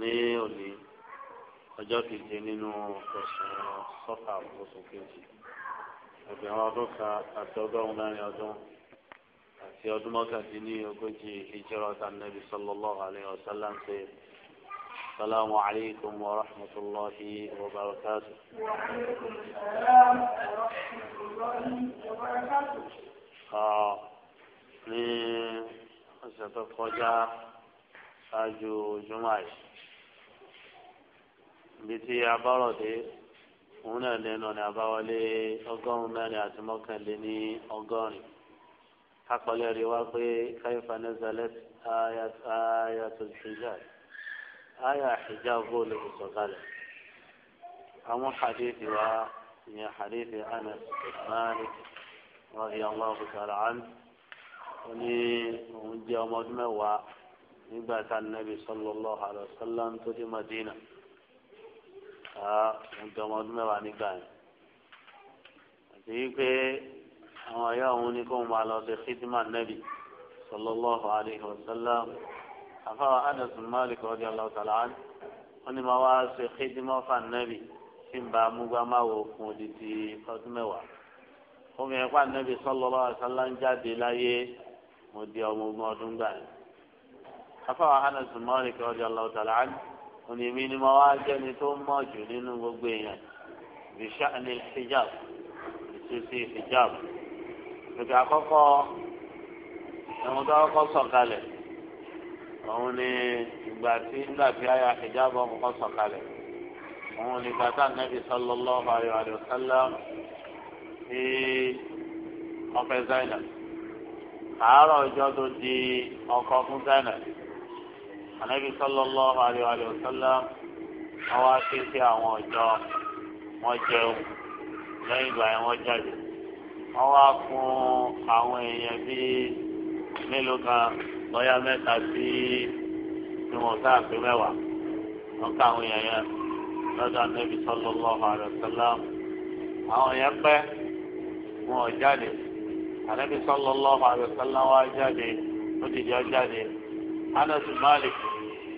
ní òní ọjọ́ keje nínú oṣù sọ́fà oṣù kejì ẹgbẹ̀rún ọdún kan àti ọgọ́rùn-ún mẹ́rin ọdún àti ọdún mọ́kàndínní ogójì ìjọra tànàbí sallallahu alaihi wasallam ṣe salamu alaykum wa rahmatulahi wa barakatu. ní ọ̀sẹ̀ tó kọjá ṣáájú jùmọ̀ yìí ibi tí a bọ́rọ̀ dé òun náà lẹ́nu ọ̀nà àbáwọlé ọgọ́rùn-ún mẹ́rin àti mọ́kànléní ọgọ́rin kápọ̀lẹ́ rí wá pé káyọ̀fà nẹ́sàlẹ̀ àyà tó ṣìjà àyà ṣìjà bóòlù ìsọ̀kalẹ̀ àwọn hadithi wa ìyẹn hadithi Anas Malik radiyallahu ta'ala anhu ó ní òun jẹ́ ọmọ ọdún nígbà tá a nàbì sallallahu alaihi wasallam tó Madina mo jẹ ọmọ ọdún mẹ́wàá nígbà yẹn àti wípé àwọn ọ̀yá òun ni kó máa lọ sí fídímà nẹ́bì sallallahu alaihi wasallam àfáwà Anas Malik radiyallahu ta'ala anhu wọ́n ní máa wá ṣe fídímà fan nẹ́bì tí ń bá amúgbá máa wò fún odidi ọdún mẹ́wàá obìnrin pa nẹ́bì sallallahu alaihi wasallam ń jáde láyé mo di ọmọ ogun ọdún gbà yẹn àfáwà Anas Malik radiyallahu ta'ala anhu onímí ni mo wá jẹ́ni tó mọ̀ jù nínú gbogbo èèyàn bíṣà ní hijab ìṣesí hijab ìgbà àkọ́kọ́ ẹ̀wọ̀n tó kọ́kọ́ sọ̀kalẹ̀ òun ni ìgbà tí nígbà tí àyà hijab kọ́kọ́ sọ̀kalẹ̀ òun ni bàtà nàbì sallallahu alaihi wa sallam ní ọ̀fẹ́ zainab àárọ̀ ọjọ́ tó di ọkọ̀ fún zainab ànábì sallallahu alaihi wa sallam wọ́n wá ké sí àwọn ọ̀jọ́ wọ́n jẹun lẹ́yìn ìgbà yẹn wọ́n jáde wọ́n wá fún àwọn èèyàn bíi mélòó kan lọ́yà mẹ́ta sí tí wọ́n sáà pé mẹ́wàá wọ́n ká àwọn èèyàn yẹn lọ́dọ̀ ànábì sallallahu alaihi wa sallam àwọn yẹn pẹ́ wọn ò jáde ànábì sallallahu alaihi wa sallam wá jáde ó ti jẹ́ jáde Anas Malik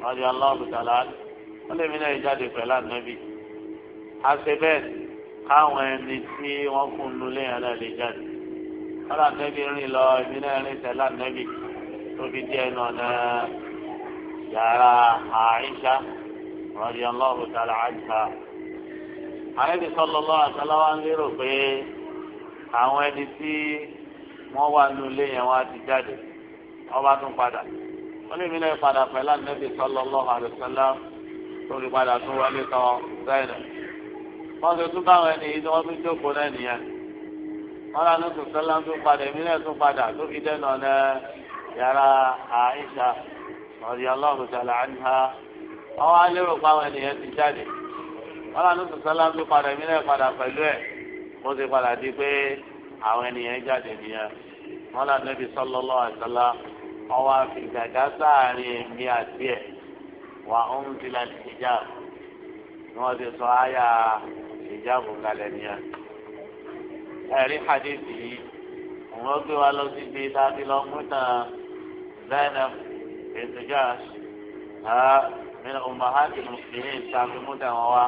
ọdí aláwọ̀ tàlá wọ́n lè mí náà jáde pẹ̀lú ànábì àṣẹ bẹ́ẹ̀ káwọn ẹni tí wọ́n kún un lé yẹn náà lè jáde wọ́n lè ànábì rìn lọ èmi náà rìn tẹ̀lé ànábì tóbi díẹ̀ náà náà yàrá àìṣá ọdí aláwọ̀ tàlá àìṣá àyẹ̀dì sọlọ́lọ́ àtàláwá ń lérò pé àwọn ẹni tí wọ́n wà nulẹ̀ yẹn wọ́n á ti jáde wọ́n bá tún padà wọ́n ní ìmílẹ̀ padà pẹ̀lú ànábì sallallahu alaihi wasallam lórí padà tún wọlé tán Zainab. wọ́n ti tún báwọn ẹni yìí tí wọ́n tún jókòó náà nìyẹn. wọ́n lọ ní sọ̀sọ́lá tún padà ìmílẹ̀ tún padà tó fi dẹ́nà ọ̀nà yàrá Aisha radiyallahu ta'ala anha. àwọn alérò páwọn ènìyàn ti jáde. wọ́n lọ ní sọ̀sọ́lá tún padà ìmílẹ̀ padà pẹ̀lú ẹ̀ ó ti padà di pé àwọn ènìyàn jáde nìyẹn. wọ́n lọ ọwọ́ àfìgàgá sáàrin èmi àti ẹ̀ wà ń tilà ìjáàbù ni wọ́n ti sọ àyà ìjáàbù kalẹ̀ ní ẹ̀. ẹ̀rí hadithi yìí gbé wa lọ síbi láti lọ mú tàn Zainab bint Jahsh min ummahati muslimin tàbí mú tàn wọn wá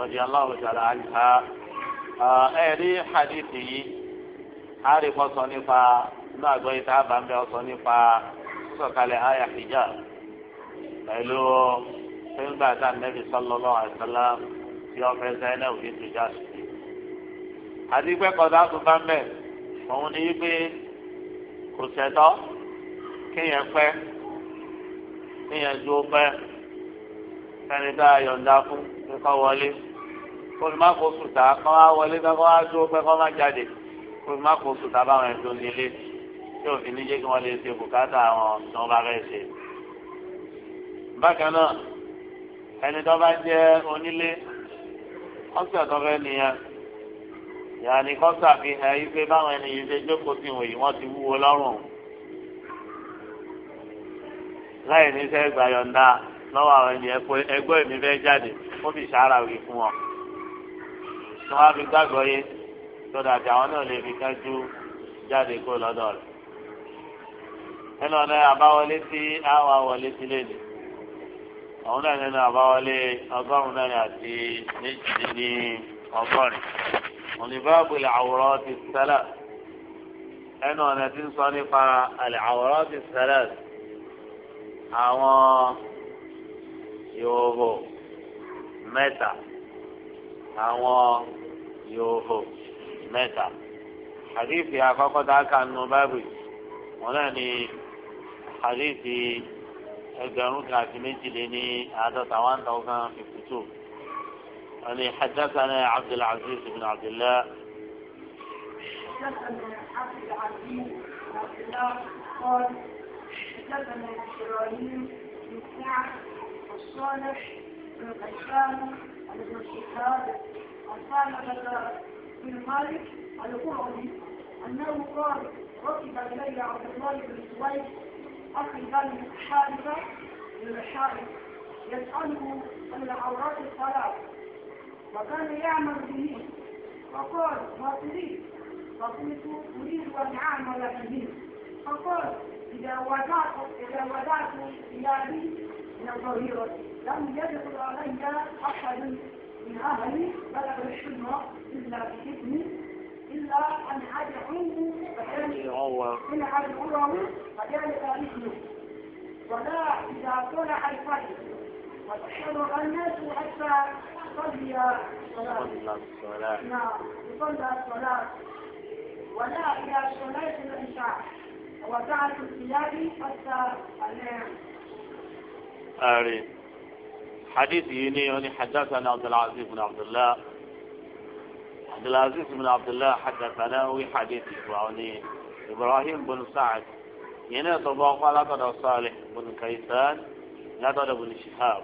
radiyallahu ta'ala ẹ̀rí hadithi yìí rí kọ́ sọ nípa. nínú àgbọ̀ yìí tá a bá ń bẹ ọsọ nípa sọ̀kalẹ̀ àyà ìjà pẹ̀lú fẹ́ńgbà tá nẹ́bí sọ́lọ́lọ́ àìsọ́lá tí wọ́n fẹ́ sẹ́lẹ̀ òní tìjà sí. àti pé kọ́dà tó bá ń bẹ̀ òun ni wípé kò sẹ́tọ́ kéèyàn pẹ́ kéèyàn ju pẹ́ sẹ́ni tá a yọ̀ǹda fún kíkọ́ wọlé olùmọ̀kòsùtà kọ́ wá wọlé kọ́ wá ju pẹ́ kọ́ má jáde olùmọ̀kòsùtà báwọn ẹ̀ tó nílé tí òfin ní jẹ́ kí wọ́n lè ṣe bùkátà àwọn tí wọ́n bá fẹ́ ṣe. bákan náà ẹni tó bá jẹ́ onílé kọ́sà tó fẹ́ nìyẹn yàní kọ́sà fi hàn yí pé báwọn ẹni yìí ṣe jókòó sí ìwòyí wọ́n ti wúwo lọ́rùn láì ní sẹ́ gbàyọ̀ǹda lọ́wọ́ àwọn ènìyàn pé ẹgbẹ́ mi fẹ́ jáde ó fi sàárà wí fún wọn. tí wọ́n á fi gbàgbọ́ yé sọ́dọ̀ àti àwọn náà lè fi kájú jáde kó lọ́dọ̀ rẹ̀ nínú ọ̀nà àbáwọlé tí àwa wọlé sí léde àwọn náà nínú àbáwọlé ọgọ́rùn mẹ́rin àti méjì ní ọgọ́rin ònìbáàbò àwòrán ti sálà ẹnu ọ̀nà tí ń sọ nípa àwòrán ti sálà àwọn yòówó mẹ́ta àwọn yòówó mẹ́ta àdìsí àkọ́kọ́ tá a kà nù báàbò wọn náà ní. حديثي ẹgbẹ̀rún kan ليني هذا àádọ́ta one في الكتب two. يعني حدثنا عبد العزيز بن عبد الله حدثنا عبد العزيز بن عبد الله قال حدثنا إسرائيل بن كعب الصالح بن غسان بن ابن شهاب قال سالمة بن مالك القرعي أنه قال ركب إلي عبد الله بن سويد أخي كان حارثة من الحارث يسأله عن العورات الصلاة وكان يعمل به فقال ما تريد فقلت أريد أن أعمل به فقال إذا ودعت إذا ودعت ثيابي من الظهيرة لم يدخل علي أحد من أهلي بلغ الحلم إلا بإذني إلا أن عنه فكان أدعوه فذلك مثله ولا إذا طلع الفجر وتحضر الناس حتى صلي الصلاة نعم يصلى الصلاة ولا إلى صلاة العشاء وتعرف الثياب حتى النام آري حديث يني يعني حدثنا عبد العزيز بن عبد الله عبد العزيز بن عبد الله حدثنا حديث إبراهيم إبراهيم بن سعد هنا لا تدع صالح بن كيسان لا تدع بن شهاب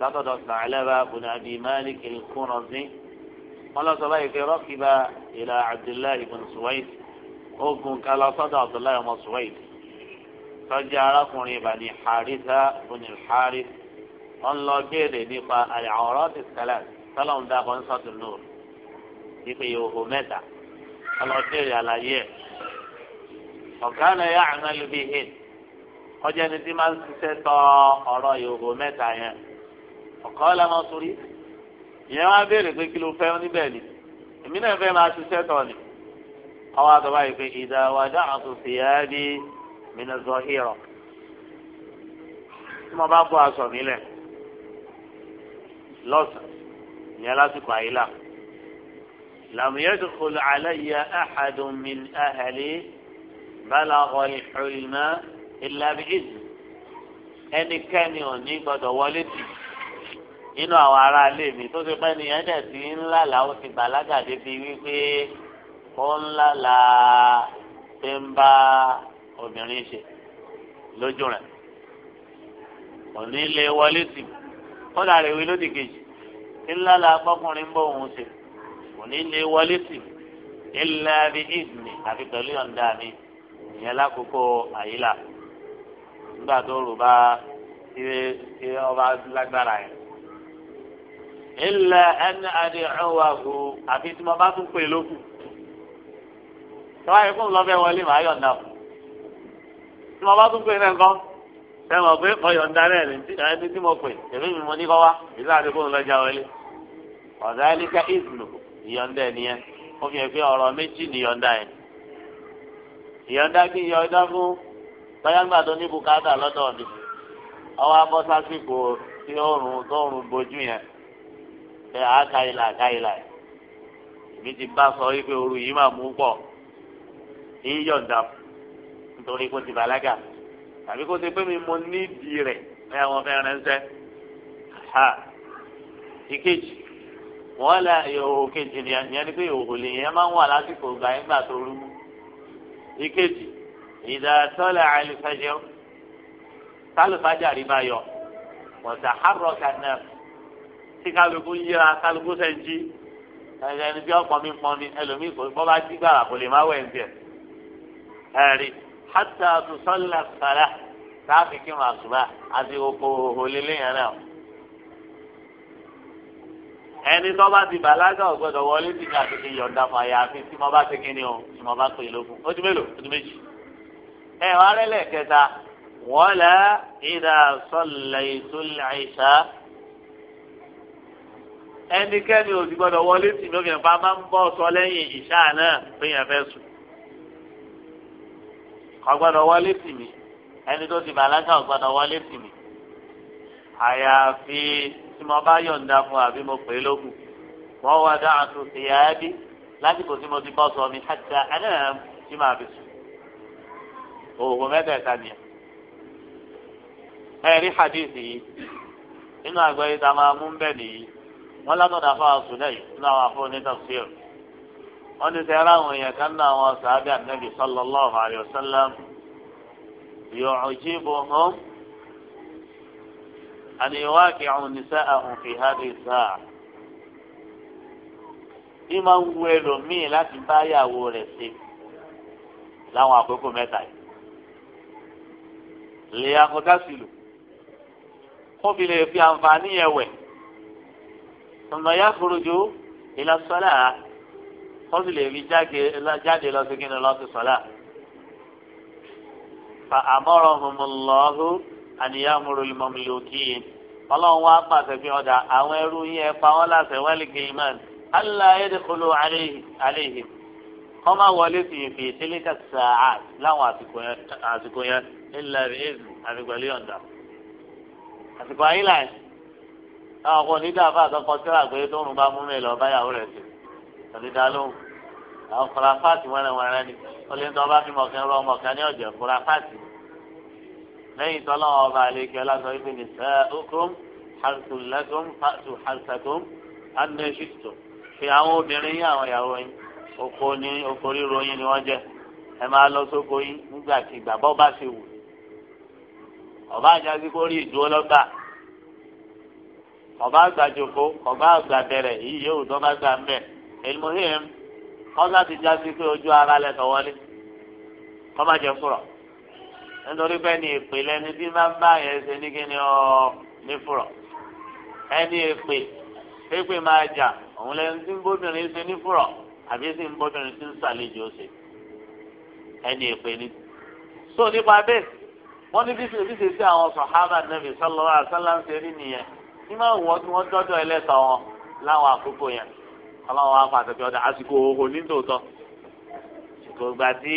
لقد ثعلبة بن أبي مالك الكرزي قال تدع ركب إلى عبد الله بن سويد أكون كلا صدى عبد الله بن سويد لكم بني حارثة بن الحارث الله كيري نقا العورات الثلاث سلام داقون صوت النور ìpè yòówó mẹ́ta ọlọ́dẹ̀rẹ̀ àlàyé ẹ̀ ọ̀gá náà yà àná lóbi hìn ọjọ́ ẹni tí máa ń ṣiṣẹ́ tọ ọ̀rọ̀ yòówó mẹ́ta yẹn ọ̀kọ́ lẹ́mọ́ sórí ìyẹn wá béèrè pé kí ló fẹ́ níbẹ̀ ni èmi náà fẹ́ máa ṣiṣẹ́ tọ̀ ni ọwọ́ àtọ́wá yìí pé ìdáwádá àtúnṣe yá bí mìnàzọ́ hìrọ̀ tí mo bá bọ́ aṣọ mi lọ́sàn ìyẹn lásìkò àyílà. لم يدخل علي أحد من أهلي بلغ الحلم إلا بإذن ẹnikẹ́ni ò ní gbọ́dọ̀ wọlé tì nínú àwọn ará ilé mi tó ti pẹ́ nìyẹn dẹ̀ ti ń lálàá ó ti bàlágà débi wípé ó ń lálàá pé ń bá obìnrin ṣe lójú rẹ̀ kò ní lè wọlé tì kódà rèwé lódì kejì ń lálàá pọ́kùnrin bóun ṣe òní lè wọlé sí ilẹ̀ àbí ìdùnnì àfi pẹ̀lú yọ̀ǹda mi ìyẹn lákòókò àyílà nígbà tó rò bá ṣe ọba lágbára yẹn. ilẹ̀ ẹni àdé ọ̀wàgò àfi tí mo bá tún pè lókù tọ́wá yẹ fún lọ́fẹ́ wọlé màá yọ̀ǹda o tí mo bá tún pè náà nǹkan ṣe mọ̀ pé ọ̀yọ̀ǹda náà ẹni tí mo pè èmi mi mo ní kọ́ wá ìlú àdékùn lọ́jà wọlé ọ̀dà ẹni ká ìdùnnù ìyọ̀ǹda ẹ̀ nìyẹn wọ́n fi hàn pé ọ̀rọ̀ méjì ni ìyọ̀ǹda ẹ̀ ìyọ̀ǹda kí ìyọ̀ǹda fún báyàgbà tó ní bùkátà lọ́dọ̀ mi ọwọ́ abọ́ sásìkò tí oòrùn tóòrùn bojú yẹn ẹ àkàìlà àkàìlà ẹ̀ èmi ti bá sọ wípé ooru yìí máa mú pọ̀ èyí yọ̀ǹda nítorí kó ti bàlágà tàbí kó ti pé mi mo nídìí rẹ̀ ẹ̀ wọ́n fẹ́ ránṣẹ́ ìkejì wọ́n la ìhòòhò kejì ni ìyẹn ni pé ìhòòhò lè yẹn máa ń wà lásìkò gbà nígbà tó rú ìkejì ìdàtọ́lẹ̀ àlùfẹ́jẹ́ tálùfájà rí bá yọ wọ̀tà hárọ̀ kànáà tí kálukú yíra kálukú sẹ́ńtì ẹni bí ọ̀pọ̀ mi pọn ni ẹlòmíì kò bọ́ bá dígbà kò lè má wẹ̀ ń bẹ̀ ẹ̀rí hátà tó sọ́lá sàrà táàfin kí n máa sùn bá àti lélẹ́yìn náà ẹni tó bá ti bàlágà ọgbọdọ wọlé ti ká ti fi yọ̀ǹda fún àyàfi tí mo bá ti kí ni o tí mo bá pè lókun ó ti mélòó ó ti méjì. ẹ wá rẹlẹ kẹta wọn lẹ ìdá sọlẹ ìtòlẹ àìsà ẹnikẹ́ni ò ti gbọdọ̀ wọlé tì lómi ẹ̀fà máa ń bọ̀ sọ lẹ́yìn ìṣá náà pé yẹn fẹ́ sùn. ọgbọdọ wọlé tì mí ẹni tó ti bàlágà ọgbọdọ wọlé tì mí àyàfi tí mo bá yọ̀ǹda fún àbí mo pè é lókun wọ́n wá dá àtò ìyá ẹbí lásìkò tí mo ti bọ́ sọ mi hàtà ẹlẹ́rìn tí màá fi sùn oògùn mẹ́tẹ̀ẹ̀ta nìyẹn. ẹ rí hadith yìí nínú àgbẹ̀yìí tá a máa mú bẹ́ẹ̀ nìyí wọ́n látọ̀dá fún àwọn sùn lẹ́yìn nínú àwọn ní tafsir wọ́n ti sẹ́ra àwọn èèyàn kan náà àwọn sàábì ànábì sallallahu alayhi wa sallam yóò أن يواقعوا نساءهم في هذه الساعة ìmọ̀ ń wo ẹlòmíì láti bá ìyàwó rẹ̀ ṣe láwọn àkókò mẹ́ta yìí. lèyà kọjá sílù kó fi lè fi àǹfààní yẹn wẹ̀ ọmọ ya kúròjò ìlà sọ́lá kó fi lè fi jáde lọ sí kí ni lọ́ọ́ ti sọ́lá. fa àmọ́ràn mọ́mọ́ lọ́ọ́hùn àníyá múròlì mọ̀mìlòkì yìí ọlọ́run wá pàṣẹ fi ọjà àwọn ẹrú yín ẹ pa wọ́n láṣẹ wẹ́lì gilman allah yẹ́dẹ́kọlù àléhì kọ́ máa wọlé sí ìfì sílíkà sàá láwọn àsìkò yẹn ńlá rẹ̀ èzù àti pẹ̀lú ọ̀dà àsìkò ayé láì àwọn ọkọ onídàáfà àtọkọ sílà pé tó ń bá mú mi lọ báyàwó rẹ̀ sí ọ̀dídà lóhùn àwọn fúlàfáàtì wẹ́rẹ́wẹ́rẹ́ ni ó lè ń tọ́ bá fi mọ̀kẹ́ rọ mọ̀kẹ́ ní ọ̀jẹ̀ fúlàfáàtì lẹ́yìn tọ́lá ọba àlejò aláṣọ ibi ní sẹ́ ọkùn harsulẹ́kùn fàtú harsẹ̀kùn anẹ́sìtò fi àwọn obìnrin yín àwọn ìyàwó yín oko ní oko ríro yín ni wọ́n jẹ́ ẹ máa lọ sóko yín nígbàkigbà bọ́ bá ṣe wù ọba àjàsí kó rí ìdúró lọ́gbà ọba àgbàjòkó ọba àgbàbẹ̀rẹ̀ yìí yóò tó bá gbà mẹ́ èlùmọ́hìn ọ̀sán ti jásí pé ojú ara lẹ́tọ̀ wọlé kọ́ nítorí pé ní ìpìlẹ̀ ni bí máa bá yẹn ṣe ní kíni ọ nífùrọ̀ ẹni èpè pépè máa jà òun lẹni tí ń bóbìnrin ṣe nífùrọ̀ àbí sì ń bóbìnrin tí ń ṣàlejò ṣe ẹni èpè ni. so nípa bẹ́ẹ̀ wọ́n ní bí ṣe sí àwọn sọ̀hábà nàbì sọ́lọ́wọ́ àṣálàm rí nìyẹn ní máa wù tí wọ́n dọ́dọ̀ ẹlẹ́tọ̀ wọn láwọn àkókò yẹn ọlọ́wọ́ apàtàkì ọ̀dà àsìkò òhò nítòótọ́ ìgbà tí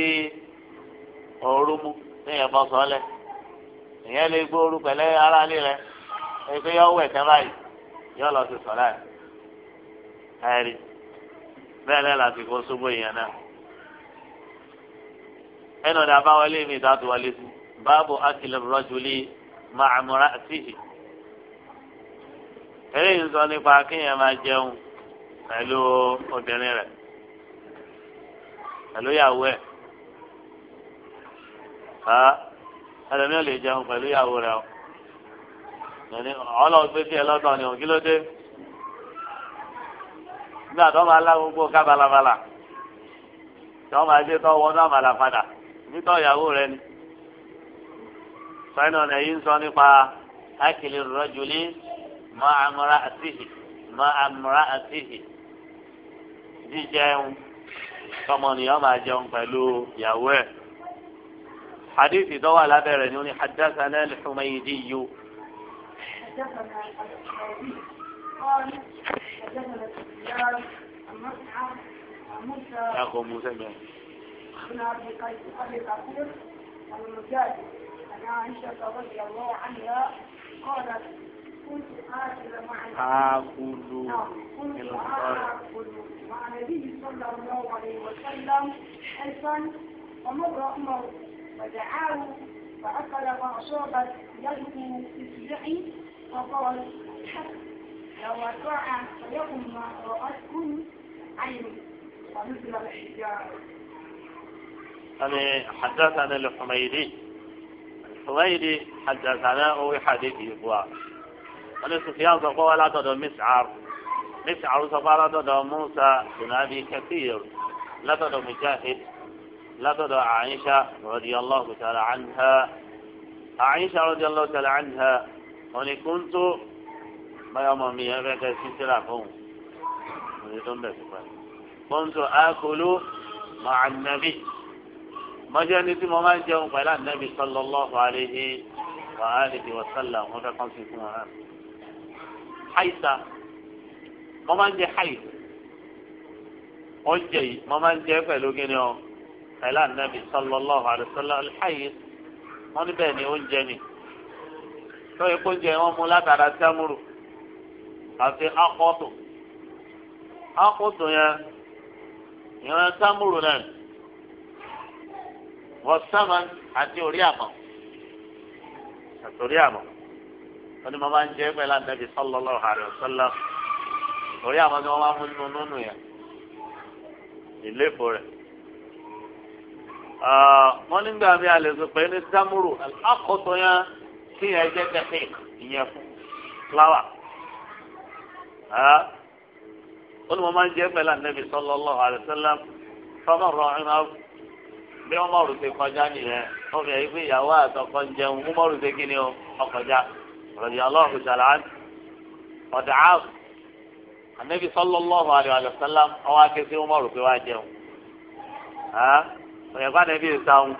ọ̀rọ̀ mú téèyàn bọ́ sọ́lẹ̀ èèyàn lè gbóoru pẹ̀lẹ́ aráalé rẹ ẹgbẹ́ yọ wẹ̀ tẹ́ báyìí yọ lọ sí sọ́lá ẹ̀ ẹ̀rí bẹ́ẹ̀ lẹ́ lásìkò ṣubú èèyàn náà ẹnu ọ̀dà àbáwọlé mi ìdá tó wọlé sí báàbò akílẹ̀ rọ́júlì máa múra síhì eléyìí sọ nípa kéèyàn máa jẹun pẹ̀lú obìnrin rẹ̀ pẹ̀lú ìyàwó ẹ̀ ha ẹlẹmi ò lè jẹun pẹ̀lú ìyàwó rẹ o ẹni ọlọgbẹ tí ẹ lọ́dọ̀ ni òkí ló dé nígbà tó máa lá gbogbo ká balabala tó máa dé tó wọnú àmàlà padà nítọ ìyàwó rẹ ni sọyìnà ọ̀nà yìí ń sọ nípa akili rọjòlì mọ àmúra àtìhì mọ àmúra àtìhì jíjẹun tọmọnìyàn máa jẹun pẹ̀lú ìyàwó ẹ. حديث دواء بيرنوني حدثنا الحميدي حدثنا قال حدثنا أخو موسى بن أبي عائشة رضي الله عنها قالت كنت مع كنت آكل مع النبي صلى الله عليه وسلم حلفا ومر عمر ودعاه فأكل ما وأصاب يده في ابتدعه فقال حق لو أطاع فيقم ما رأتكم عين ومثل الحجارة أنا يعني حدثنا الحميدي الحميدي حدثنا هو حديث يقوى أنا يعني سفيان سقوى لا تدع مسعر مسعر سفارة موسى بن أبي كثير لا تدع مجاهد látọ̀dọ̀ àyíṣà radiyallahu ta'ala anha àyíṣà radiyallahu ta'ala anha òní kúntó báyọ̀ ọmọ mi yẹn fẹ́ kẹ́ sí sílà fóun òní tó ń bẹ̀ sípa kúntó akulu ma'a nabi mọ́jọ́ ní tí mo máa ń jẹun pẹ̀lú ànábì sallallahu alayhi wa alihi wa sallam wọ́n fẹ́ kàn sí fún wọn. haisa mo máa ń jẹ haisa oúnjẹ yìí mo máa ń jẹ pẹ̀lú kíni o pẹ̀lú ànábì sallallahu alaihi wasallam alhayi wọn níbẹ̀ ni oúnjẹ ni tó yẹ kó oúnjẹ wọn mú látara sẹ́múrù àti akọ́tù akọ́tù yẹn ìran sẹ́múrù náà wọ́n sẹ́mọ̀n àti orí àmọ́ àti orí àmọ́ wọn ni wọn máa ń jẹ pẹ̀lú ànábì sallallahu alaihi wasallam orí àmọ́ ni wọn máa ń mú nínú nínú yẹn ìlẹ́fọ̀ rẹ̀ wọ́n nígbà mi àlè sọ pé ní sámúrò àkọ́tọ̀ yẹn kí yẹn jẹ́ kẹfẹ́ ìyẹn fún fúláwà. ó ní mo máa ń jẹ́ pẹ̀lú ànábì sallallahu alaihi wasallam fọmọ rọrin áwù bí wọ́n mọ̀ rùsẹ̀ kọjá nìyẹn wọ́n fi ẹ̀yìn pé ìyàwó àtọkọ ń jẹun wọ́n mọ̀ rùsẹ̀ kí ni ó ọkọjá radiyallahu ta'ala ọ̀dà áwù ànábì sallallahu alaihi wasallam ọwọ́ akẹ́sí wọ́n mọ̀ rùsẹ̀ wá jẹun ọ̀yẹ̀kọ́ àti ẹbí ìsàwọn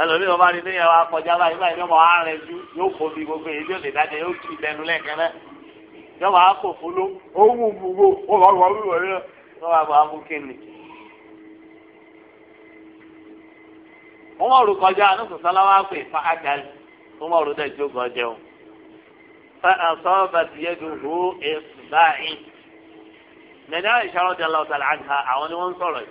ẹlòmíràn bá rí níyàwó akọjá báyìí báyìí yọmọ ààrẹ ju yóò kó bí gbogbo èyí yóò lè dájẹ yóò tù lẹnu lẹ́ẹ̀kẹ́rẹ́ yọmọ akọ fúló owó gbogbo owó àwọn olùwọ̀ rẹ yọmọ àgbà amúkẹ́ni. wọ́n rò kọjá anúkùsọ́lá wa pè fa àjálù wọ́n rò dẹ́jú gọ́jẹ́ o. fa àsọ́ọ̀bà tìyẹ́ dùn hó èsì báyìí. nàìjíríà ìṣàròjẹ́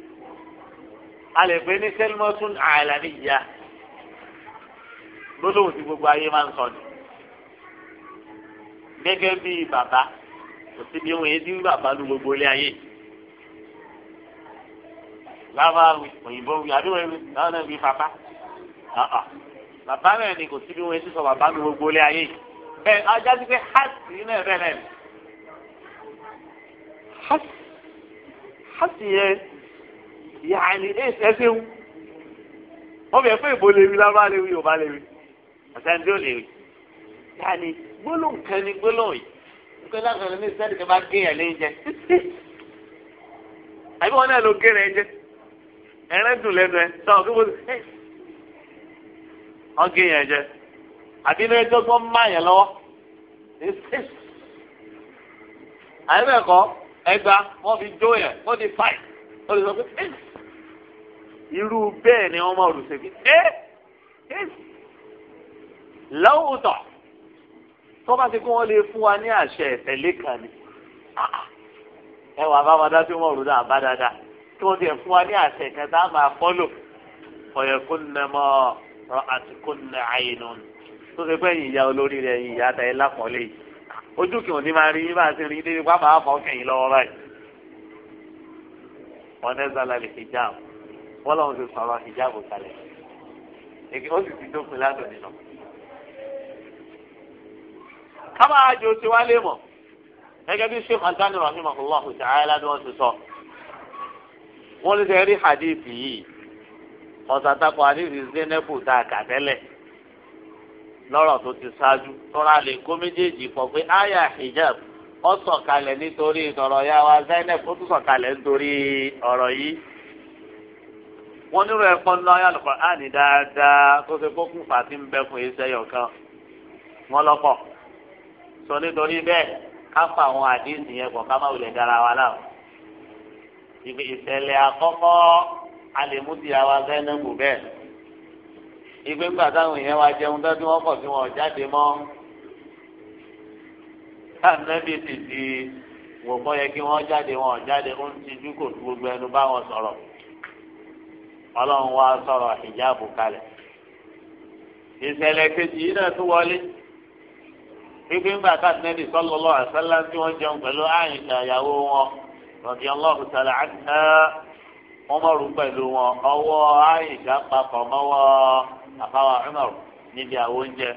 a lè pè ní sẹ́lmọ́tún àlàníyà gbólóhùn tí gbogbo ayé máa ń sọ ni gẹ́gẹ́ bí bàbá kò sí bí wọ́n yé dín bàbá ní gbogbo ilé ayé láwa òyìnbó wí àbí wọ́n náà náà bí bàbá bàbá rẹ̀ ni kò sí bí wọ́n yé sísọ bàbá ní gbogbo ilé ayé bẹ́ẹ̀ ajá sí pé hàtì náà bẹ́ẹ̀ náà hàtì hàtì yẹn yàní ẹsẹ̀ wù wọ́n bẹ̀ fún ìbò léwi lábá léwi yorùbá léwi ọ̀sán tí ó léwi yàní gbólóhùn kan ní gbólóhùn yìí nígbà lágbàdo ní sẹ́ẹ̀dì kan bá gé yàn lé jẹ àbí wọn náà ló gé rẹ jẹ ẹrẹ dùn lẹ́nu ẹ sọ kí wọ́n ọ gé yàn jẹ àbí ní ẹjọ́ gbọ́ má yàn lọ́wọ́ àyẹ̀bẹ̀ kọ́ ẹgbàá wọ́n fi jó yàn wọ́n fi fàì wọ́n fi sọ pé irú bẹ́ẹ̀ ni wọ́n máa rò ṣe fi ẹ́ ẹ́ lọ́wọ́tọ̀ tó bá ti kó wọ́n lè fún wa ní àṣẹ ìtẹ̀lé kan ni ah, ẹ wà bá wọn dá tí wọ́n rò náà bá dáadáa tí wọ́n ti ẹ̀ fún wa ní àṣẹ kan tá a máa fọ́lò ọ̀yẹ̀ kó nà mọ́ ọ àti kó nà àyìnà tó ṣe pé ìyá olórí rẹ̀ ìyá ta ẹ lápọ̀lé yìí ojú kì wọ́n ti máa rí bá a ti rí débi pápá àfọ̀kẹ́yìn lọ́wọ́ báyìí wọ́n dẹ́ sálà lè fi jáàmù wọ́n lọ́wọ́ ti sọ̀rọ̀ hijab kalẹ̀ èké ó sì ti dópin ládùn nínú. kábà àjò tí wá lè mọ̀ gẹ́gẹ́ bí sheikh Albani rahimahullah ta'ala ni wọ́n ti sọ wọ́n lè tẹ̀rí hadith yìí ọ̀sàtàkọ̀ hadith Zainabu tá a kà tẹ́lẹ̀ lọ́rọ̀ tó ti ṣáájú tọ́ra lè kó méjèèjì pọ̀ pé aya hijab ó sọ̀kalẹ̀ nítorí ìtọ̀rọ̀ yá wa Zainab ó tún sọ̀kalẹ̀ nítorí ọ̀rọ̀ yìí wọn nírò ẹ̀kọ́ ńlá ayé Al-Qur'ani dáadáa tó fi kó kún fàtí ń bẹ fún iṣẹ́ yọ̀kan wọn lọ́pọ̀ sọ nítorí bẹ́ẹ̀ ká fa àwọn àdéhùn yẹn pọ̀ ká má wulẹ̀ dára wa náà ibi ìṣẹ̀lẹ̀ àkọ́kọ́ alèmúdìyàwó agẹ́nẹ́gbò bẹ́ẹ̀ ìgbé ńgbà táwọn èèyàn wa jẹun tó tí wọ́n kọ̀ sí wọn jáde mọ́ ànábì ti di wò kọ́ yẹ kí wọ́n jáde wọn jáde ó ń tijú kò dúró gbẹnu bá wọn sọ̀rọ̀ ọlọ́run wá sọ̀rọ̀ hijabu kalẹ̀. ìṣẹ̀lẹ̀ kejì yìí náà tún wọlé pípé ńgbà káàdínẹ́bì sallallahu alaihi wasallam tí wọ́n jẹun pẹ̀lú àyìnṣà ìyàwó wọn radiyallahu ta'ala anha wọ́n mọ̀rù pẹ̀lú wọn ọwọ́ àyìnṣà papọ̀ mọ́wọ́ àfáwà Umar níbi àwọn oúnjẹ.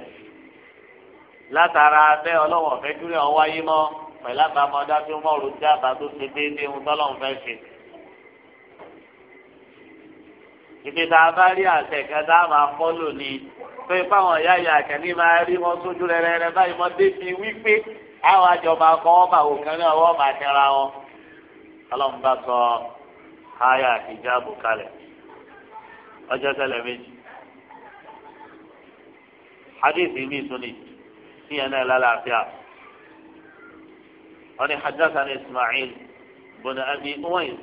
látara abẹ́ ọlọ́wọ̀n fẹ́ kúrẹ́ ọwọ́ ayé mọ́ pẹ̀lú àbámọ́dá tí wọ́n mọ̀rù dábàá tó ṣe déédéé ń tọ́lọ́ ibi tá a bá rí àṣẹ kan tá a máa fọ́lò ni pé fáwọn ìyá ìyá àkànní máa rí wọn sójú rẹrẹrẹ báyìí wọn débi wípé àwọn àjọba kan wọn bá wò kan náà wọn máa tẹra wọn. ọlọ́run bá sọ háyà ìjáàbù kalẹ̀ ọjọ́ tẹ́lẹ̀ méjì hadith mi sunni níyẹn náà lálàáfíà wọn ni hadathana ismail bùnà abi uwais.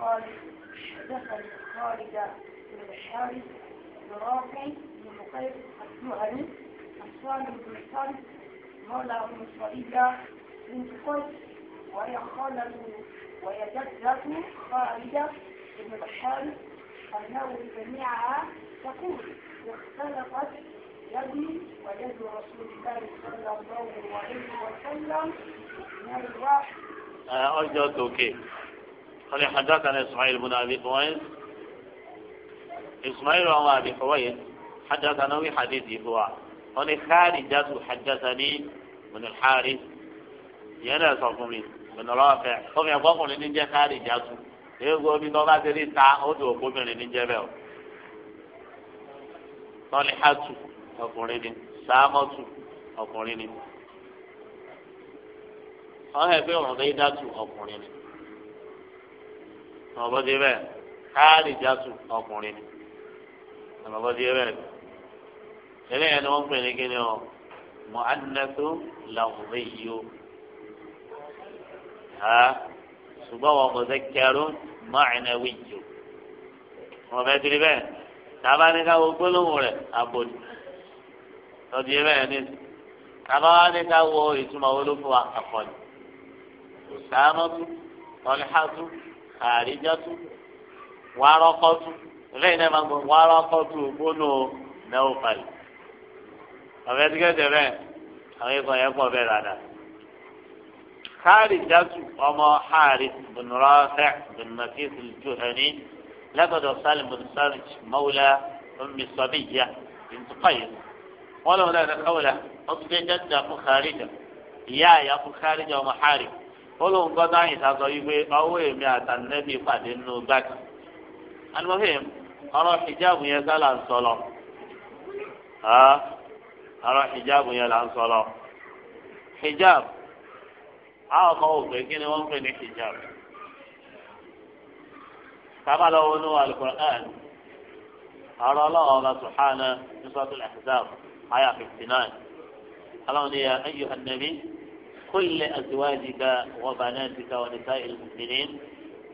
قال دخل خالد بن الحارث ورافع بن بقير الجهني الصالح بن الحارث مولى بن صليبة بنت قيس وهي خالة وهي جدة خالدة بن الحارث أنه جميعها تقول واختلفت يدي ويد رسول الله صلى الله عليه وسلم من الواحد. أوكي توكيل. قال حدثنا إسماعيل بن أبي فويس إسماعيل بن أبي فويس حدثنا في حديثه هو قال خارجة حدثني من الحارث ينا صفومي من رافع قم يقول لن يجي خارجة يقول من دوما تري تعود وقوم لن يجي بيو قال حاتو أقولين سامتو أقولين قال هي بيو رضي داتو أقولين ọ̀bọ̀dé bẹ́ẹ̀ káàlì jásù ọkùnrin ni ọ̀bọ̀dé bẹ́ẹ̀ eléyìí ni wọ́n pè ní kíni ọ mọ anẹ́tò làwùrẹ́ yìí o ha ṣùgbọ́n wọn kò sẹ́ kẹrù mọ àìnáwí jù wọn bẹ́ẹ̀ tiri bẹ́ẹ̀ tàbá ní káwọ gbólóhùn rẹ̀ abòdì lọ́dí bẹ́ẹ̀ ní tàbá ní káwọ ìtumọ̀ olófò àkọ́ni kò sáà àríjọ́tú wàrọ́kọ́tú lẹ́yìn náà máa ń gbọ́ wàrọ́kọ́tú gbónú nẹ́wọ̀fàlì ọ̀rẹ́ tíkẹ́tẹ̀ rẹ̀ àwọn ikọ̀ yẹn pọ̀ bẹ́ẹ̀ rárá. خارجة وما حارث بن رافع بن مكيس الجهني لقد سالم بن سالج مولى أم الصبية بنت قيس ولولا أن قوله أصبح جدة خارجة يا يا خارجة ومحارب ó lóun gbọ́ dáhìn sá sọ wípé ọwọ́ èmi àtànẹ́bí pàdé nínú gbàgbé alimọ́fẹ́ ọ̀rọ̀ hijabu yẹn sá là ń sọ lọ ọ̀rọ̀ hijabu yẹn là ń sọ lọ hijab àwọn kan ò pé kí ni wọ́n ń pè ní hijab sábà lọ́wọ́ ní alukur'an ọ̀rọ̀ ọlọ́wọ́ ọba subhanahu ní sọ́tún ahzab ayah fifty nine aláwọn ni yà ayé hànẹ́bí. وقل لأزواجك وبناتك ونساء المؤمنين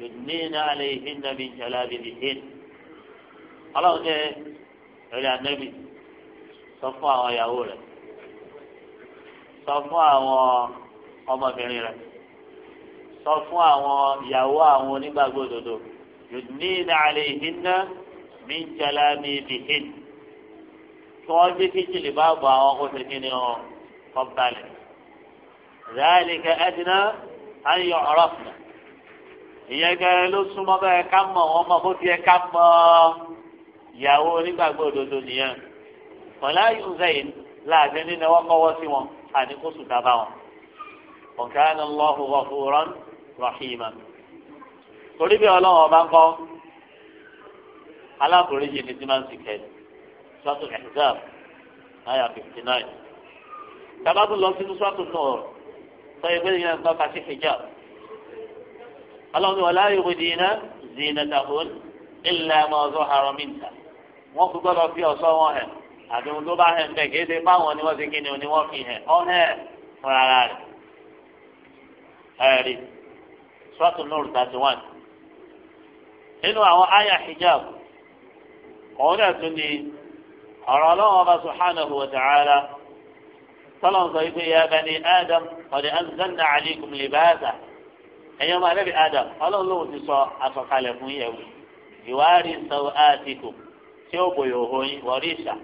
يدنين عليهن من جلابيبهن الله ده إلى النبي صفوا ويهود صفوا ọmọbìnrin rẹ sọ fún àwọn ìyàwó àwọn onígbàgbọ́ òdodo yudnina alayhinna min jalabibihin kí wọ́n gbé kíjìlì bá bọ̀ àwọn kó ṣe kí ni ọ̀ kọ́ balẹ̀. ذلك أدنى أن يعرفنا ìyẹn gẹ́gẹ́ ló súnmọ́ bẹ́ẹ̀ ká mọ̀ wọ́n mọ̀ bó ti yẹ ká mọ̀ ìyàwó onígbàgbọ́ òdodo nìyẹn pẹ̀lá yuzayin láàbẹ̀ nínú ẹwọ́ kọ́wọ́ sí wọn àní kó sùn dábàá wọn. ọ̀gá ni lọ́hùn wọ̀fúrán rahima. torí bí ọlọ́run ọba ń kọ́ aláforíjì ni tí máa ń sìkẹ́ sọ́tún ẹ̀xám náírà fifty nine. tábàtú lọ sínú sọ́tún náà sọ ìgbé yẹn ń tọ́ka sí hijab ọlọ́run wàlá yubdina zinatahun illa ma zahara minha wọ́n fi gbọ́dọ̀ fi ọ̀ṣọ́ wọn hẹ̀ àdéhùn tó bá hẹ̀ ń bẹ̀ kí ẹsẹ̀ báwọn ni wọ́n ti kíni ni wọ́n fi hẹ̀ ọ̀hẹ̀ fúnra rẹ̀ ẹ̀rí sọ́ọ̀tún nùrù thirty one nínú àwọn àyà hijab òun náà tún ni ọ̀rọ̀ ọlọ́run ọba subhanahu wa ta'ala tọ́lọ̀ ń sọ yìí pé ya bani adam qad anzalna alaykum libasa ẹ̀yin ọmọ alẹ́ bí adam ọlọ́run lòun ti sọ àsọkalẹ̀ fún yẹ̀wò ìwárí sawatikum tí ó bòyò òhòyìn wọ̀ríṣà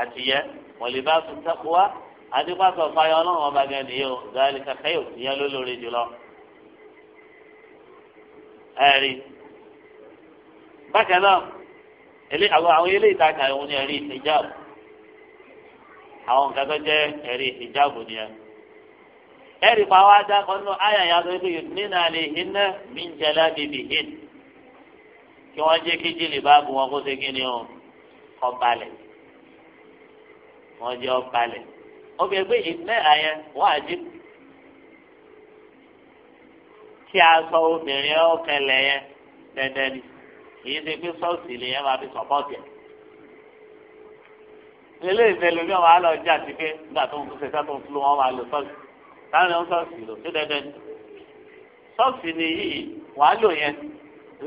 àtìyẹ wọ̀lìbáṣu taqwa adípàtọ̀ fáyọ ọlọ́run ọba gan ni yóò gaali kàkẹ́yò ìyẹn ló lórí jùlọ. ẹ̀rí bákan náà àwọn ilé ìtajà ìwọ̀n ẹ̀rí ìtẹ̀jáàbù àwọn nǹkan tó jẹ́ ẹ̀rí ìjáàbù nìyẹn ẹ̀rí pa wá dá kan nínú àyà yà tó yẹ nínú àlè iná mi ń jẹlá bìbì hìn kí wọ́n jẹ́ kí jìlì bá bu wọn kó ṣe kíni o kọ́ balẹ̀ wọ́n jẹ́ ọ balẹ̀ obìnrin pé ìpínlẹ̀ àyẹn kí a sọ obìnrin ọ̀kẹlẹ̀ yẹn dandan ni kì í ṣe pé sọ́ọ̀sì lèyẹn máa fi sọ̀pọ̀tì ẹ̀ eléyìí bẹ́ẹ̀ lómi ọmọ àlọ́ ọjà ti pé nígbà tó ń kú sẹ́sẹ́ tó ń fún wọn máa lò sọ́ọ̀sì táwọn ọmọ sọ́ọ̀sì lò sí dẹ́dẹ́ ni sọ́ọ̀sì ni yìí wàá lò yẹn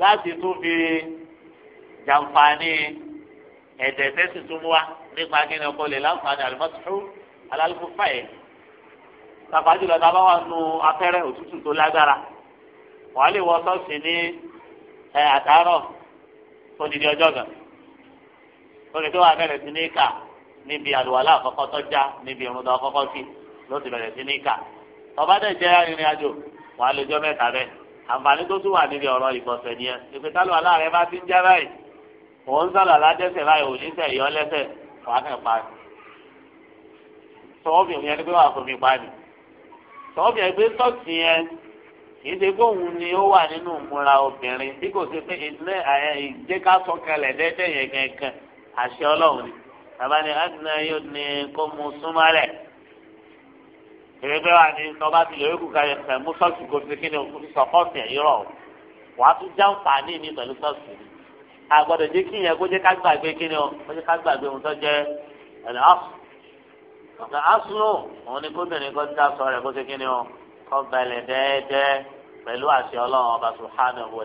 láti tún fi jàǹfààní ẹ̀dẹ̀ tẹ́sí tún wá nípa kí ni ọkọ lè láǹfààní àlùmọ́tò alálùkù fàyè tàbájú lọ tábà wà nù afẹ́rẹ́ òtútù tó lágbára wàá lè wọ sọ́ọ̀sì ní àtàárọ̀ fún odidi ọjọ́ gan olùdó wa bẹ̀rẹ̀ sí ní kà níbi àlùwàlá àkọ́kọ́ tọ́já níbi ìrúndà àkọ́kọ́ sí ló ti bẹ̀rẹ̀ sí ní kà tọ́ba dẹ̀ jẹ́ arìnrìn àjò wà á lè jọ mẹ́ta bẹ́ẹ̀ àǹfààní tó tún wà níbi ọ̀rọ̀ ìgbọ̀nsẹ̀ nìyẹn ìpè tálùwàlá rẹ bá ti ń jẹ́ báyìí òun sàlà ládẹ́sẹ̀ báyìí òun níṣẹ́ ìyọ́ lẹ́sẹ̀ wà á kàn pa ni sọ́ọ̀bìnrin yẹn ni pé wà á fomi pa ni sọ́ọ̀bìnrin pé tọ́ọ̀tì yẹn kìí ṣe bóun ni ó wà nínú ìmúra obìnrin bí kò ṣe pé ìdílé ìjẹ́ká sọ̀kalẹ̀ dẹ́dẹ́ yẹn kankan àṣẹ ọlọ́run ni bàbá ni adìnnà yóò ní kó mu súnmọ́lẹ̀ ìrẹ́gbẹ́ wa ni ọba ti lè kú kalẹ̀ fẹ́ mú sọ́ọ̀sì kó fi kíni òkú sọ́kọ́ọ̀sì ẹ̀ yọrọ̀ wàá tún já nfààní mi pẹ̀lú sọ́ọ̀sì mi àgbọ̀dọ̀ jẹ́ kí ìyẹn kó jẹ́ ká gbàgbé kíni o kó jẹ́ ká gbàgbé ohun tó jẹ́ ẹ̀nà ọ̀sùn asúnù òun ni kóbìnrin kó dá sọ rẹ̀ kó ṣe kíni o kó balẹ̀ dẹ́ẹ́dẹ́ pẹ̀lú àṣẹ ọlọ́run ọba subhanahu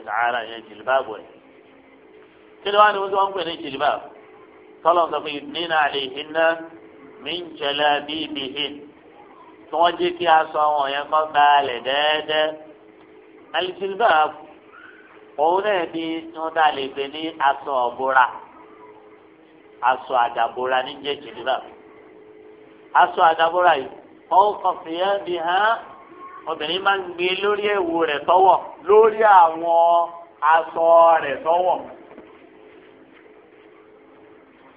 wa tọ́lọ̀ sọ pé nínú àlè iná mi ń jẹlẹ bíi bìhín tí wọ́n jẹ́ kí aṣọ wọn yẹn kọ́ balẹ̀ dẹ́ẹ́dẹ́ alìsílbà òun náà ní wọn tá a lè pè ní aṣọ ọ̀bùra aṣọ àdàbòra ní jẹ́ aṣọ àdàbòra yìí wọ́n kàn fi ẹ́ bí hàn obìnrin máa ń gbé lórí ẹ̀wù rẹ̀ tọ́wọ̀ lórí àwọn aṣọ rẹ̀ tọ́wọ̀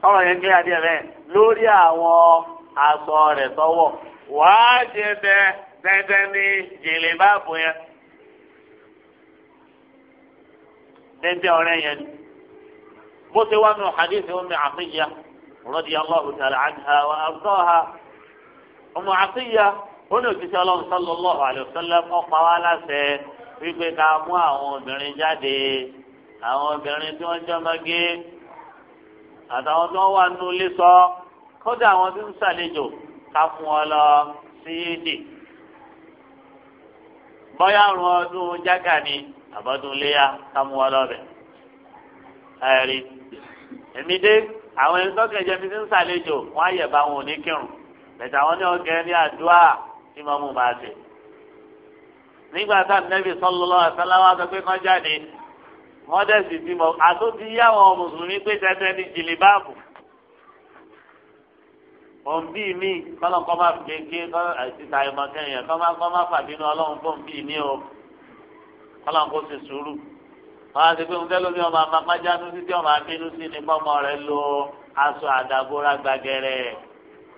ọ̀rọ̀ yẹn gbé adé rẹ̀ lórí àwọn aṣọ rẹ̀ tọwọ́ wàá ṣe bẹ dandan ní jèlè báàbò yẹn dandan ọ̀rẹ́ yẹn ni bó ṣe wá nù hadithi Ummu Atiyya radiyallahu ta'ala anha wa ardaha Ummu Atiyya ó ní òṣìṣẹ́ ọlọ́run sallallahu alaihi ọ̀pá wa láṣẹ wípé ká mú àwọn obìnrin jáde àwọn obìnrin tí wọ́n jọ́ mọ́gé àtàwọn tó wà nínú ilé sọ kódà àwọn tó ń ṣàlejò ká fún ọ lọ sí èdè bóyá àrùn ọdún jágà ni àbọ̀dún léyà ká mú ọ lọ bẹ̀ ẹ̀rí èmi dé àwọn ẹni tó kẹjẹ mi ti ń ṣàlejò wọn àyẹ̀ bá wọn ò ní kírun bẹ̀tẹ̀ àwọn ní ọ̀gẹ́ ní àdúrà tí mo mú máa ṣe nígbà tá a nẹ́bí sọ́lọ́lọ́ àtàláwá sọ pé kán jáde wọ́n dẹ̀sí bímọ àtúntí yá àwọn mùsùlùmí pé tẹ́tẹ́ ní jìlìbáàbù òǹbí mi kọ́lọ́n kọ́ máa kéke àìsíta ìmọ̀ kẹ́yìn kọ́ máa kọ́ máa fàbínú ọlọ́run fún òǹbí mi o kọ́lọ́n kó ṣe sùúrù wọ́n á ti pé nfẹ́ lómi ọmọ àmàpájánú títí ọmọ abínú sí ni pọ́mọ rẹ lo aṣọ àdàbòrà gbàgẹrẹ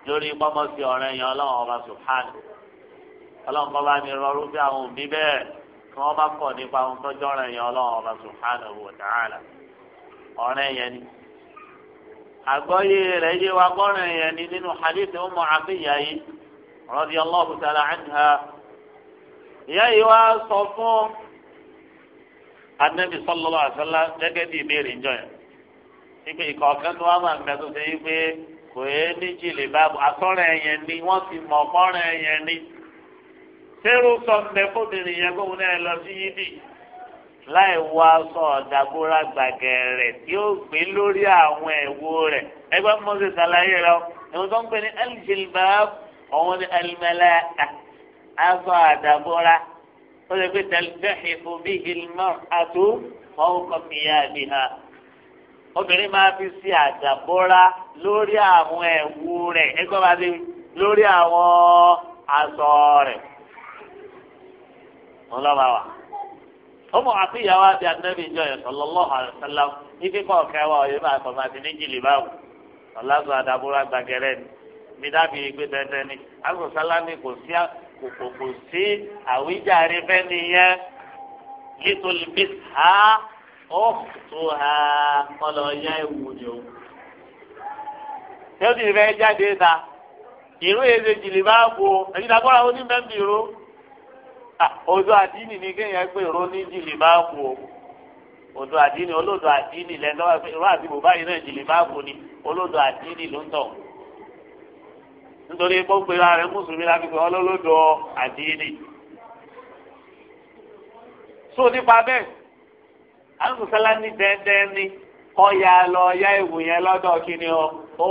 lórí pọ́mọ sí ọ̀rẹ́ yẹn ọlọ́run ọba sùhánù kọ́lọ́n kọ́ bá mi rọrùn bí àwọn òǹbí bẹ́ẹ̀ tí wọ́n bá kọ̀ nípa ohun tó jọ́ra yẹn ọlọ́run ọba subhanahu wa ta'ala ọ̀rẹ́ yẹn ni. àgbọ́yé rẹ̀ yé wa gbọ́ràn yẹn ni nínú hadith Ummu Atiyya yìí radiyallahu ta'ala anha. ìyá yìí wá sọ fún anabi sallallahu alaihi wasallam gẹ́gẹ́ bí ìbéèrè ń jọ yẹn. ìpè ìkọ̀ọ̀kan tó wá máa ń bẹ tó ṣe pé kò yé ní jìlè báàbò àtọ́rẹ̀ yẹn ni wọ́n ti mọ̀ tẹ́rù sọ̀tẹ̀ fóbìnrin yẹn kóun náà lọ sí yídì láì wọ aṣọ ọ̀dàbúrà gbàgẹ̀rẹ̀ tí ó gbé lórí àwọn ẹ̀wò rẹ̀ ẹgbẹ́ mọ́sẹ̀ sàlàyé rẹ̀ ẹ̀wọ̀n tó ń pè ní al-jilbab ọ̀hún ní al-mala'ika aṣọ àdàbúrà ó lè fi taltahifu bihi al-mar'atu fawqa thiyabiha obìnrin máa fi ṣe àdàbúrà lórí àwọn ẹ̀wò rẹ̀ ẹgbẹ́ bá dé lórí àwọn aṣọ rẹ̀ wọn lọ́ba wa. ọmọ àti ìyàwó àti àtẹ́bí ìjọ yẹn sallallahu alaihi wasallam ní kíkọ́ ọ̀kẹ́ wa òye máa sọ̀rọ̀ àti níjì lìbáwò ọ̀làzọ̀ àdàbúrò àgbàgẹ̀rẹ̀ ni mi dábì gbé tẹ́tẹ́ ni àgùnsálá ni kò sí kò sí àwíjàre fẹ́ nìyẹn nítorí bí ha ó tó ha kọlọ yá ewu ni o. tẹ́lifí fẹ́ jáde ta ìró èdè jìlì bá bo dàgbọ́ra ó ní mẹ́mbì Ah, odò àdínì ni kéèyàn pé roníjì lè máa kú o odò àdínì olódò àdínì lẹ́nu wá pé irú àti bùbá yìí náà jì lè máa kú ni olódò àdínì ló ń tọ̀ nítorí pé ó pe ara rẹ̀ mùsùlùmí láti pé ọlọ́lọ́dọ̀ àdínì. so nípa bẹ́ẹ̀ alùpùpùsálà ní dẹ́ndẹ́n ni kọ́ ya lọ ya ìwò yẹn lọ́dọ̀ kí ni ó ó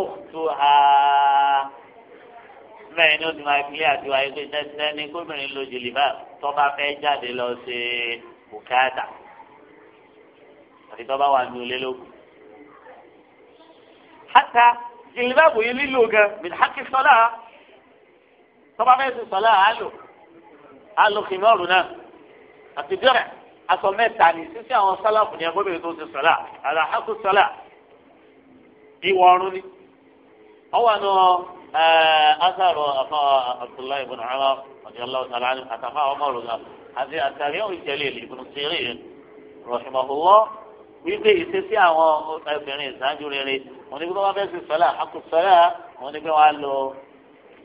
ha bẹ́ẹ̀ ni ó ti máa kílé àti wáyé pé dandan ni gómìnà lo jìlìbà tó bá fẹ́ jáde lọ ṣe bùkátà àti tó bá wà ní olé lókun. hátà jìlìbà bò yín lílo gan bìtì hákì sọlá tó bá fẹ́ ṣe sọlá àlò àlò kìmọ́ọ̀rù náà àti dẹ́rẹ̀ aṣọ mẹ́ta ni sísẹ́ àwọn sálàfù ni agbóbìnrin tó ṣe sọlá àlà hákù sọlá ìwọ̀ọ̀rùn ni ọwọ́ àná asaro afa abdullahi ibn umar radiyallahu ta'ala anhu atafa umar ga àti àtàríyàn ìjẹlẹ ibn sirin rahimahullah wípé ìṣesí àwọn obìnrin ìsáájú rere wọn ni bí wọn fẹẹ ṣe sọlá àkùsọlá wọn ni bí wọn á lọ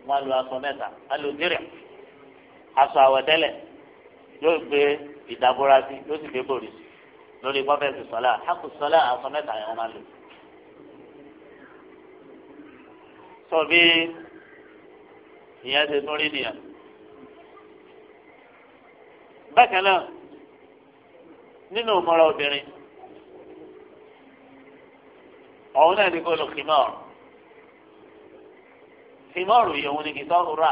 wọn á lọ aṣọ mẹ́ta á lọ dírẹ aṣọ àwọ̀tẹ́lẹ̀ yóò gbé ìdábòrá sí yóò sì gbé bòrì lórí wọn fẹẹ ṣe sọlá àkùsọlá aṣọ mẹ́ta yẹn wọn máa lò. sọ bí ìyẹn ti tún rí nìyẹn. bákan náà nínú mọ́ra obìnrin ọ̀hún náà ni kò lò kìmọ́ọ̀rù kìmọ́ọ̀rù yìí òun ni kìtọ́ọ̀rù rà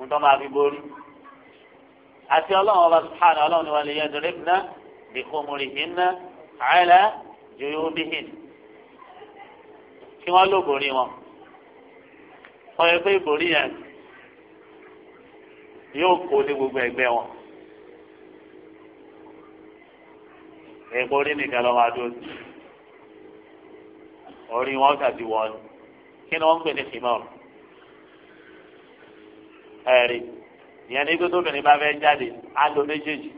ń tọ́ máa fi borí àti ọlọ́run ọba subhanahu ọlọ́run ni wọ́n lè yẹn dúró ná bìkúmùrì hìn ná àìlẹ́ jòyó bíhìn kí wọ́n lò borí wọn ọyọ pé ìbòrí yẹn yóò kó ní gbogbo ẹgbẹ́ wọn ìbòrí nìkan lọ máa dúró orí wọn tàbí wọn kí ni wọn ń pè ní fìmọ ẹrí ìyẹn ní gbogbo obìnrin bá fẹ́ jáde á lo méjèèjì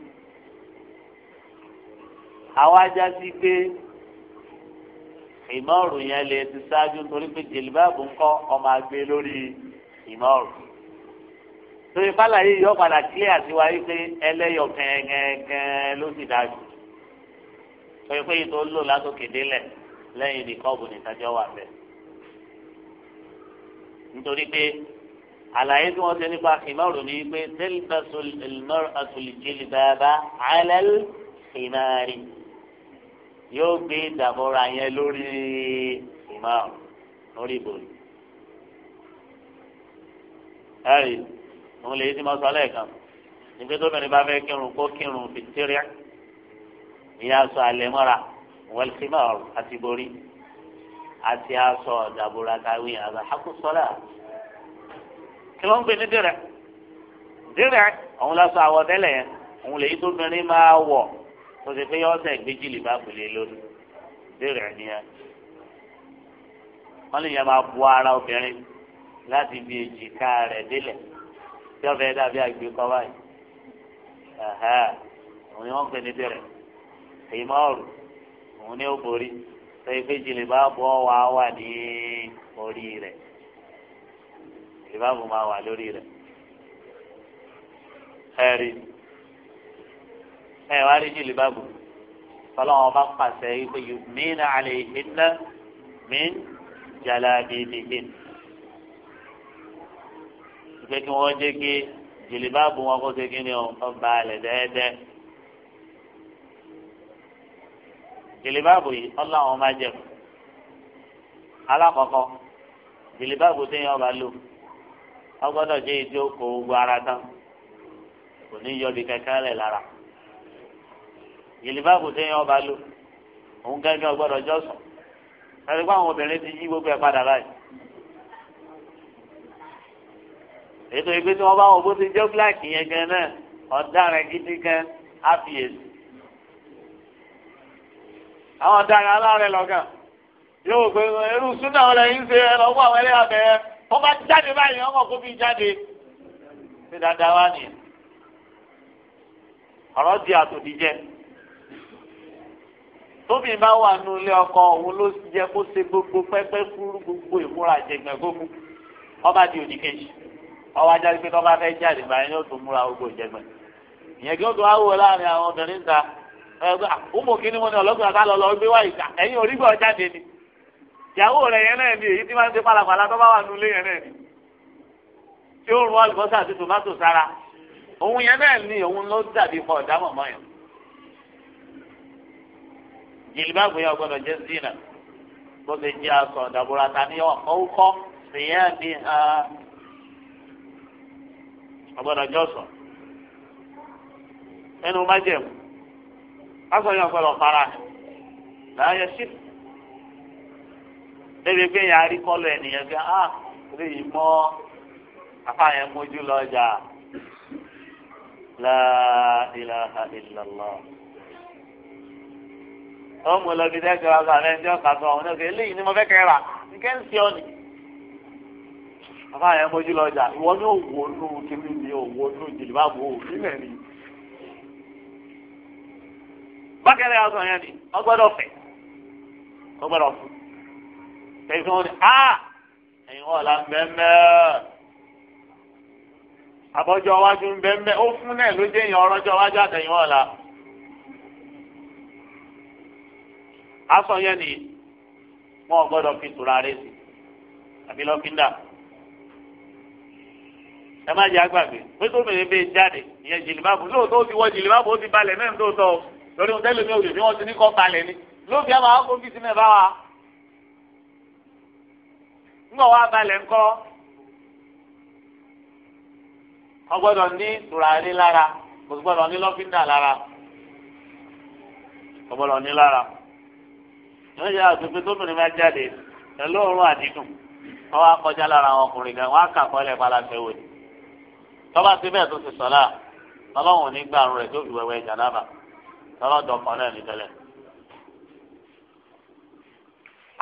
àwa já sí pé ìmọ̀ọ̀rù yẹn lè ti ṣáájú torí pé jìlìbáàbù ńkọ́ ọmọ àgbé lórí ìmọ̀ọ̀rù. torí pálá yìí yọ padà kílẹ̀ àtiwá yìí pé ẹlẹ́yọ̀ gẹ́gẹ́ ló sì dájú. torí pé ètò lò látòkè délẹ̀ lẹ́yìn nìkọ́ọ̀bù nìtajọ́ wà bẹ́ẹ̀. nítorí pé àlàyé tí wọ́n ṣe nípa ìmọ̀ọ̀rù ni pé tẹ́lifásùl ìmọ̀ọ̀rù àtùlìjìlìbáàbá àlẹ́ ìmọ̀ọ̀rù yóò gbé ìdàmọ́ra yẹn lórí ìmáà lórí ìbòrí. ẹ̀rì òun lè yí sí mọ́sán lẹ́ẹ̀kan níbi tó bẹ̀rẹ̀ bá fẹ́ kírun kó kírun fìtírí ìyá aṣọ alẹ́ mọ́ra wẹ́lẹ́sìmọ́ àti borí àti aṣọ ìdàbòrà káwé àgbà hakusọ́lá. kí ló ń gbé ní dìrẹ̀ dìrẹ̀ òun lọ sọ àwọ̀ tẹ́lẹ̀ yẹn òun lè yí tó bẹ̀rẹ̀ máa wọ̀ tó ṣe pé ọ̀sẹ̀ ìgbéjì lè bá gbélé lórí ìbéèrè ẹ̀nìyẹn wọ́n lè yẹ máa bu ara obìnrin láti bí èjìká rẹ̀ délẹ̀ tí ọ̀fẹ́ dàbí àgbékọ́ báyìí òun ni wọ́n pè ní bẹ̀rẹ̀ èyí máa rù òun ni ó borí tó ìgbéjì lè bá bọ́ wà wà ní orí rẹ̀ lè máa wà lórí rẹ̀ ẹ̀rí ẹ wá rí jìlì bá bù fọlọ́wọ́n bá pàṣẹ ipe yìí mìíràn àlè ìhìnnà mí jàlá bìbìhìn. ìpè kí wọ́n jẹ́ kí jìlì bá bù wọn kó ṣe kí ni ọ̀ bá a lẹ̀ dẹ́ẹ́dẹ́. jìlì bá bù yìí ọlọ́wọ́n máa jẹ̀ alákọ̀ọ́kọ́ jìlì bá bù téèyàn bá lò ọgbọ́dọ̀ jẹ́ ìdí okòó gbọ́ ara tán kò ní yọbi kankan lẹ̀ lára ìlìbáàbò téèyàn ọba lò òun gẹ́gẹ́ ọgbọ́dọ̀ jọ́sùn ẹni pé àwọn obìnrin ti yí gbogbo ẹ̀ padà báyìí. ètò ìgbé tí wọ́n bá wọn bó ti jẹ́ fúláàkì yẹn gan náà ọ̀daràn gidi gan áfíyèsí. àwọn ọ̀daràn aláàrẹ̀ lọ́gàn yóò gbé irú súnà ọ̀rẹ́ yín ṣe ẹ lọ́wọ́ àwọn ẹlẹ́yà bẹ̀rẹ̀ wọ́n bá jáde báyìí ọmọ kó fi jáde ṣé dáadáa wá nìyẹn ọ̀rọ̀ di àtòdíjẹ́ tóbi bá wà nù ilé ọkọ òun ló jẹ kó ṣe gbogbo pẹpẹ fúru gbogbo ìmúra jẹgbẹ gbogbo ọba di òdì kejì ọba jáde pé tọ́ba fẹ́ jáde báyìí ni ó tún múra gbogbo ìjẹgbẹ ìyẹn kí ó tún áwò láàrin àwọn obìnrin ta ẹgbẹ ọmọ kí ni mo ní ọlọ́gbìn àti àlọ́ lọ gbé wáyé ká ẹ̀yin orígbọ̀ jáde ni ìyàwó rẹ̀ yẹn náà ni èyí tí máa ń ṣe pàlàpàlà tọ́ba wà nù ilé yẹn náà ni tí ó rún àlùbọ́sà àti tòmátò sára òun yẹn náà ni òun ló dàbí kọ ọ̀dà mọ̀mọ́ jìlìbáàbù yẹn ọgbọ́dọ̀ jẹ́ zina bó ṣe jẹ́ aṣọ ọ̀dàbọ̀rọ̀ àtàníyàn ọ̀kọ́ ṣèyàn ní ọgbọ́dọ̀ jọ́sọ̀ ẹnu májẹ̀mú aṣọ yẹn ọgbọ́dọ̀ fara láàyè sí débi pé yẹn arí kọ́lọ̀ ènìyàn fi hàn lè yí mọ́ afáyẹn mójú lọ́jà la ilaha illallah wọn mú lọ bí dẹ́gbẹ́ wa sọ àlẹ́ ẹjọ́ kàtó àwọn ọ̀nà eléyìí ni mo fẹ́ kẹ́ra nǹkẹ́ ń ṣe ọ ni. bàbá yẹn mójú lọ ọjà ìwọ ní òwò nù kíní ni òwò nù jìlì bá bò ó nílẹ̀ ni. bákẹ́rẹ́ ọsọ yẹn ni wọ́n gbọ́dọ̀ fẹ̀ wọ́n gbọ́dọ̀ fún. tẹ̀sí wọn ni a ẹ̀yin wọn là ń mẹ́ àbọ̀jọ́ wájú ń bẹ́ mẹ́ ó fún náà ló jẹ́ ìyẹn ọ̀rọ̀jọ́ aṣọ yẹn ni wọn ò gbọ́dọ̀ fi tùràrí sí àbí lọ́fíńdà ẹ má jẹ́ àgbàgbé pé tó bèrè bẹ jáde ìyẹn jìlìbáàbù lóòótọ́ ó ti wọ jìlìbáàbù ó ti balẹ̀ náà lóòótọ́ o lórí ohun tẹ́lẹ̀ mi ò lè fi wọ́n ti ní kọ́ balẹ̀ ni lóòótọ́ yà máa kó fìtí mẹ́fà wa ńgbọ̀ wá balẹ̀ ńkọ́ wọ́n gbọ́dọ̀ ní tùràrí lára kò gbọ́dọ̀ ní lọ́fíńdà lára kò gbọ́dọ̀ ní lára yóò yá àtúntò tóbìnrin máa jáde pẹ̀lú òórùn àdídùn wọ́n wá kọjá lára àwọn ọkùnrin gan wọ́n á kà kọ́lẹ̀ palasẹ̀ wò ni tọ́ba ti bẹ́ẹ̀ tó ti sọ̀lá ọlọ́run ní gbàrún rẹ̀ tó fi wẹ̀wẹ̀ jànáàbà tọ́lọ́dọ̀ kan náà ní tẹ́lẹ̀.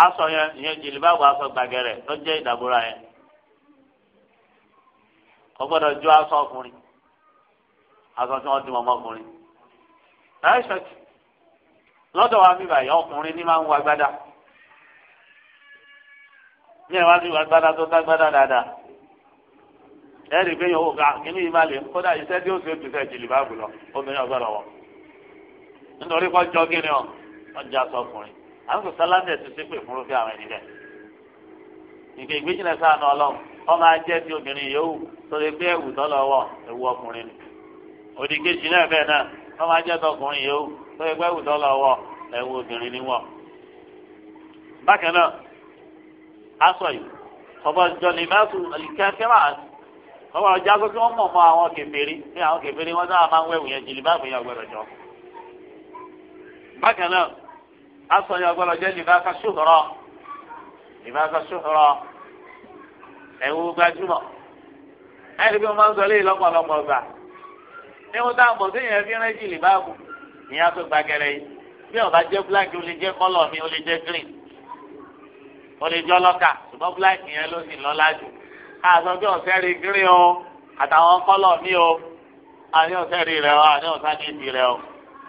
aṣọ yẹn ìyẹn jìlìbáàbò aṣọ gbàgẹ̀rẹ̀ tó jẹ́ ìdàgbòrà yẹn kò gbọ́dọ̀ ju aṣọ ọkùnrin aṣọ tí wọ́n dì lọ́dọ̀ wa mi báyìí ọkùnrin ní máa ń wọ agbádá ní ẹ̀ wá sí agbádá tó ságbádá dáadáa ẹ̀rì pé yòówù ká kínní yìí má lè kódà iṣẹ́ tí ó ṣe ti fẹ́ jìlì báàbù lọ obìnrin ọgbọ́dọ̀ wọ̀ nítorí kọ́ jọ kí ni ọ ọjà sọkùnrin àwọn sọ sálámì ẹ̀ ti ṣépè fúnrú fún àwọn ènìyàn ìgbè ìgbéjìnlẹ̀ sáà ọlọ́run ọmọ ajẹ́ ti obìnrin yòówù tó lè gbé ẹ̀wù tọ́lọ́wọ́ ẹ̀wù ọkùnrin ni òdìkejì náà bẹ́ẹ̀ náà tó máa jẹ́ tọkùnrin yòówù tó ẹgbẹ́ ìwùdọ́ lọ wọ ẹ̀wù obìnrin ni wọ́n. bákan náà aṣọ yìí ọba jọlì mẹ́tù kẹ́kẹ́rà ọba ọjà pé kí wọ́n mọ̀ mọ́ àwọn kèfèrí ní àwọn kèfèrí wọ́n sábà máa ń wẹ̀wù yẹn jìlì báàbò yẹn ọgbọ́dọ̀ jọ. bákan náà aṣọ yẹn ọgbọ́dọ̀ jẹ́ lìbáka ṣùhùrọ̀ lìbáka ṣùhùrọ̀ ẹ̀wù gbajúmọ̀ ẹ̀rí bí wọ́n máa ń sọ níwọ̀n tá a mọ̀ sí yẹn fi rẹ́jì lè bá kù ìyẹn á tó gba yìí bí ó bá jẹ́ black ó lè jẹ́ kọ́lọ̀ mi ó lè jẹ́ green ó lè jẹ́ ọlọ́kà ṣùgbọ́n black yẹn ló sì lọ́lá jù àtọ́ bí ọ̀sẹ́ rí green o àtàwọn kọ́lọ̀ mi o àní ọ̀sẹ́ rí rẹ o àní ọ̀sá ní ti rẹ o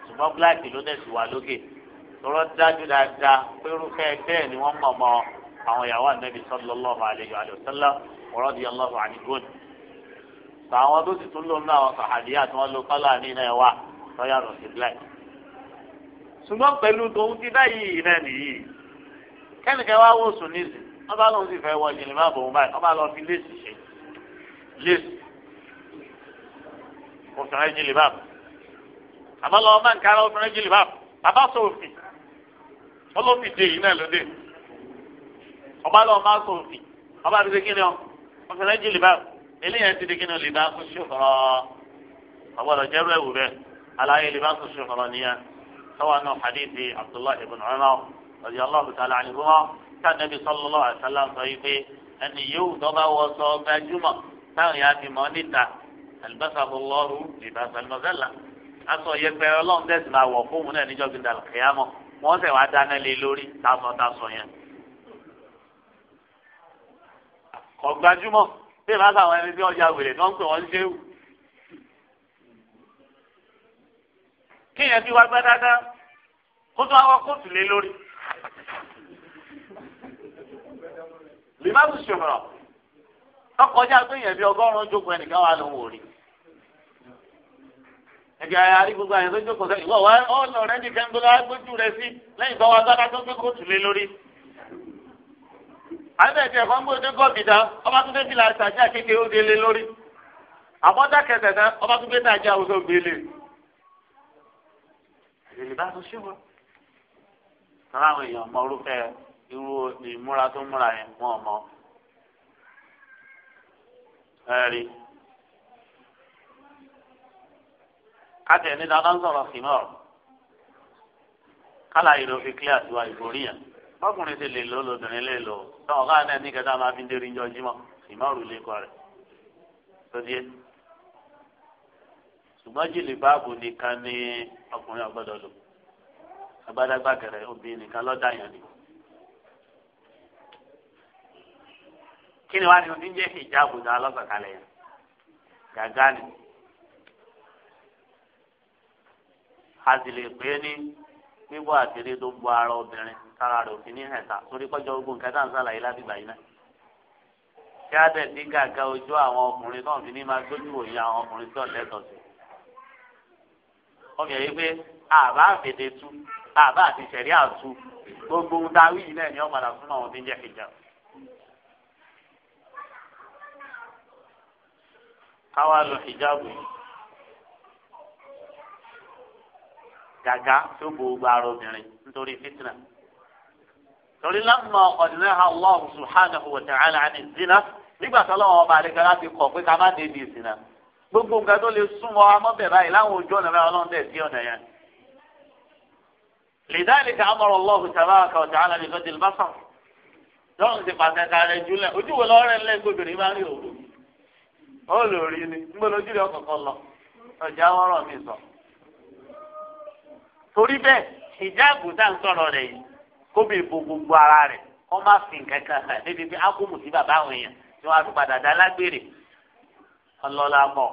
ṣùgbọ́n black ló dẹ̀ sì wà lókè tọrọ dájú dáadáa pérúfẹ́ bẹ́ẹ̀ ni wọ́n mọ̀ mọ́ àwọn ìyàwó ànábì sallallahu alaihi wa sallam wa radiyallahu anhu sọ àwọn tó sì tún lò nínú àwọn sàhàdíyà tí wọ́n lo kọ́là nínú ẹ̀ wà lọ́yà rọ̀ sí black. ṣùgbọ́n pẹ̀lú tòun ti dá yìí náà nìyí kẹ́nìkan wá wò sùn níìsì wọ́n bá lóun sì fẹ́ wọ ìjìnlẹ̀ má bòun báyìí wọ́n bá lọ fi léèsì ṣe léèsì obìnrin jìnlẹ̀ bá àmọ́ lọ́wọ́ máa ń kára obìnrin jìnlẹ̀ bá bàbá sọ òfin wọ́n ló fi dé yìí náà lóde ọ eléyàn ti di kí ni olùbá kú ṣòfòrò ọgbọdọ jẹrú ẹwù bẹ aláyé olùbá kú ṣòfòrò nìyẹn sọwọ náà hadithi abdullahi ibn umar rọdí allahu ta'ala anihuma kánàbí sallallahu alaihi wasallam sọ yìí pé ẹni yóò dọ́gba wọ sọ gbajúmọ̀ táwọn yà fi mọ́ níta alibasabu lọ́rù libasa mọ́sálà aṣọ yẹpẹ ọlọ́run tẹ̀sí máa wọ̀ fóònù náà níjọ́ gbìndà kìyàmọ̀ wọ́n sẹ̀ wá dáná lé lórí tásọ̀ tásọ̀ yẹn. kọ̀ tí ìbá sàwọn ẹni tí ọjà wèrè tó ń pè wọ́n ṣéwù. kí yẹn fi wá gbẹ́ dáadáa kó tó àwọn kóòtù lé lórí. lèmọ́tò ṣòro ọkọjá pé yẹn fi ọgọ́rùn jókòó ẹnìkan wà ló ń wò rí. ẹ̀jẹ̀ àárín gbogbo àyẹ̀wò jókòó sẹ́yìn wọ́n wá ọ̀nà rẹ̀ nìkan gbọ́dọ̀ agbójú sí lẹ́yìn tó wá gbọ́dọ̀ tó gbé kóòtù lé lórí àbẹ̀tì ẹ̀fọ́ ń gbòdó gọ́ọ̀bìdá ọba tó dé bílà ṣàjà kékeré ó délé lórí àbọ̀dá kẹsẹ̀dá ọba tó dé tàjà òṣò gbélé. àdèlè bá tó ṣe wọn. tọ́lá àwọn èèyàn mọ orúfẹ́ irú ìmúra tó múra yẹn wọn mọ. ẹ̀rí kátẹ̀ ní dandan sọ̀rọ̀ fìmọ̀ kálá ìròfin kílíà tiwa ìborí yẹn ọkùnrin ti lè lò lóbìnrin lè lò táwọn káà náà ní kẹta máa fi ń dérí jọ jímọ̀ ìmọ̀rù lè kọ rẹ̀ tó di é ṣùgbọ́n jìlì báàbò nìkan ni ọkùnrin ọgbọ́dọ̀ lò agbádágbá kẹrẹ obìnrin nìkan lọ́dà yẹn ni. kí ni wàá ní oní jẹ́ ìjáàbò dá lọ́sọ̀kalẹ̀ yẹn gàgá ni a sì lè pè é ní bíbọ̀ àtìrí tó bu ara obìnrin sára rẹ̀ òfin ní ẹ̀ta torí kọjọ ogun kẹta ń sàlàyé láti gbà yín náà. kí á bẹ̀ ní gàgà ojú àwọn ọkùnrin náà fi ní máa gbójú wòye àwọn ọkùnrin tí ọ̀lẹ́ tọ̀ sí. ọbẹ̀ yìí pé àbá àfètè tu àbá àti sẹ̀rí àtu gbogbo ohun tá a wí yìí náà ni ó padà fún àwọn tí ń jẹ́ lọ hijabu yìí gàgà tó gbogbo ara obìnrin nítorí fitna torí lámà ọ̀dìnlẹ̀ ha Allah subhanahu wa ta'ala àni zina nígbà tó lọ́wọ́ ọba àdéka láti kọ̀ pé ká má dé di zina gbogbo nǹkan tó lè súnmọ́ amọ́bẹ̀ báyìí láwọn ojú ọ̀nà báyìí ọlọ́run tẹ̀ ọ̀nà yẹn. lidhalika amara Allah tabaraka wa ta'ala bi ghadil basar lọ́run ti pàṣẹ kóbi ìbò gbogbo ara rẹ̀ kó má fi nǹkan kan hàn níbi pé ákùmù sí bàbá àwọn èèyàn tí wọ́n á fi padà dá lágbèrè ọlọ́lá mọ̀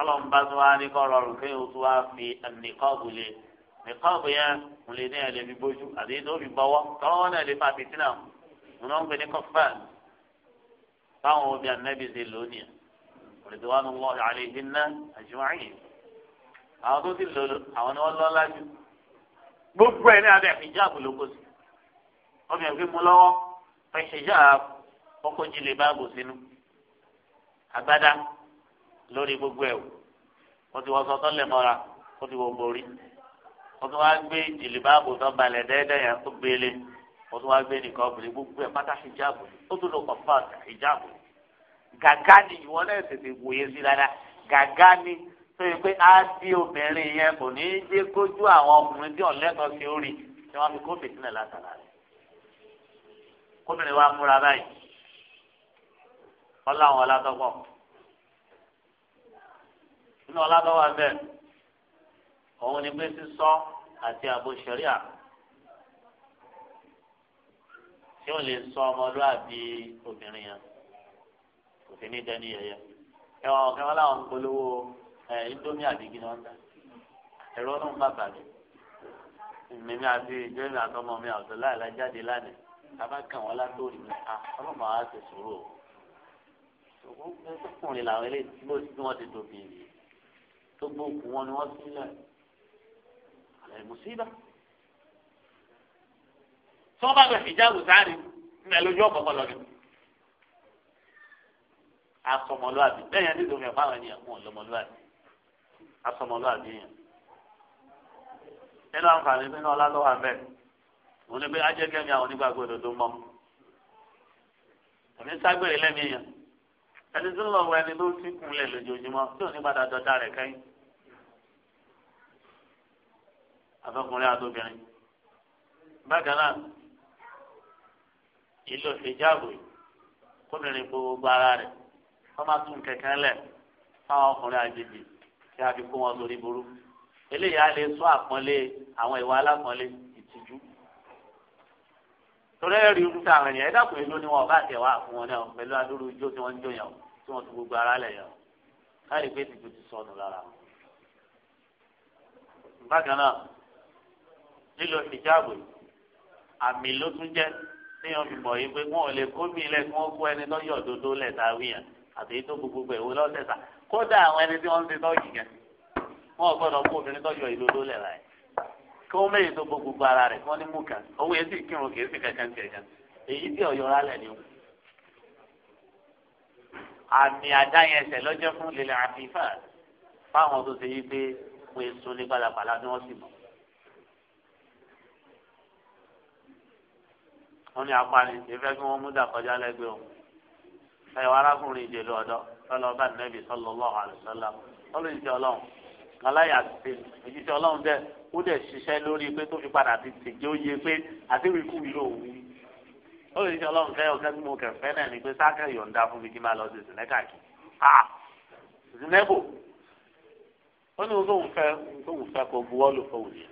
ọlọ́run bá tún wá ní kọ́ rọrùn kí o tún wá fi nìkọ́ọ̀bù lé nìkọ́ọ̀bù yẹn mo lè ní ẹ̀ lè fi bójú àti ní òbí bọ́wọ́ tọ́wọ́ náà lè fa fìtínà mo náà ń pè ní kọ́fà báwọn obì ànábì ṣe lónìí òrèdè wa nù lọ́ọ̀ọ́ àlejò náà àjùmáyé àwọn tó ti lò àwọn ni wọ́n lọ́ọ́ lájú gbogbo ẹ̀ ní abẹ́ hijab ló kó sí ọmọ ẹ̀ fi mú lọ́wọ́ fẹ́ hijab ọkọ̀ jìlẹ̀ báàgò sínú agbádá lórí gbogbo ẹ̀ wọ́n ti wọ́n sọ tọ́lẹ̀ o wọ́n ti wọ́n borí wọ́n ti wá gbé jìlẹ̀ báàgò tó balẹ̀ dẹ́ẹ́dẹ́ yẹn tó gbélé wọ́n ti wá gbé nìkan obìnrin gbogbo ẹ̀ pátá hijab ó tún lọ kọ̀ọ̀fà hijab gàgá ni ìwọ náà wòye sí dáadáa gàgá ni tó yẹ pé á di obìnrin yẹn kò ní í dé kójú àwọn ọkùnrin tí ọ̀lẹ́tọ̀ sí orí tí wọ́n fi kó fìtínà látara rẹ̀ kóbìnrin wa múra báyìí ọlá àwọn ọlátọ́gbọ̀ nínú ọlátọ́gbọ̀ bẹ́ẹ̀ òun ni pé sísọ àti àbò sẹ̀ríà tí ò lè sọ ọmọlúwàbí obìnrin yẹn kò sí ní dání yẹyẹ ẹwọn wọn làwọn ń polówó ẹ indomie àdìgí ni wọn ta ẹ̀rọ ọlọ́run bá bàbí mímí àti ìjọba àtọmọ mi àwùjọ láìla jáde lánàá bàbá kàn wọn látòrí mi a ọlọ́mọ àwọn àti sòrò ọkùnrin làwọn eléyìí bó tí wọn ti tóbi yìí tó gbóòkù wọn ni wọn sílẹ̀ àlẹ mùsíbà tí wọn bá gbẹ fìjáàbù sáré ńlẹ lójú ọkọọkọ lọ ni asọmọlúwàbí bẹ́ẹ̀ yẹn nítorí ẹfọ àwọn ènìyàn kún ọlọmọlúwàbí. asọmọlú àdéhùn nínú àǹfààní nínú ọlá ló wà bẹ́ẹ̀ mo ní pé ajẹkẹmí àwọn onígbàgbọ́ òdodo mọ òní ságbèrè lẹmí ẹni tó ń lọ wọ ẹni tó ti kúnlẹ̀ lójoojúmọ́ tí òní padà dọdá rẹ kẹ́yìn àtọkùnrin bákan náà ìlò kóbìnrin gbogbo ara máa tún kẹ̀kẹ́ fáwọn ọkùnrin àjèjì. kí a fi kó wọn sórí burú eléyìí á lè sún àpọ́nlé àwọn ìwà alápọ́nlé ìtìjú torí ẹ rí irúfẹ́ àwọn ènìyàn ẹ̀dá kùnrin ló ní wọn ọba àti ẹ̀wà fún wọn náà pẹ̀lú adúrú ijó tí wọ́n ń jó yàn o tí wọ́n ti gbogbo ara lẹ̀ yàn o láì pé ìtìjú ti sọnù lára wọn. bákan náà lílo ìjáàbò àmì ló tún jẹ́ téèyàn fi mọ̀ yìí pé wọ́n ò lè kó mi lẹ̀ kí wọ́n kó ẹni lọ́yọ̀ òdodo lẹ̀ tá a wí yàn tó gbogbo ẹ̀ wọ́n lọ́sẹ̀ kódà àwọn ẹni tí wọ́n ń ṣe tọ́jú yẹn wọ́n gbọ́dọ̀ mú obìnrin tọ́jú ìlú lólẹ̀ rà ẹ̀ kí wọ́n méye tó gbogbo ara rẹ̀ wọ́n ní mú kan owó yẹn sì kírun kì í sì kankan tiẹ̀ kan èyí tí ọ̀yọ́ rálẹ̀ ni o. àmì àdáyẹsẹ̀ lọ́jọ́ fún lílẹ̀ àfífà fáwọn tó ṣe yí pé wọ́n èso ní pàlàpàlà ni wọ́n sì mọ̀. wọ́n ní apá ni ìfẹ́ kí wọ́n mú dà kọjá lẹ́gbẹ̀ẹ́ o. ẹ̀yọ̀ arákùnrin ìjèlú ọ̀dọ́ tọ́lọ́ bá nẹ́bí sallallahu alaihi wasallam tọ́lọ́ ìjọ ọlọ́run aláya ti ìjíṣẹ́ ọlọ́run dẹ́ ó dẹ̀ ṣiṣẹ́ lórí pé tó fi padà ti tèjẹ́ ó yẹ pé àdéhùnkù yìí ló wù mí tọ́lọ́ ìjọ ọlọ́run fẹ́ ọ̀kẹ́ tí mo kẹ̀ fẹ́ náà ni pé sákẹ́ yọ̀ǹda fún mi kí n máa lọ sí ìsìnlẹ̀ káàkiri ah zinebo ó ní oṣù fẹ́ oṣù fẹ́ kó buwọ́lù fún òun yẹn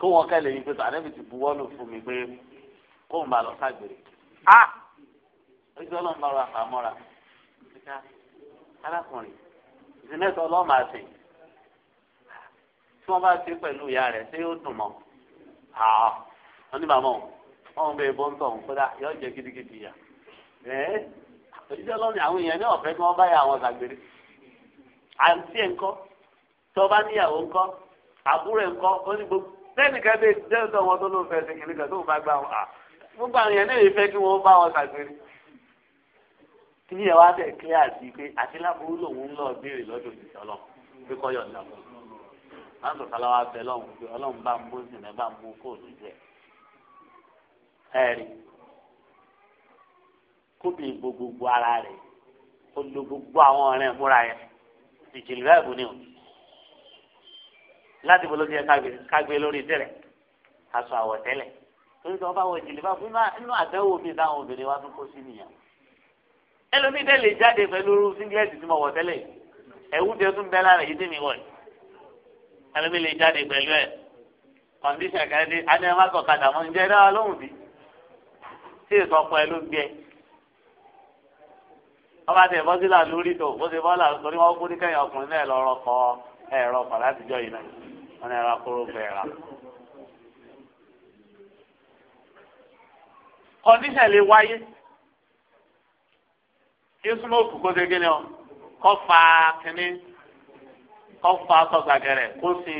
kó wọn kẹ́lẹ̀ yìí pé àdébì ti buwọ́lù fún mi pé kó n bá lọ ságbèrè ah ìjọ ọlọ́run bá ra àmọ́ra arákùnrin ìsinẹ́tọ̀ ọlọ́mà sìn tí wọ́n bá ṣe pẹ̀lú ìyá rẹ̀ ṣé yóò dùn mọ́ àá wọ́n ní màmá òun wọ́n bẹ bọ́ ń tọ̀ òun kódà yóò jẹ́ gidigidi yà ẹ́ òṣìṣẹ́ ọlọ́run àwọn èèyàn ní ọ̀fẹ́ tí wọ́n bá yà àwọn ṣàgbére àǹtí ẹ̀ ńkọ́ tí wọ́n bá níyàwó ńkọ́ àbúrò ẹ̀ ńkọ́ ó ní gbogbo lẹ́nìkan bẹ́ẹ̀ jẹ́ ọ̀dọ́ wọn ló fẹ́ ṣe kìnnìkan tó bá gbà wọn à gbogbo àwọn èèyàn náà kíni yẹn wá bẹ̀ kílẹ̀ àti pé àti láburú lòun ń lọ béèrè lọ́dọ̀ òṣìṣẹ́ ọlọ́run pé kọ́ yọ̀ ọ̀dà wọn. máa ń sọ sálá wa bẹ lọ́hùn pé ọlọ́run bá mú ìsìnlẹ̀ bá mú kó òṣìṣẹ́ ẹ̀rí kóbìnrin bo gbogbo ara rẹ̀ ó lo gbogbo àwọn ọ̀rẹ́ múra yẹn ìjìnlẹ̀ bẹ́ẹ̀ ni o láti bolo ní ẹ kágbé lórí tẹ́lẹ̀ aṣọ àwọ̀ tẹ́lẹ̀ torí tí wọ́n bá wọ ìjìnlẹ̀ bá fún inú àtẹ́wò mi táwọn obìnrin wá tún kó sí nìyẹn ẹlòmíì dẹ́ lè jáde pẹ̀lú orú singlet tí mo wọ̀ tẹ́lẹ̀ ẹ̀wù tẹ́ tún bẹ́ lára yìí tí mi wọ̀ yìí ẹlòmíì lè jáde pẹ̀lú ẹ̀ kọ̀ǹdíṣàn kan dé adéhàmákọ̀ kadà mọ́ ǹjẹ́ dáwà lóhùn bí tí èso ọkọ̀ ẹ ló gbé ọba tẹ bọ́ sílà lórí tó bó ṣe bọ́là torí wọn kú ní kẹ́yìn ọkùnrin náà lọ́rọ́ kọ ẹ̀rọ kọ̀ látijọ́ yìí náà wọn ẹ̀rọ akóró kí smoke kó ṣe kíni ọ kọ́ fa kíní kọ́ fa sọ̀gbàgẹ̀rẹ̀ kó sì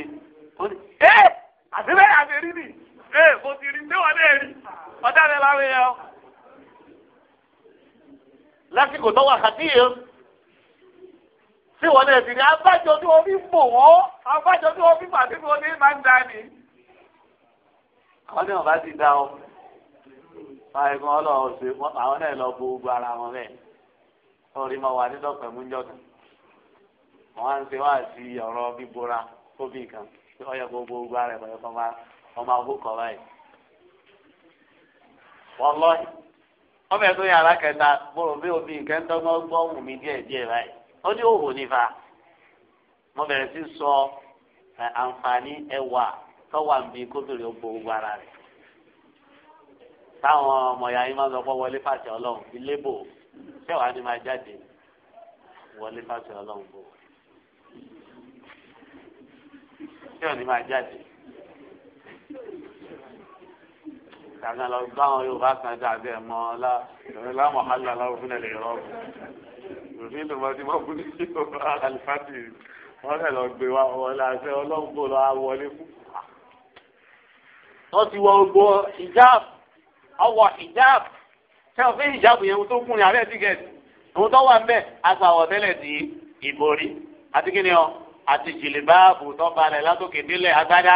kó sì ẹ́ àti bẹ́ẹ̀ àti rí ni ẹ́ kó sì rí níwọ̀n náà rí ọ̀dà rẹ̀ láwọn yẹn o lásìkò tó wà kàtíyè tí wọn lè ti ní abájọ tí wọn fi pò wọn abájọ tí wọn fi pàdé tí wọn ní máa ń da ni. àwọn ní bá ti dá ọ báyìí kan ṣe àwọn náà lọ bo gbogbo ara wọn bẹ́ẹ̀. sọ̀rí máa wà nínú ọ̀pẹ̀ múnjọ́ á ń ṣe wá sí kan tí gbogbo gbá rẹ̀ pẹ̀lú kọ́ máa ọmọ ọgbó báyìí. wọ́n lọ ọmọ ẹ̀ tó yẹ alákẹ́ta mo rò bí omi nǹkan dọ́gbọ́n báyìí ó ní òhò nífa mo sí sọ àǹfààní ẹwà ń bi kóbìnrin gbogbo ara táwọn ọmọ ìyá yín máa sẹ́wàá ni máa jáde wọlé fásitì ọlọ́run bò sẹ́wàá ni máa jáde kàná lọ gbá àwọn yorùbá kan dà bẹ́ẹ̀ mọ́ ọlá ìrọ̀lá mọ̀hálà lọ́wọ́ fún ẹ̀lẹ́ ìrọ̀ òfin tó máa ti mọ́ fún ìṣòro àlùfáàtì wọ́n fẹ́ lọ gbé wa wọlé àṣẹ ọlọ́run bò lọ́wọ́ wọlé fún. wọ́n ti wọ gbogbo hijab ọwọ́ hijab ṣé o fẹ́ ìjáàbù yẹn tó kún ní abẹ́ tíkẹ́ẹ̀tì òun tó wà ń bẹ̀ aṣọ àwọ̀tẹ́lẹ̀ ti ìborí àti kí ni ọ àti jìlìbáàbù tó balẹ̀ látòkè nílẹ̀ agbádá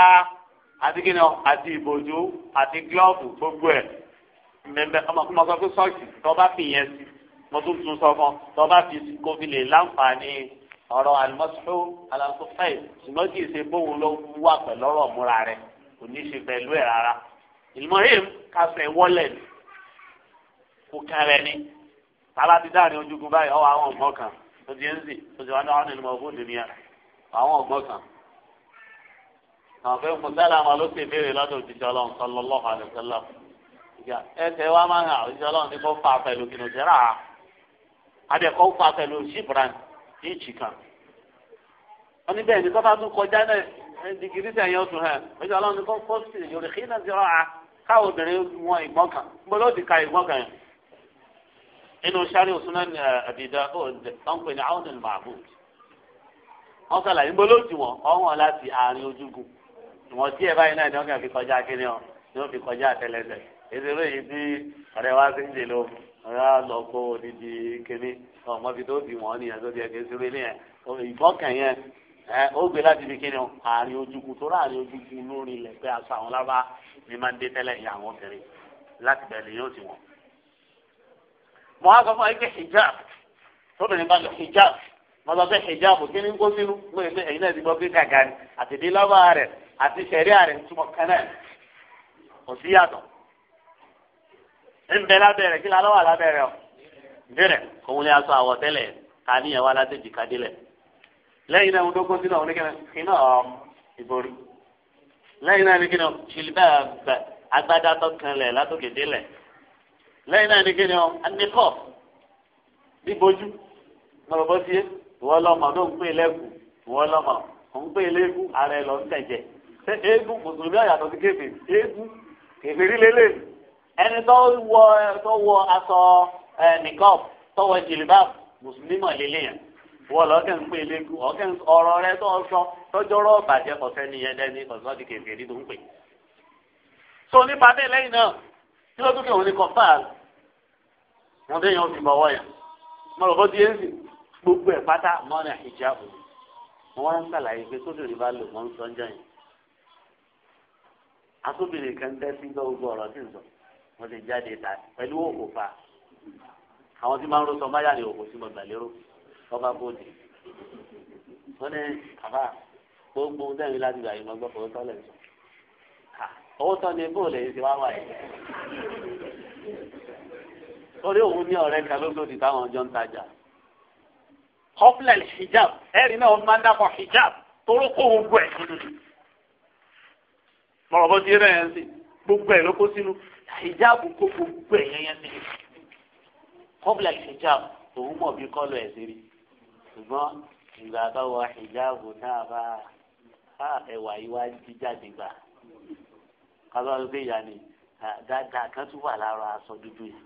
àti kí ni ọ àti ìbòjú àti gílọ́ọ̀bù gbogbo ẹ̀ mẹ́mẹ́ ọmọkùnrin sọ pé sọ́ọ̀kì tó bá fi yẹn sí mo tún tún sọ fún ọ tó bá fi kó fi lè láǹfààní ọ̀rọ̀ alimọ́sọ́ alasọ́fẹ́ ṣùgbọ́n kì í ṣe bóun ló wà pẹ̀lú ọ̀rọ̀ múra rẹ̀ kò ní í ṣe pẹ̀lú ẹ̀ rárá ìmọ̀ yìí kásẹ̀ wọ́lẹ̀ ni kò kẹrẹ ni tààlà ti dáàrin ojúgun báyìí ọwọ́ àwọn ọgbọ́n kan tó ti ń zì tó ti wá náà nínú ọgbọ́n nìyẹn àwọn ọgbọ́n kan. àwọn fẹ́ mùsálà àwọn ló ṣe béèrè lọ́dọ̀ òjijì ọlọ́run sallallahu alaihi wasallam ẹsẹ̀ wa máa ń hàn òjijì ọlọ́run ní kó fa pẹ̀lú kìnnìún jẹ́rà adẹ́kọ̀ọ́ fa pẹ̀lú ṣíbran ní ìjìkan wọ́n ní bẹ́ẹ̀ ni kọ́ba tún kọjá náà dìgírí sẹ́yìn ọ̀tún hàn òjijì ọlọ́run ní kó fọ́ọ̀sì yorùkí inú sáré òsúná ní àbídá ọ̀npẹ ní àwọn ènìyàn màbúù wọn sàlàyé ń bolo jù wọn ọ̀hún láti àárín ojúgun ìwọ̀n tí ẹ báyìí náà ni wọn kàn fi kọjá kíní ọ ni wọn fi kọjá àtẹlẹsẹ ìṣeré yìí tí ọ̀rẹ́ wa ti ń jè lọ ọ̀rẹ́ wa lọ kó odidi kíní ọmọbi tó bì wọn nìyẹn tó di ẹgbẹ́ ìṣeré nìyẹn ìbọkàn yẹn ẹ ó gbé láti fi kíni àárín ojúkun tó láàrin ojúkun lórí ilẹ̀ pé aṣọ àwọn lábá ni máa ń dé tẹ́lẹ̀ ìyá àwọn obìnrin láti bẹ̀rẹ̀ yóò ti wọ̀n mo á sọ fún ẹ pé hijab tóbìnrin bá lọ hijab mo sọ pé hijab kí ni kó sínú mo yẹ pé ẹ̀yin náà ti gbọ́ pé gàgà ni àti ìdílé ọba rẹ̀ àti sẹ̀ríà rẹ̀ túmọ̀ kánẹ̀ kò sí yàtọ̀ ń bẹ lábẹ́rẹ̀ kí lálọ́ wà lábẹ́rẹ̀ o bẹ̀rẹ̀ òun ni aṣọ àwọ̀ tẹ́lẹ̀ ká níyẹn wá látẹ̀jì ká délẹ̀ lẹ́yìn náà ń dógún sínú àwọn oníkẹ́rin iná náà ní lẹ́yìn náà ni kí ni ọ anìkọ́ bíbojú lọ́rọ̀bọ́ sí ìwọ lọ́mọ ló ń pè lẹ́kùn ìwọ lọ́mọ ò ń pè lẹ́kùn ara ẹ̀ lọ ń tẹ̀jẹ̀ ṣé eégún mùsùlùmí àyàtọ̀ sí kéfì eégún kéfì rí lélẹ̀ ẹni tó wọ tó wọ aṣọ ẹ nìkọ́ tó wọ jìlìbá mùsùlùmí mọ̀ lélẹ̀ yẹn ìwọ lọ ń pè lẹ́kùn ọ̀kẹ́ ọ̀rọ̀ rẹ tó sọ tọ́jọ́rọ́ bàjẹ́ kọ̀ọ̀sẹ́ ni yẹn dẹ́ni tí wọ́n tún kẹ́ òun ní kọ́fà wọn bẹ́ẹ̀ yẹn ó fi mọ ọwọ́ yẹn mo rò bó di ẹ́ńsì gbogbo ẹ̀ pátá mọ́ni àìjá òun mo wá ń sàlàyé pé sódò rí bá lò wọ́n ń sọ ọjọ́ yẹn asóbìnrin kan tẹ́ sí gbogbo ọ̀rọ̀ sí nsọ wọ́n ti jáde ta pẹ̀lú òkò pa àwọn tí máa ń rọ́ṣọ máyà ní òkò sí gbàgbàlérò ọba bòdì wọ́n ní àbá gbogbo ohun tẹ̀lé láti gbà yìí mọ́ gbọ́ owó tán ni bóòlù èyí ti wá wà yìí òun ní ọ̀rẹ́ kan lóṣooṣù táwọn ọjọ́ ń tajà hopeless hijab ẹ̀rí náà máa ń dàpọ̀ hijab toró kó òun gbọ́ ẹ̀ lónìí mọ̀rọ̀ bọ́ yẹn sí gbogbo ẹ̀ ló kó sínú hijab kó gbogbo ẹ̀ yẹn yẹn sí hopeless hijab òun mọ̀ bí kọ́lọ̀ ẹ̀ sí rí ṣùgbọ́n ìgbà bá wọ hijab náà bá ẹwà yìí wá jíjáde gbà kọ́sọ́ ló gbé ìyá ni dáadáa kan tún wà lára aṣọ dúdú yìí.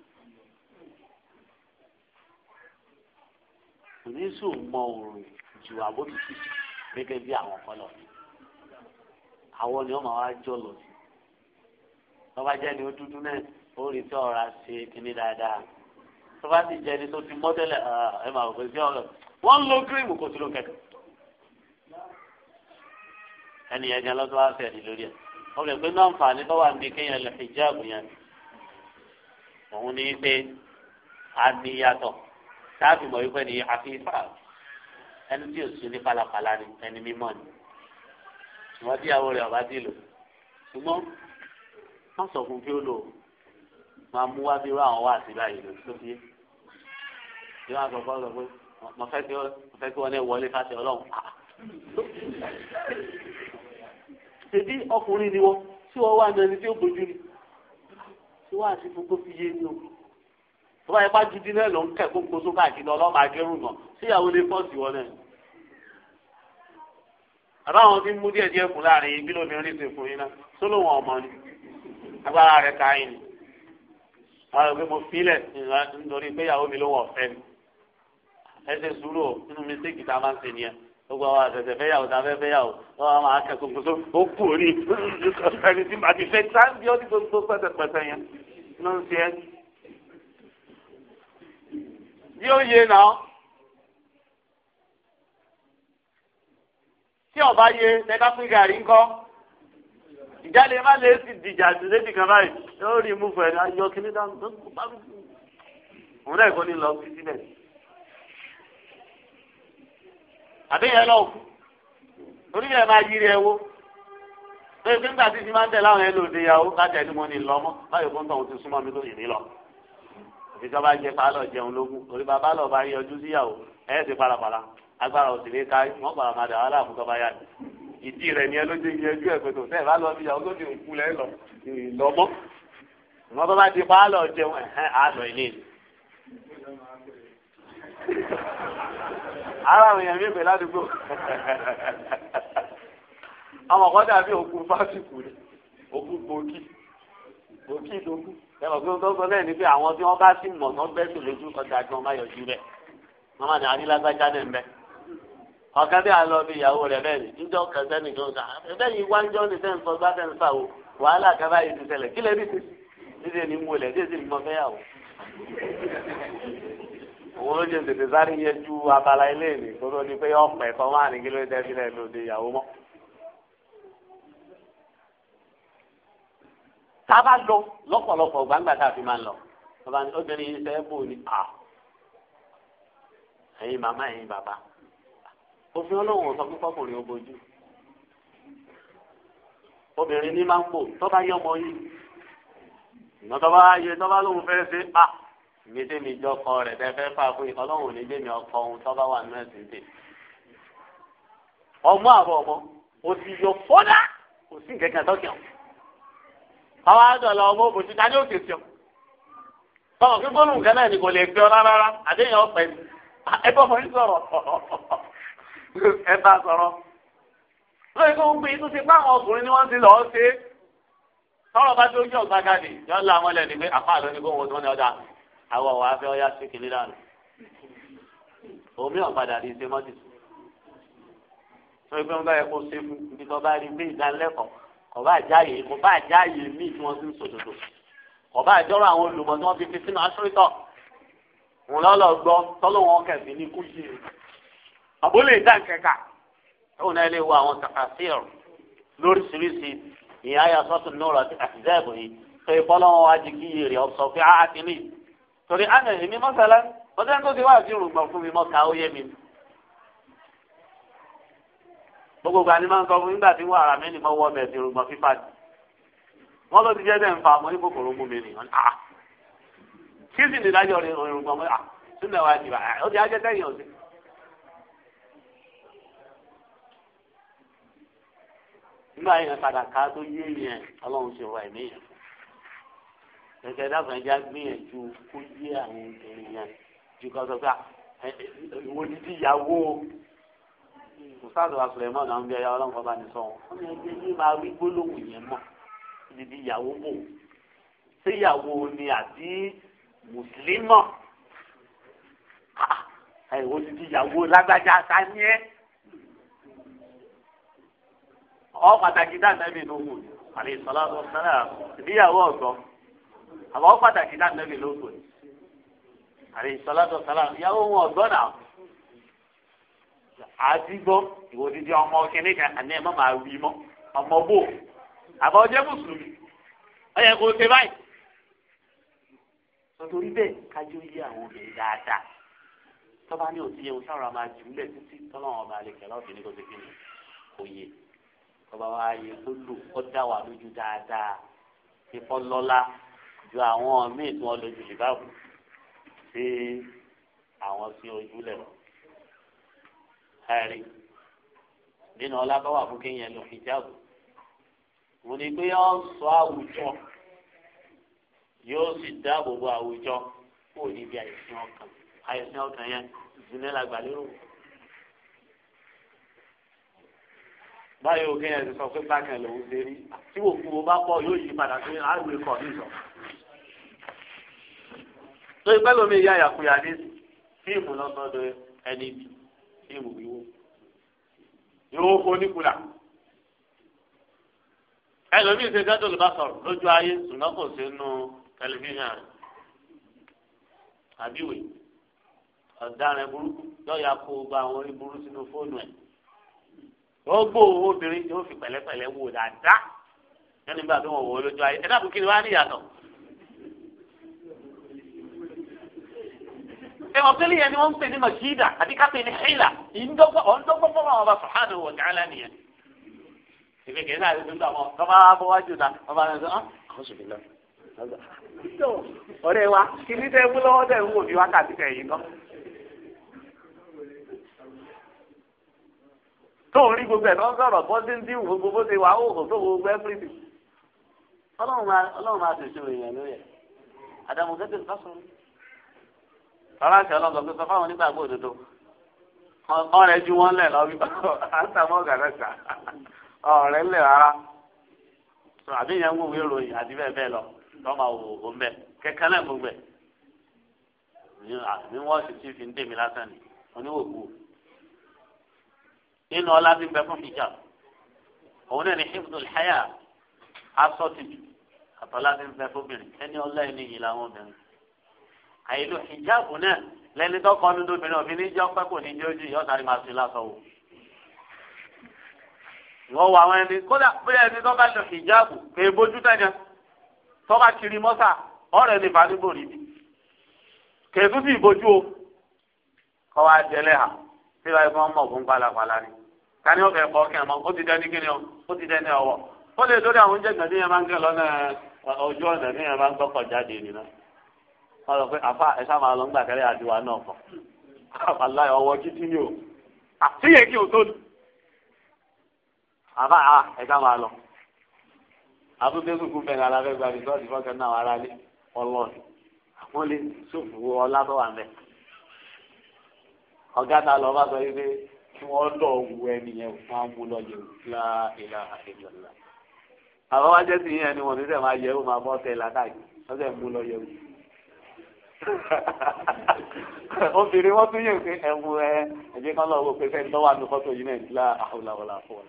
oníṣòwò mọ òòrùn ju àbótútù gẹ́gẹ́ bí àwọn kan lọ. àwọn ni wọ́n máa wá jọ lọ sí. tọ́ba jẹ́ ni ó dúdú náà ó rí tí ọ̀rá ṣe kínní dáadáa. tọ́ba sì jẹ́ ni tó ti mọ́ tẹ́lẹ̀ ẹ máa wọ̀ sí ọ̀rọ̀. wọ́n lo kírímù kó tó ló kẹ̀kẹ́. ẹnìyẹn gan lọ́sọ̀ wá fẹ̀rí lórí ẹ̀ ọkọ̀ ìpín náà nfààní tó wà níbi kéèyàn lè hijab yẹn òun ní pé a ní yàtọ̀ táàbì mọ̀ wípé ní àfihàn ẹni tí ò sí ní pálapàla ni ẹni mímọ́ ni wọ́n bí àwọn rẹ̀ ọ̀bá dì lò ṣùgbọ́n wọ́n sọ fún kí ó lò máa mú wá bí irú àwọn wà sí báyìí lò tó fi yé wọ́n á sọ mo fẹ́ kí wọ́n lè wọlé fásitì ọlọ́run ah! ṣèbí ọkùnrin ni wọ́n tí wọ́n wà ní ẹni tí ó bójú ni tí wọ́n àti gbogbo fi yé ni o tó bá yẹ bá ju dínlẹ̀ lọ ń kẹ́ kó kó tó káàkiri ọlọ́mọ agẹ́rùn gan síyàwó lè fọ́ọ̀sì wọn náà. àbá àwọn tí ń mú díẹ̀ díẹ̀ kù láàrin ibi lóbìnrin ti fún yín náà sólò wọn ọmọ ni agbára rẹ̀ ká yín ni. àwọn òbí mo filẹ̀ nítorí pé ìyàwó mi ló wọ̀ fẹ́ mi. ẹ sùúrù nínú mi sí kìtà máa ń ṣe nìyẹn gbogbo àwọn àtẹ̀tẹ̀ fẹ́yàwó ta fẹ́ fẹ́yàwó wọ́n á máa kẹ́kọ̀ọ́ gbogbo ó kú òní ẹni tí màá ti fẹ́ sáńbí ó ní gbogbo pẹ́tẹpẹ́tẹ yẹn ló ń ṣe é. bí ó yé náà tí ọba yé lẹ́ka pín gàrí ńkọ́ ìjáde má lè ti dìjà sí lébi kan báyìí yóò rí mú fún dáhùn tó kú bá rú. òun náà kò ní lọ sí síbẹ̀. àbẹ́yẹn lọ́wọ́ kú torí ẹ̀ máa yiri ẹ wo pé pé nígbà tí ti máa ń tẹ̀ láwọn ẹ̀ lòdì ìyàwó kájà ẹni mo ní lọ mọ́ báyọ̀ fún tọ̀hún ti súnmọ́ mi tó yìí nílọ. òfìsọ́ bá jẹ pálọ̀ jẹun lógún torí bàbá lọ bá yọjú síyàwó ẹ̀ ṣe parapara agbára òsì ní ká wọ́n gbàrà máa dà wàhálà àfúntọ́ bá yá ni. ìdí rẹ̀ ni ẹ ló dé yẹjú ẹ̀ pẹ̀tọ̀ tẹ́ ẹ̀ bá lọ bí ìyàwó tó ti òkú lẹ́ lọ́mọ́. wọ́n bá bá ti pálọ̀ jẹun ẹ̀hẹ́n àlọ́ ilé ara àwọn èèyàn mi pè ládùúgbò àwọn kan dàbí òkú fásitì rẹ òkú gbòógì gbòógì tó kú ẹ mọ̀ pé ó tọ́kọ náà ni pé àwọn tí wọ́n bá sì mọ̀ tán bẹ́ẹ̀ sì lójú ọjà gan má yọjú rẹ̀ wọ́n máa ní anílágbájá náà ń bẹ́ẹ̀ ọ̀gá bí alọ́ bí ìyàwó rẹ̀ bẹ́ẹ̀ ni níjọ́ kẹsẹ́ ní gbọ́ngà bẹ́ẹ̀ ni wá ń jọ́ ní sẹ́yìn fọgbà bẹ́ẹ̀ ń fà o wàhálà kaba yìí ti ṣẹlẹ̀ kílẹ̀ bí ti ṣe ní mú ilẹ̀ tí èsì mọ fẹ́ yà o òun ló jẹ tètè sáré yẹjú abala ilé mi tó ló ní pé ọ̀pẹ̀ kan wà ní kí ló dé sílẹ̀ lóde ìyàwó mọ́. tába lọ lọ́pọ̀lọpọ̀ gbangba tá a fi máa ń lọ bàbá ní obìnrin yìí fẹ́ bò ní à ẹ̀yin màmá ẹ̀yin bàbá òfin ọlọ́run sọ fún fọkùnrin obojú obìnrin ní máa ń bò tọ́ba yọmọ yìí ìmọ̀ tọ́ba yẹ tọ́ba lóun fẹ́ ṣe à ìgbésẹ̀ mi jọ kọ rẹ̀ tẹ́ fẹ́ fà fún ìkọ́ lọ́wọ́ ní bẹ́ẹ̀ ọkọ ohun tó wà nínú ẹ̀sìn tè. ọmọ àbọ̀ ọmọ òsì yọ fọ́dá kò sí nǹkan ọ. àwọn àdọ̀là ọmọ òbòjì ta ó tètè ọ. tọ́wọ̀ pé bọ́ọ̀lù nǹkan ni kò lè gbé ọ rárá àdéhùn ọ̀pẹ ni ẹ bọ́ fọ́n sọ̀rọ̀ ẹ bá sọ̀rọ̀. lóye kó ń pè é tó ti ọkùnrin ni wọ́n ti lọ́ọ́ ṣe é. bá tó ń jọ gbàgàdì yọ àwọn ọ̀wá afẹ́ ọ̀yá sí kìnìún dànù omi ọ̀padà rí ṣe mọ́tì sọ pé wọ́n bá yẹ kó ṣe fún ibi tó bá rí bí ìdánilẹ́kọ̀ọ́ kò bá àjáyè kò bá àjáyè míì tí wọ́n ti ń sòdòdò kò bá àjọrọ̀ àwọn olùmọ̀ tí wọ́n fi fi sínú aṣọ́rìtọ̀ wọn lọ́lọ́ gbọ́ tọ́lọ́ wọn kẹ̀sì ní kú yìí àbólè dáǹkẹ́kà tóun náà lè wo àwọn tàkàṣìrò lóríṣiríṣi ìyá ayà sọ́tún náà àti àtìzẹ́ẹ̀bù yìí pé bọ́lá wọn wá di kí yèrè ọ̀sọ̀ fi áhà kìíní torí àná ah, eh, èmi mọ́sálá ọjọ́ tó ti wá sí rùgbọ̀n fún mi mọ́ka ó yé mi. gbogbo ìgbà ni máa ń sọ fún nígbà tí wọ́n mi ni mo wọ́ ọbẹ̀ sí rùgbọ̀n fífà jù. wọ́n ló ti jẹ́ bẹ́ẹ̀ ń fa àmọ́ ní kòkòrò mú mi nìyàn á. Ah. kí sì ní ìdájọ́ rùgbọ̀n mọ́ à ah, sílẹ̀ wá jìbà ó ti ajẹ́ tẹ́yìn ọ̀sẹ̀. nígbà yẹn padà ká tó yé yẹn ọlọ́run ṣe wà ẹ̀mí yẹn gẹ́gẹ́ dábàá ẹja gbìyànjú kó yé àwọn obìnrin yẹn ju kọ́ sọ pé ìwọ ni ti yàwó mùsàlùwà sùlẹ̀mọ́ náà ń bí ẹyà ọlọ́run bá ní sọ wọn. wọ́n ní ẹgbẹ́ yìí máa wí gbólóhùn yẹn mọ́ ní ti yàwó bò ṣé yàwó ni àbí mùsùlùmọ́ ìwọ ni ti yàwó lágbájá sani ẹ ọ pàtàkì dáadáa mi nù hù àlè sọlá sọlá ìdíyàwó ọ̀sán àmọ́ pàtàkì náà lẹ́bi lóko ni àlè ìsọlátọ̀ sálà ìyàwó wọn ọ̀gbọ́n náà àdìgbò ìwò dídí ọmọ kìnìún kan àní ẹ̀ má máa wí mọ́ ọmọ bò àbọ̀ ọjọ́ mùsùlùmí ó yẹ kó o ṣe báyìí. nítorí bẹ́ẹ̀ kájọ yé àwọn obìnrin dáadáa tọ́ba ní òtí ewu sáwọn máa jù lẹ̀ títí tọ́lọ́wọ́n ọba àlekè lọ́ọ̀kì ní kò sí kíni kò yé tọ́ba wa yẹ kó lò ó dá wà lójú dáadáa ìfọlọ́lá ju àwọn míì tí wọ́n lójú ṣìkáàbù sí àwọn sí ojúlẹ̀ wọn. ẹ̀rí nínú ọlábáwà fún kéèyàn lọ hijabu mo ní pé yọ sọ àwùjọ yóò sì dáàbò bo àwùjọ kó o níbi àìsàn ọkàn àìsàn ọkàn yẹn ìdílé làgbà lérò. báyọ̀ kéèyàn ti sọ pé bákan lòún ṣe rí tí òkú wo bá pọ̀ yóò yí padà sí àgbẹ̀kọ̀ níjọba tó ìpẹ́ lómi ìyá àyàkúyà ní fíìmù lọ́sọ̀dọ̀ ẹni bì fíìmù wíwó yóò foníkulà ẹlòmíì ṣe gádùn ló bá sọ̀rọ̀ lójú ayé ṣùgbọ́n kò sí nínú tẹlifíṣàn rẹ̀ àbíwè ọ̀daràn burúkú lọ́ọ̀yà kó gba àwọn orí burú sínú fóònù ẹ̀ wọ́n gbó owó obìnrin yóò fi pẹ̀lẹ́pẹ̀lẹ́ wò dáadáa lẹ́nu tó wọ́n wò lójú ayé ẹ dábùú kí ni wọ́n á níyàtọ̀. ọ̀tẹ́lẹ̀ yẹn ni wọ́n ń pè ní makida àti kápẹ́ ní hila ọ̀ndọ́gbọ́n fọwọ́ ọba sọ̀hánù wọ̀ gàlá nìyẹn. ìfẹ́ kìí náà ló dà mọ́ ọba abọ́wájú náà ọba náà sọ ah, ọ́ sùn nílẹ̀. ọ̀rẹ́ wa kí ní tẹ́ mú lọ́wọ́ tẹ̀ ń wò ní wákàtí kẹ̀yìn kan. tó ń rí gbogbo ẹ̀ tó ń sọ̀rọ̀ bó ti ń dín gbogbo bó wà ó tó gbogbo ẹ́fírìtì. ọlọ́run máa ṣèṣe òyìnbó tọ́lá ṣe ọlọ́gbọ̀n pé sọ fáwọn onígbàgbọ́ òdodo ọ̀rẹ́ ju wọn lẹ̀ lọ́wọ́ bíbá àtàmọ́gà rẹ̀ sà ọ̀rẹ́ lẹ̀ rárá àbí yẹn ń wúwo ìròyìn àti bẹ́ẹ̀ bẹ́ẹ̀ lọ lọ́mọ òwò mbẹ kẹ̀kẹ́ náà gbogbo ẹ̀ ní wọ́n sì ti fi ń dèmi lásán ni oníwòkú nínú ọlá ti bẹ fún hijab òun náà ní hibdul haya asọ́tìtù àtọ́lá ti bẹ fún obìnrin ẹni ọlá ẹni yìí làwọn obìnrin àyèlò ìjáàbù náà lẹni tó kọ́ nínú obìnrin òfin níjọ́ pẹ́ kò ní jẹ́ ojú yọ sáré máa fi lásán wò. wọ́n wọ àwọn ẹni kódà bóyá ẹni tó bá lọ ìjáàbù kò é bójú tẹ̀yàn tó bá kiri mọ́sà ọ̀rẹ́ ní fàdúgbò rí bi kò é tún sì bójú o kọ́ wa jẹlẹ̀ hà tí wàá fọ́n mọ̀ fún pálapàla ni tani ó fẹ́ kọ́ kí ẹ mọ ó ti dẹni kí ni o ó ti dẹni ọwọ́ ó lè lórí àwọn oúnjẹ gbẹ̀dẹ́ yẹn máa ń kẹ́ lọ́nà ọjọ́ ọ̀nà wọn lọ pé àfa ẹ sáà máa lọ ńgbà kẹrẹ àdìwà náà kọ àbáláyé ọwọ́ títí ni o àtúnyẹ kí o tó ni àfa ẹ sáà máa lọ àtúndé sùkúù bẹ́ẹ̀ ní alábẹ́gbà bí sọ́ọ̀tì fọ́ọ̀kẹ́ náà wà lálé ọlọ́ọ̀ni wọ́n lè sòfò ọlá tó wà mẹ́. ọ̀gá ta lọ́ọ́ bá sọ yìí pé kí wọ́n dọ̀ wu ẹni yẹn fún amú lọ́jọ́ ìlà ìlà ìlọ̀lá. àwọn wájẹ́ sì yẹn ni wọ́n ti sẹ́ máa yẹ ó máa bọ́ tẹ̀ látàkì wọ́n sẹ́ mú lọ́jọ́ ìlú. obìnrin wọn tún yóò pé ẹwù ẹ ẹjẹ kan lọ wọ pé fẹẹ lọ́wọ́ àmì fọ́tò yìí náà ìlà àwòlàwòlà fún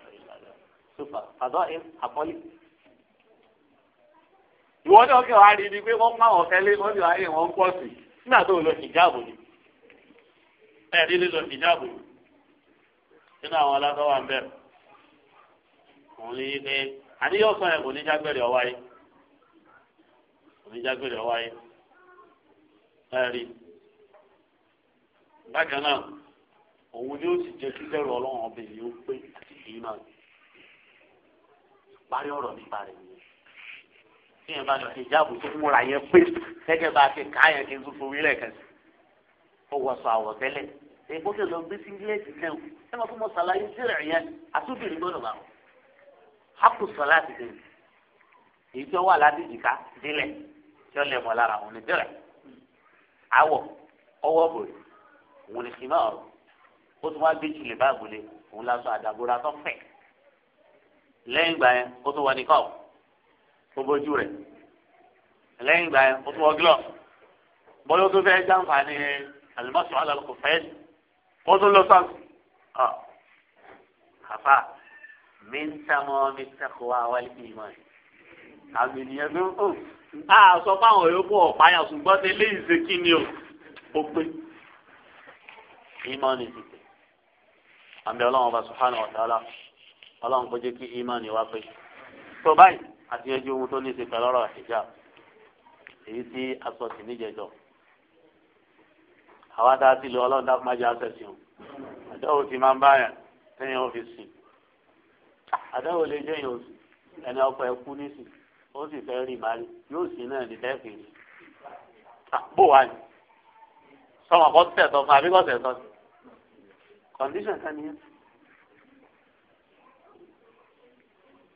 ọ àdó àkọlé ìwọ ní ọkẹ wàá rí ni pé wọn máa wọn fẹlẹ wọn sì wáyé wọn pọ̀ sí nígbà tó lọ ìjáàbò ni ẹ rí lílọ ìjáàbò ni nínú àwọn alágbáwá ń bẹ̀rẹ̀ òun ní pé àníyàn sọ ẹ kò ní jágbèrè ọwáyé kò ní jágbèrè ọwáyé ẹ̀rí bákan náà òun ni ó sì jẹ́ kí ọlọ́run ọbẹ̀ yìí ó pé àti èyí náà parí ọ̀rọ̀ nípa rẹ̀ nìyẹn tí yẹn bá lọ sí ìjáàbù tó múra yẹn pé gẹ́gẹ́ bá a ti ká yẹn kí n tún fowí lẹ́ẹ̀kan sí ó wọṣọ àwọ̀tẹ́lẹ̀ èèbó kí lọ gbé síngílẹ̀tì náà ẹ máa fún mọ sàlàyé sírẹ̀ yẹn àtúbìrì gbọ́dọ̀ bá wọn hápù sọ láti dé èyí tó wà ládìjìká délẹ̀ tí ó lẹ̀ mọ́ lára òun ní dẹ́rẹ̀ awọ ọwọ́ bòrè òun ni fìmà ọ̀rọ̀ ó tún wá gbé jùlẹ̀ báàbò lé òun lásán àdàbòrà tó fẹ̀ lẹ́yìn ìgbà yẹn ó tún wọ nìkọ́ ó bójú rẹ̀ lẹ́yìn ìgbà yẹn ó tún wọ gílọ̀ bọ́lá ó tún fẹ́ jàǹfààní àlùmọ́sọ̀ àlọ́kọ̀ fẹ́ ó tún lọ sọ́ọ̀sì ọ̀ àfà mí ń sàmọ́ mi sàkó wa wálé ìmọ̀ àmì ìyẹn tó ń a sọ fáwọn yòókù ọ̀pá yàn ṣùgbọ́n ti lé ìṣe kí ni o ó pé ìmọ̀ ni ti pè àmì ọlọ́run ọba subhanahu wa ta'ala ọlọ́run kò jẹ́ kí ìmọ̀ ni wá pé tó báyìí àti ẹjọ́ ohun tó ní ṣe pẹ̀lú ọ̀rọ̀ hijab èyí tí a sọ sí níjẹjọ àwa dá sí lu ọlọ́run dákú má jẹ́ o àdáwò ti máa ń bá yàn lẹ́yìn ọ́fíìsì àdáwò lè jẹ́ yàn ẹni ọkọ̀ ẹ̀kú nísìnyí ó sì fẹ́ rí màálí yóò sì náà ní lẹ́ẹ̀fì ni bó wà ní sọmọ kọ́ tẹ̀sán fún àbí kọ́ tẹ̀sán sí kọ́ndíṣàn kan nìyẹn.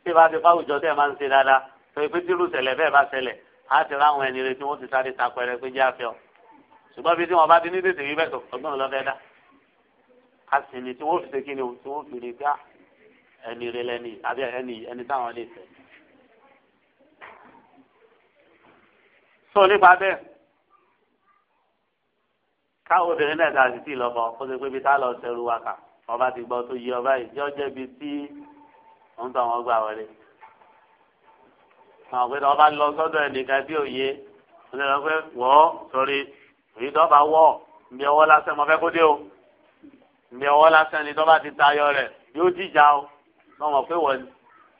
tí bá ti fáwùjọ tẹ̀ máa ń ṣe dáadáa tó ipé tírú ṣẹlẹ̀ bẹ́ẹ̀ bá ṣẹlẹ̀ á ti ráwọn ẹni retí wọ́n ti sáré ta pẹrẹ pé jẹ́ àfẹ́ ọ ṣùgbọ́n bí tí wọ́n bá ti ní tètè rí bẹ́ẹ̀ tó ọgbọ́n lọ́fẹ́ dá a sì ní tí wọ́n fi ṣe kí ni o tí wọ́n fi rí gbá ah, ẹni rẹ lẹ́ni àbí ẹni ẹni táwọn lè fẹ́. tó nípa bẹ́ẹ̀ káwọn obìnrin náà dà sí tí lọ́mọ kó ṣe pé ibi tá a lọ sẹ́rù wa ọba ti gbọ́ tó yí ọba yìí yọ jẹ́ ibi tí òun tó àwọn gbà wọlé. àwọn òpin ọba lọ sọ́dọ̀ ẹnìkan tí ò wọ́n ti lọ pé wọ́ sọ̀rí èyí tó bá wọ̀ ǹbí ọwọ́ lásán mo kó dé o ǹbí ọwọ́ lásán ni tó bá ti tayọ rẹ̀ yóò jíjà o lọ́mọ pé wọ́n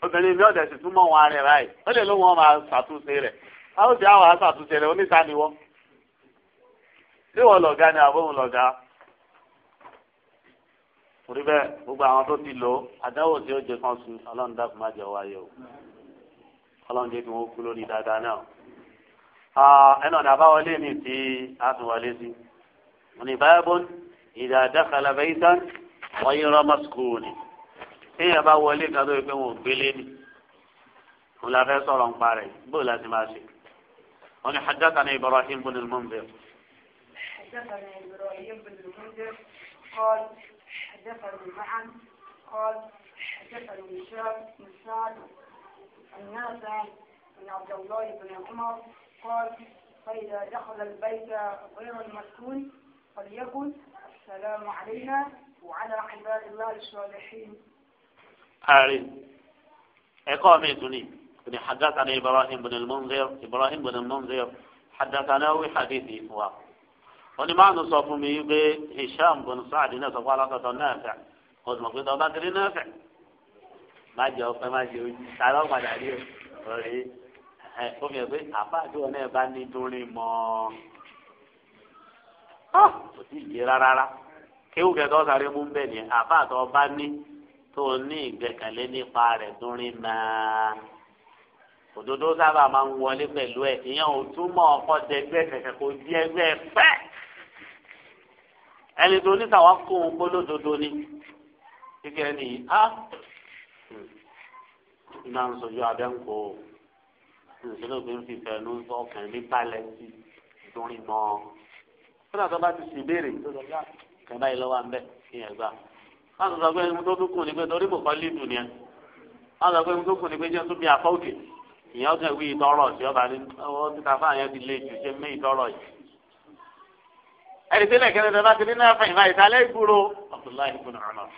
obìnrin mi ọ̀dẹ̀ sì túmọ̀ wọn ara báyìí ó lè ló wọn máa ṣàtúnṣe rẹ̀ àwọn ti àwọn àṣà oníta ni wọ́n tí wọ́n lọ̀gá ni àbóhùn lọ̀gá torí bẹ́ẹ̀ gbogbo àwọn tó ti lò ó àdáwò tí ó jẹ kan sùn ọlọ́run dákun má jẹ́ wáyé o ọlọ́run jẹ́ kí wọ́n kú lórí dáadáa náà ẹnu ọ̀nà àbáwọlé mi tí a tún wọlé sí mo ní báyọ̀bọ̀n ìdá àdákàlà bẹ́yìtàn wáyé rọ́mọ́ sukùl ni téèyàn bá wọlé kan tó yẹ pé wọn ò gbélé ni mo la fẹ́ sọ̀rọ̀ ń parẹ́ bóòlù láti máa ṣe. هنا حدثنا إبراهيم بن المنذر حدثنا إبراهيم بن المنذر قال حدثني معا قال حدثني هشام بن سعد النافع من عبد الله بن عمر قال فإذا دخل البيت غير المسكون فليقل السلام علينا وعلى عباد الله الصالحين أعلم إقامة دنيا بن حدثنا إبراهيم بن المنذر إبراهيم بن المنذر حدثنا هو حديثي هو ولما نصف ميبي هشام بن سعد نصف علاقة نافع قد ما قد أبادر نافع ما جاء ما جاء تعالوا ما دعيه وري هم يبي أبا جوانا بني دوني ما ah kò sí yé rárá rárá kéwù kẹtọ sáré mú bẹ́ẹ̀ ni àbá àtọ bá ní tó ní òdodo sábà máa ń wọlé pẹ̀lú ẹ̀ ìyẹn ò túmọ̀ ọkọ dẹgbẹ́ kẹ̀kẹ́ kò di ẹgbẹ́ pẹ́ ẹni tó ní tàwọn kó ń gbólódodo ni kíkẹ́ ni á máa hmm, ń sojú abẹ́ǹkó ìṣẹ̀lẹ̀ òbí hmm, ń fi fẹ̀nu ọkàn ní balẹ̀ sí lórí mọ́ fúnà tó bá ti sì béèrè tó sọ pé kẹ́ńdá yìí lọ́wọ́ à ń bẹ̀ kí yẹn gbà wọ́n sọ pé ohun tó tún kù ni pé torí kò kọ́ lídùn ni ẹ wọ́n sọ pé ohun tó kù ni pé jẹ́ tó bí afọ́ òkè ìyẹn ọ̀sẹ̀ wí ìtọ́rọ̀ tí ọba ní ọwọ́ títa fáwọn yẹn ti lé jù ṣe mí ìtọ́rọ̀ yìí. ẹni tí lẹ́kẹ́ lẹ́dọ̀ bá ti ní náà fẹ̀yìn báyìí sálẹ̀ ìgboro Abdullahi ibn Umar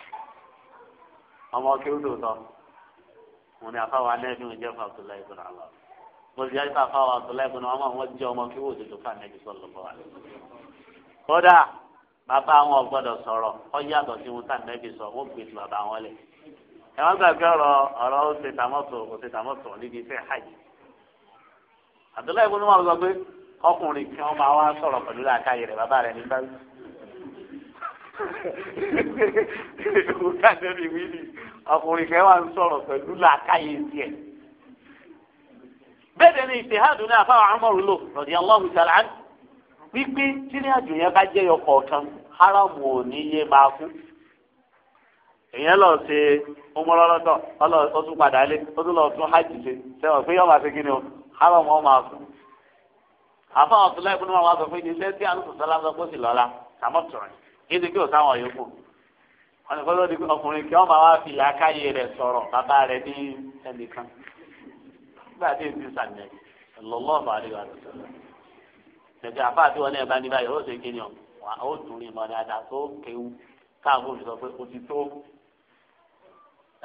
ọmọ kéwù lóòótọ́ mo ní afáwa lẹ́nu ìjẹ́ fún Abdullahi ibn Umar mo sì yájú afáwa Abdullahi ibn Umar wọn jẹ́ ọmọ kéwù òdodo fún Ànábì sallallahu alaihi wasallam. kódà bàbá àwọn ọgbọ́dọ̀ sọ̀rọ̀ ọ sí wọn tá ẹ wá gbàgbé ọ̀rọ̀ ọ̀rọ̀ ó ṣe tàmọ́tò ó ṣe tàmọ́tò níbi iṣẹ́ hajj Abdullahi ibùdó máa ń sọ pé ọkùnrin kí wọn máa wá sọ̀rọ̀ pẹ̀lú làákàyè rẹ̀ bàbá rẹ̀ nígbà wí. ìwúrà débi wí ni ọkùnrin kẹ́ wà ń sọ̀rọ̀ pẹ̀lú làákàyè tiẹ̀. bẹ́ẹ̀ ni ìtìhádù ní àfáwọn amọ̀rù lò lọ́dí aláwọ̀ ìṣàlá ń wípé tíní àjò yẹn bá jẹ́ ọkọ̀ kan háràmù èèyàn lọ ṣe ọmọlọ́lọ́tọ̀ ó tún padà lé ó tún lọ tún hajj ṣe sẹ́wọ̀n pé yọ̀ọ́ ṣe kíni o hálọ̀ wọn máa sùn. àfa ọ̀tún lẹ́kùn náà wàá sọ pé iṣẹ́ tí àlùkò sọlá sọ pé ó sì kí ni kí o sáwọn yòókù. wọn ní kọ́lọ́ di ọkùnrin kí wọ́n máa wá fi àkáyé rẹ̀ sọ̀rọ̀ bàbá rẹ̀ ní ẹnìkan. nígbà tí èsì sàmì lọ́lọ́ọ̀bù àríwá ló sọ̀rọ̀. ṣèjì àfa àti wọn náà bá ní báyìí ó ṣe kíni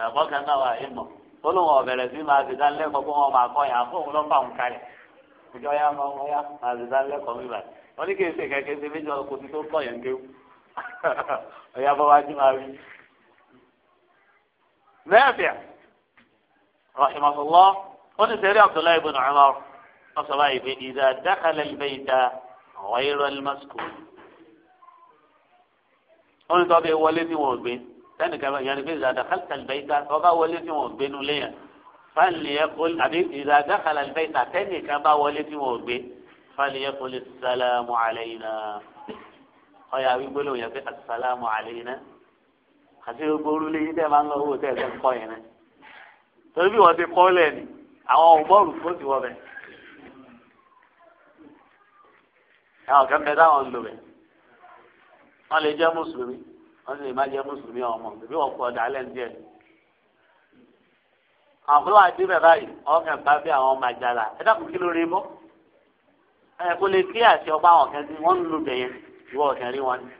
ẹ̀kọ́ kan wà ìmọ̀ tó lóun ọ̀bẹ̀rẹ̀ sí máa ti dánilẹ́kọ̀ọ́ kó wọn máa kọ́ yàn fún òun lọ́pàá òun kalẹ̀ ìjọ ya máa wọ́n yá máa ti dánilẹ́kọ̀ọ́ mi báyìí wọ́n ní kí kẹ́kẹ́ ṣe méjì ọkọ̀ tí tó kọ̀ yẹn kéwù ọ̀yà bọ́ wájú máa rí. lẹ́ẹ̀fẹ̀ rahimahullah ó ní sẹ́rí abdullahi ibn umar wọ́n sọ báyìí pé ìdá dákàlẹ̀ ìbẹ́yìdá ọ̀wáyé rẹ̀ lọ́mọ́sùkúl sẹ́ni kan yẹn ni pé ìzàdà kàlùkàlù bẹ́ẹ̀ ta ọba wọlé tí wọ́n gbé nulẹ̀ yẹn fáìlì yẹn kó àbí ìzàdà kàlùkàlù bẹ́ẹ̀ ta sẹ́ni kan bá wọlé tí wọ́n gbé fáìlì yẹn kó lè sàlámù àlẹ́yìnà ọ̀yà wígbóló yẹn pé àsàlámù àlẹ́yìnà àti gbogbo orúlé yìí tẹ́ máa ń lọ owó tẹ́ ẹ̀ kọ́ yẹn ti kọ́ lẹ̀ ni àwọn ọ̀gbọ́rù tó ti wọ bẹ̀ àwọn kẹ́kẹ́ táwọn ń lò bẹ̀ wọ́n lè jẹ́ mùsùlùmí wọ́n sì lè má jẹ́ mùsùlùmí ọmọ ìbí wọn kọ ọ̀dà alẹ́ díẹ̀. àwọn fúlọ́ àti bẹ̀ báyìí ọkàn bá bí àwọn ọmọ àjàlá ẹ dákun kí ló rí bọ́. ẹ kò lè kí àti ọba àwọn kan tí wọ́n ń lu bẹ̀yẹn ìwọ ọ̀kàn rí wọn ni.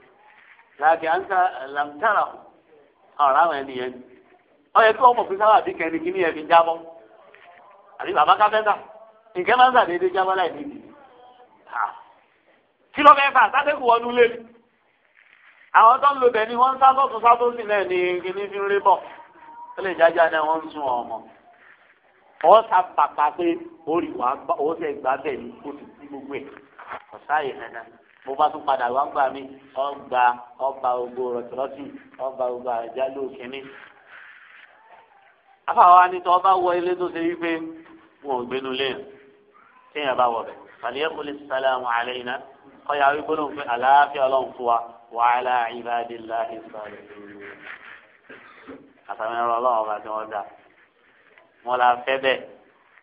làbí à ń ta làmtàrà ọ̀rọ̀ àwọn ènìyàn ni. ọ yẹ kí ọmọ fisa wà bí kẹ́ni kí ni ẹ fi jábọ́. àbí bàbá káfẹ́ńtà nǹkan máa ń sàdédé jábọ́ láì nídìí. kí ló fẹ́ fà sátẹ́kù àwọn tó ń lo bẹ̀ ni wọ́n ń sábọ̀ tó sábọ̀ sí náà ní kíní fi ń rí bọ̀ ó lè jájá náà wọ́n ń sun ọmọ. wọ́n sá pàpà pé orí wa ó sì gbà bẹ̀ ní kó ti sí gbogbo ẹ̀ kò sáàyè nana mo bá tún padà wá gbà mí ọgbà ọgbà gbogbo rọtìrọtì ọgbà gbogbo àjálù kínní. afáwa ni tó bá wọ ilé tó ṣe wípé wọn ò gbénu lé téèyàn bá wọ bẹ̀. fàlẹ́ kò lè sálẹ̀ àwọn àlẹ́ yìí ná kọ́ وعلى عباد الله الصالحين àtàwọn ẹ̀rọ ọlọ́run ọba tí wọ́n dà wọ́n la fẹ́ bẹ́ẹ̀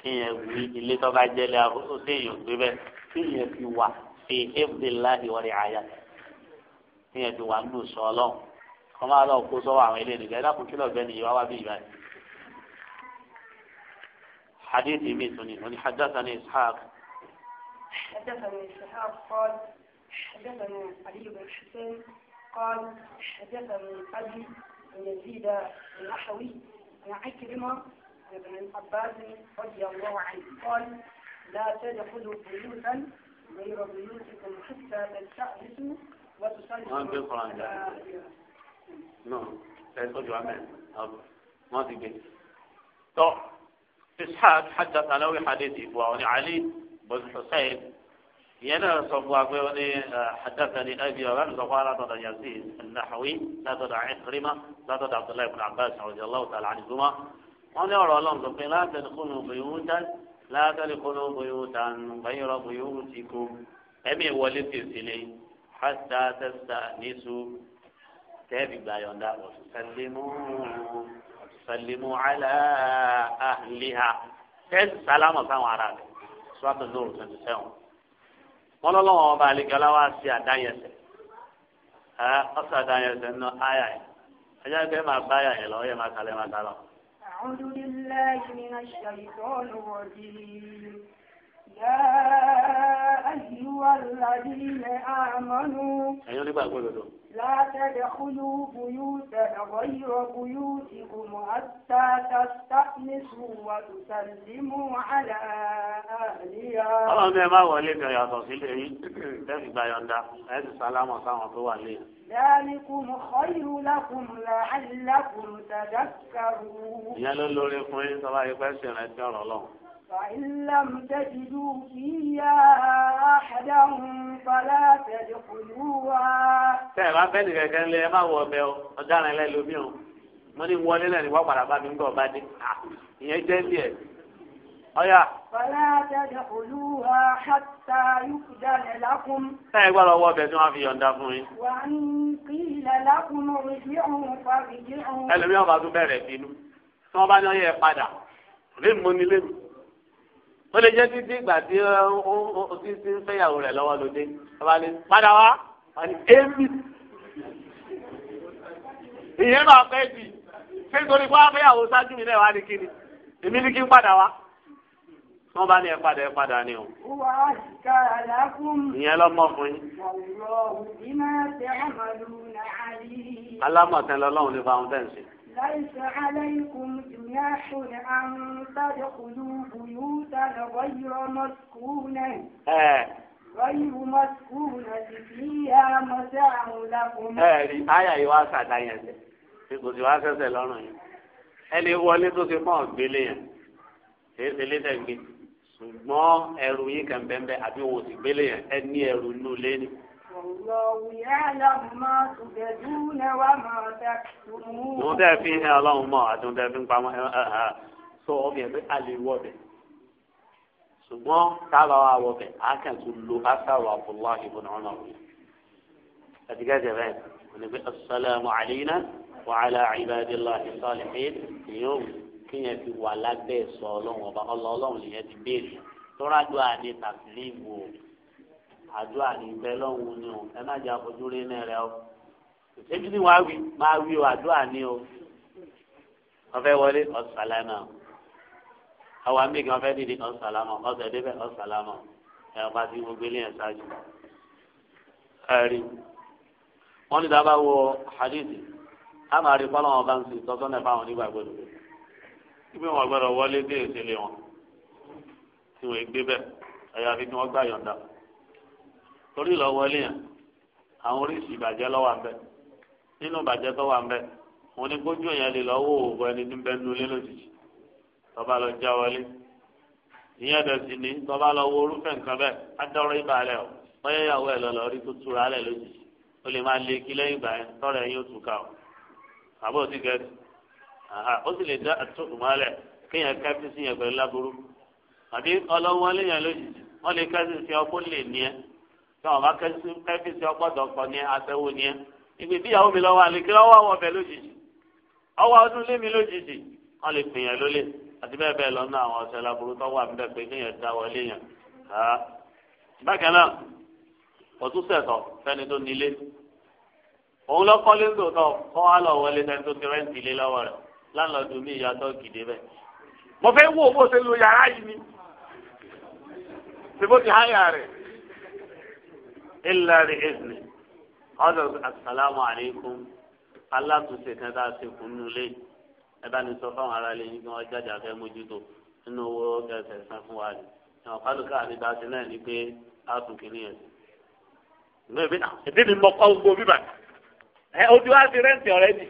kí yẹn wí ilé tó bá jẹ́lẹ̀ àkóso tí èèyàn gbé bẹ́ẹ̀ kí yẹn fi wà fi éfìdè láti wọlé àyà kí yẹn fi wà nínú sọ ọlọ́run kọ́ máa lọ kó sọ́wọ́ àwọn ilé nìkan ẹ̀dá kò kí lọ́ọ́ bẹ́ẹ̀ ni ìwà wá bí ìbá yìí. حديث ميتوني ولحدثني إسحاق حدثني إسحاق قال حدثني علي بن حسين قال حدثني أبي بن يزيد النحوي عن عكرمة بن عباس رضي الله عنه قال لا تدخلوا بيوتا غير بيوتكم حتى تستأنسوا وتصلوا في القرآن نعم عمان ما في بيت طب إسحاق حدث انا وحديثي وعن علي بن حسين ينا صفوا بني آه، حدثني ابي هريره قال قال يزيد النحوي لا تدع عكرمه لا تدع عبد الله بن عباس رضي الله تعالى عنهما قال يرى الله لا تدخلوا بيوتا لا تدخلوا بيوتا غير بيوتكم امي ولدت سلي حتى تستانسوا تابي بايوندا وتسلموا سلموا على اهلها تسلم سلام عليكم سواء النور 27 wọn lọ́lọ́wọ́ ọba àlejò aláwa ṣe àdáyẹsẹ̀ ẹ ọsẹ àdáyẹsẹ̀ nínú àyà yẹn ẹjẹ pé máa bá àyà yẹn lọ yẹ máa kalẹ̀ máa kalọ. أعوذ بالله من الشيطان الرجيم يا أيها الذين آمنوا. لا تدخلوا بيوتا غير بيوتكم حتى تستأنسوا وتسلموا على أهلها. Ọlọ́run ẹ máa wọlé kan yàtọ̀ sílé yín lẹ́yìn ìgbà yọ̀ǹda ẹ ti sálámọ̀ sáwọn tó wà lẹ́yìn. ذلكم خير لكم لعلكم تذكرون. Ìyẹn ló lórí fún yín sọ́ba ìpẹ́sìn rẹ̀ ti ọ̀rọ̀ lọ́wọ́. فإن لم تجدوا فيها أحدا فلا تدخلوها. tẹ́ ẹ bá fẹ́ ní kẹ̀kẹ́ ńlẹ̀ ẹ má wọ ọbẹ̀ o ọ̀daràn ẹlẹ́ lómi o mo ní wọlé náà ní wọ́n padà bá mi ń gbọ́ ọba dé ìyẹn jẹ́ ní ẹ̀ ọ̀yà. fala tadkhuluha hatta yuqdan lakum. ẹ ẹ gbọ́dọ̀ wọ ọbẹ̀ tí wọ́n fi yọ̀ǹda fún yín. wa an qila lakum irji'u farji'u. ẹlòmíràn bá tún bẹ̀rẹ̀ bínú tí wọ́n bá ní ọyẹ padà lẹ́nu mọ́ni lẹ́nu ó lè jẹ́ títí ìgbà tí ó ti ti ń fẹ́yàwó rẹ̀ lọ́wọ́ lóde ọba ní padà wá wà ní émi ìyẹn náà fẹ́ di ṣé nítorí pé wọ́n fẹ́yàwó ṣáájú mi náà wà ní kíni èmi ní kí n padà wá wọ́n bá ní ẹ padà ẹ padà ni o. ìyẹn lọ́mọ fún yín. alámọ̀tẹ́lọ́lọ́run ní fáwọn tẹ̀sí. ليس عليكم جناح أن تدخلوا بيوتا غير مسكونة غير مسكونة فيها متاع لكم ẹ̀rí ayà yìí wá sàdáyà ẹ̀ kò sì wá sẹ́sẹ̀ lọ́rùn yẹn ẹni wọlé tó ti mọ́ ọ̀gbélé yẹn kìí ṣe lé tẹ̀gbé ẹrù yìí kàn bẹ́ẹ̀ àbí wò sí gbélé yẹn ẹni ẹrù inú lé ni mo tẹ́ fi hẹ́ ọlọ́run mọ́ àti mo tẹ́ fi ń pamọ́ sọ ọmọ ẹ̀mí àlewọ́bẹ̀ ṣùgbọ́n táàbà wà wọ́bẹ̀ àákàtún lo asáwò àbúlá ìbùn ọ̀nà òun àtìkẹ́sẹ̀ bẹ́ẹ̀ wọ́n ní pé asalaamu alayna wa ala ibadillahi salihin ìyóò kínyẹn fi wà lábẹ́ sọ ọlọ́run ọba ọlọ́run lèyẹn ti béèrè tó rájọ àní tàbí lè wò ó àdúrà ní ìbẹ́ lọ́hùn ni o ẹ má jẹ́ àfojú rí náà rẹ o èmi ni wàá wí máa wí o àdúrà ní o wọ́n fẹ́ wọlé ọ̀sálàmà àwọn amíkì wọ́n fẹ́ dìde ọ̀sálàmà ọ̀sẹ̀ débẹ̀ ọ̀sálàmà ẹ̀ ọba tí gbogbo ilé yẹn ṣáájú ẹ̀rí wọ́n ní dábàá wo hadith a máa rí fọlọ́wọn bá ń sè tọ́tọ́ náà fáwọn onígbà ibi wọn gbọdọ̀ wọlé dé èsèlè wọn tí wọn gbé bẹ́ẹ̀ ẹ̀yà fi kí wọ́n gbà yọ̀ǹda torí lọ wọlé yẹn àwọn oríṣi ìbàjẹ́ lọ́wọ́ àbẹ nínú ìbàjẹ́ tó wà ń bẹ wọn ni gbójú yẹn lè lọ́wọ́ òwò ẹni ní bẹ́ẹ̀ nulẹ̀ lójijì tọ́ba lọ já wọlé ìyẹn dẹ̀ sì ní tọ́ba lọ wo orúfẹ́ nǹkan bẹ́ẹ̀ á dọ́rọ́ ìbàlẹ̀ o bọ́yá ìyàwó ẹ̀ lọ lọ rí tó túra alẹ̀ lójijì o lè máa lé kí lẹ́yìn ìgbà yẹn tọ́rọ ẹ̀yìn oṣù ká o àbọ̀ sí gẹ̀ẹ́sì ó sì lè dá àtúntùmọ́lẹ̀ kéèyàn káfí sí yẹn pẹ̀lú láburú àbí ọlọ́wọ́lé yẹn lójijì wọ́n lè káfí sí ọkọ́ lè ní ẹ́ tí wọn bá kẹfì sí ọgbọdọ kan ní aṣẹ́wó ni ẹ ìgbè tí ìyàwó mi lọ wà lè kí ọwọ́ àwọn ọbẹ lójijì ọwọ́ ọdún lé mi lójijì wọn lè pè yẹn lólè àti bẹ́ẹ̀ bẹ́ẹ̀ lọ náà àwọn ọ̀sẹ̀ laburú tó wà níbẹ̀ pé kéèyàn dá wọlé yẹn ha bákan náà ọtún sẹ̀tọ̀ fẹ́ni tó nílé òun lọ kọ́lé tòótọ́ kọ́ wá lọ wọlé fẹ́ni tó ti rẹ́ǹtì lé lọ́wọ́ rẹ̀ láńlọ́ọ̀dù mi ìyàtọ̀ gidi bẹ́ẹ̀ mo fẹ́ wò bó ṣe lo yàrá yìí ni ṣe bó ti háyà rẹ̀ إلا بإذنه قالوا السلام عليكم الله تسكت تكون لي ẹbá ní sọ fáwọn ará ilé yín kí wọn jáde àfẹ mójútó nínú owó kẹsẹ san fún wa ni àwọn kálukà àbíbá sí a tún mi mọ kọ́ gbogbo bíbà ẹ ojú wa ti rẹ́ǹtì ọ̀rẹ́ dì.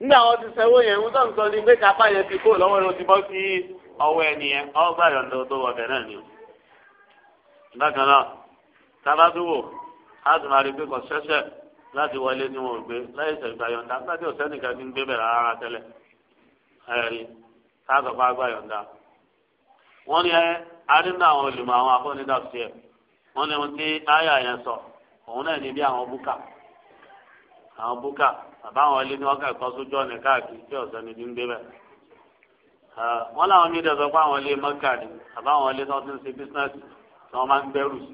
nígbà wọn ti yẹn bákan náà tábà tó wò á sì máa rí pé kò ṣẹ̀ṣẹ̀ láti wọlé ní wọn ò gbé láyé ìṣẹ̀gbà yọ̀ǹda láti ọ̀sẹ̀ nìkan ti ń gbé bẹ̀rẹ̀ rárá tẹ́lẹ̀ ẹ̀rí táàtọ̀ bá gbà yọ̀ǹda. wọ́n ní arínú àwọn olùmọ̀ àwọn afọ́nidàsí ẹ̀ wọ́n ní ohun tí áyà yẹn sọ òun náà ní bí àwọn búkà àwọn búkà bàbá àwọn ilé ní wọ́n kẹ́kọ̀ọ́ sójú ọ̀nà káàkiri tí ọ̀sẹ̀ ni ti ń gbé bẹ̀. wọ́n láwọn mí ni wọ́n máa ń gbẹ́rù sí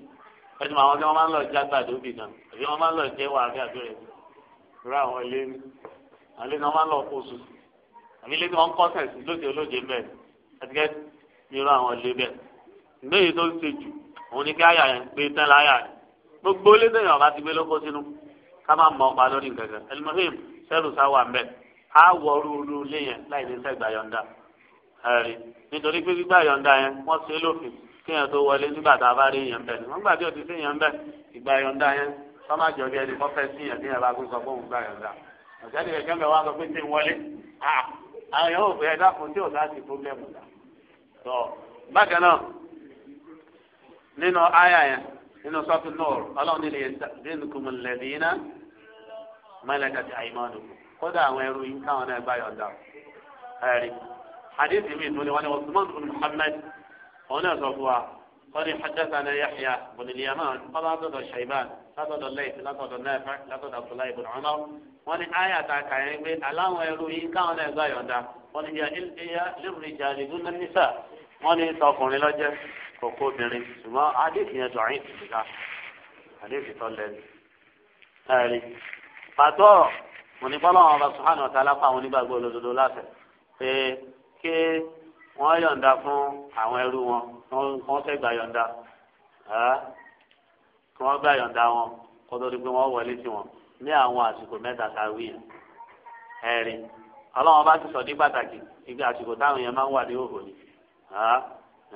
ẹni mọ àwọn tí wọ́n máa ń lọ já gbàdó bì náà àbí wọ́n máa ń lọ jẹ́ wà ní àbẹ̀rẹ̀ rẹ àwọn ilé ní àwọn ilé ní wọ́n máa ń lọ kó oṣù àbí ilé tí wọ́n ń kọ́ sẹ̀sì lóde olóde mẹ́ẹ̀ ẹ̀dígẹ́ nírú àwọn ilé bẹ́ẹ̀ ìgbéyìí tó ń ṣe jù òun ni kí àyà yẹn gbé tán láyà rẹ̀ gbogbo ilé tó yàn bá ti gbé lóko sínú ká má mọ ọpa lórí gẹ́gẹ́ ẹlmọ́hìm sẹ́lù sáwà ń bẹ̀ á wọ rúurú ilé yẹn láì ní sẹ́gbà yọ̀ǹda ẹ̀rí nítorí pé gbígbà yọ̀ǹda yẹn wọ́n ṣe lófin kéèyàn tó wọlé nígbà tá a bá rí èèyàn bẹ́ẹ̀ nígbà tí o ti sí èèyàn bẹ́ẹ̀ ìgbà yọ̀ǹda yẹn sọ́mà jọ bí ẹni kọ́fẹ́ sí èèyàn bí ẹ bá gbé sọ fóun gbà yọ̀ǹda ọ̀sẹ̀ ti kẹ̀kẹ́ mẹ́wàá sọ pé tí ń wọlé àwọn yòówù pé ẹ̀dá fún tí ò sá sí pọ́blẹ́mù dà tó bákan náà nínú àyà yẹn nínú sọ́tún náà ọlọ́run nílé dínkùmù lẹ́dínà هنا صفوة قال حدثنا يحيى بن اليمان قال عبد الشيبان لقد الليث لقد النافع لقد عبد الله بن عمر wọn ní àyà ta kàyẹn pé aláwọn ẹrú yìí káwọn náà gbà yọ̀ǹda wọn ní ìyá lórí ìjà àdìgún náà nísà wọn ní tọkùnrin lọ́jẹ́ kòkó obìnrin ṣùgbọ́n adéfì yẹn dọ̀rín ìdìgá adéfì tọ́ lẹ́nu. ẹ̀rí pàtó òní bọ́lá wọn bá sùhánù ọ̀tá lápá àwọn onígbàgbọ́ olódodo láṣẹ pé ké wọ́n yọ̀ǹda fún àwọn ẹrú wọn wọ́n fẹ́ gba yọ̀ǹda kí wọ́n gba yọ̀ǹda wọn kó tó di pé wọ́n wọlé sí wọn ní àwọn àsìkò mẹ́ta sáwí yẹn ẹ̀rí ọlọ́wọ́n bá ti sọ ní pàtàkì ibi àsìkò táwọn yẹn máa ń wà ní òhò ni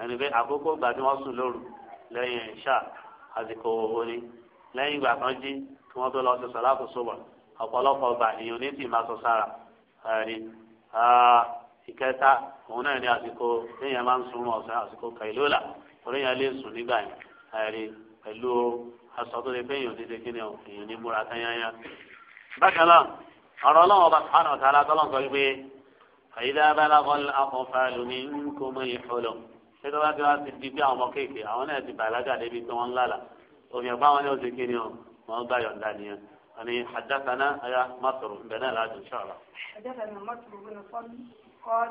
ẹni pé àkókò ìgbà tí wọ́n sùn lóru lẹ́yìn ìṣà àsìkò òhò ni lẹ́yìn ìgbà kan jí kí wọ́n tó lọ sí sọ̀lá kò sóbọ̀ ọ̀pọ̀lọpọ̀ ọgbà èèyàn ní tì máa sọ sára ẹ̀rí ìkẹta òun náà ní àsìkò téèyàn máa ń sunrun ọ̀sán àsìkò kàìlólà oríyàn lè sùn nígbà yẹn àìrí pẹ̀lú aṣọ tó lè péyàn dídé kí ni èèyàn ní múra tányányá. bákan náà ọ̀rọ̀ ọlọ́run ọba sàánù ọ̀tá alátọ́lọ́ sọ wípé àyídá abálágọ́ akọ̀fà lómi ń kó mọ́ ìfọlọ́ ṣẹ́tọ́ bá ti wá ti di bí àwọn ọmọ kéèké àwọn náà ti bàlágà débi pé wọ́n ń lálà omi حدثنا يا مطر بنا لا ان شاء الله حدثنا مطر بن صلي قال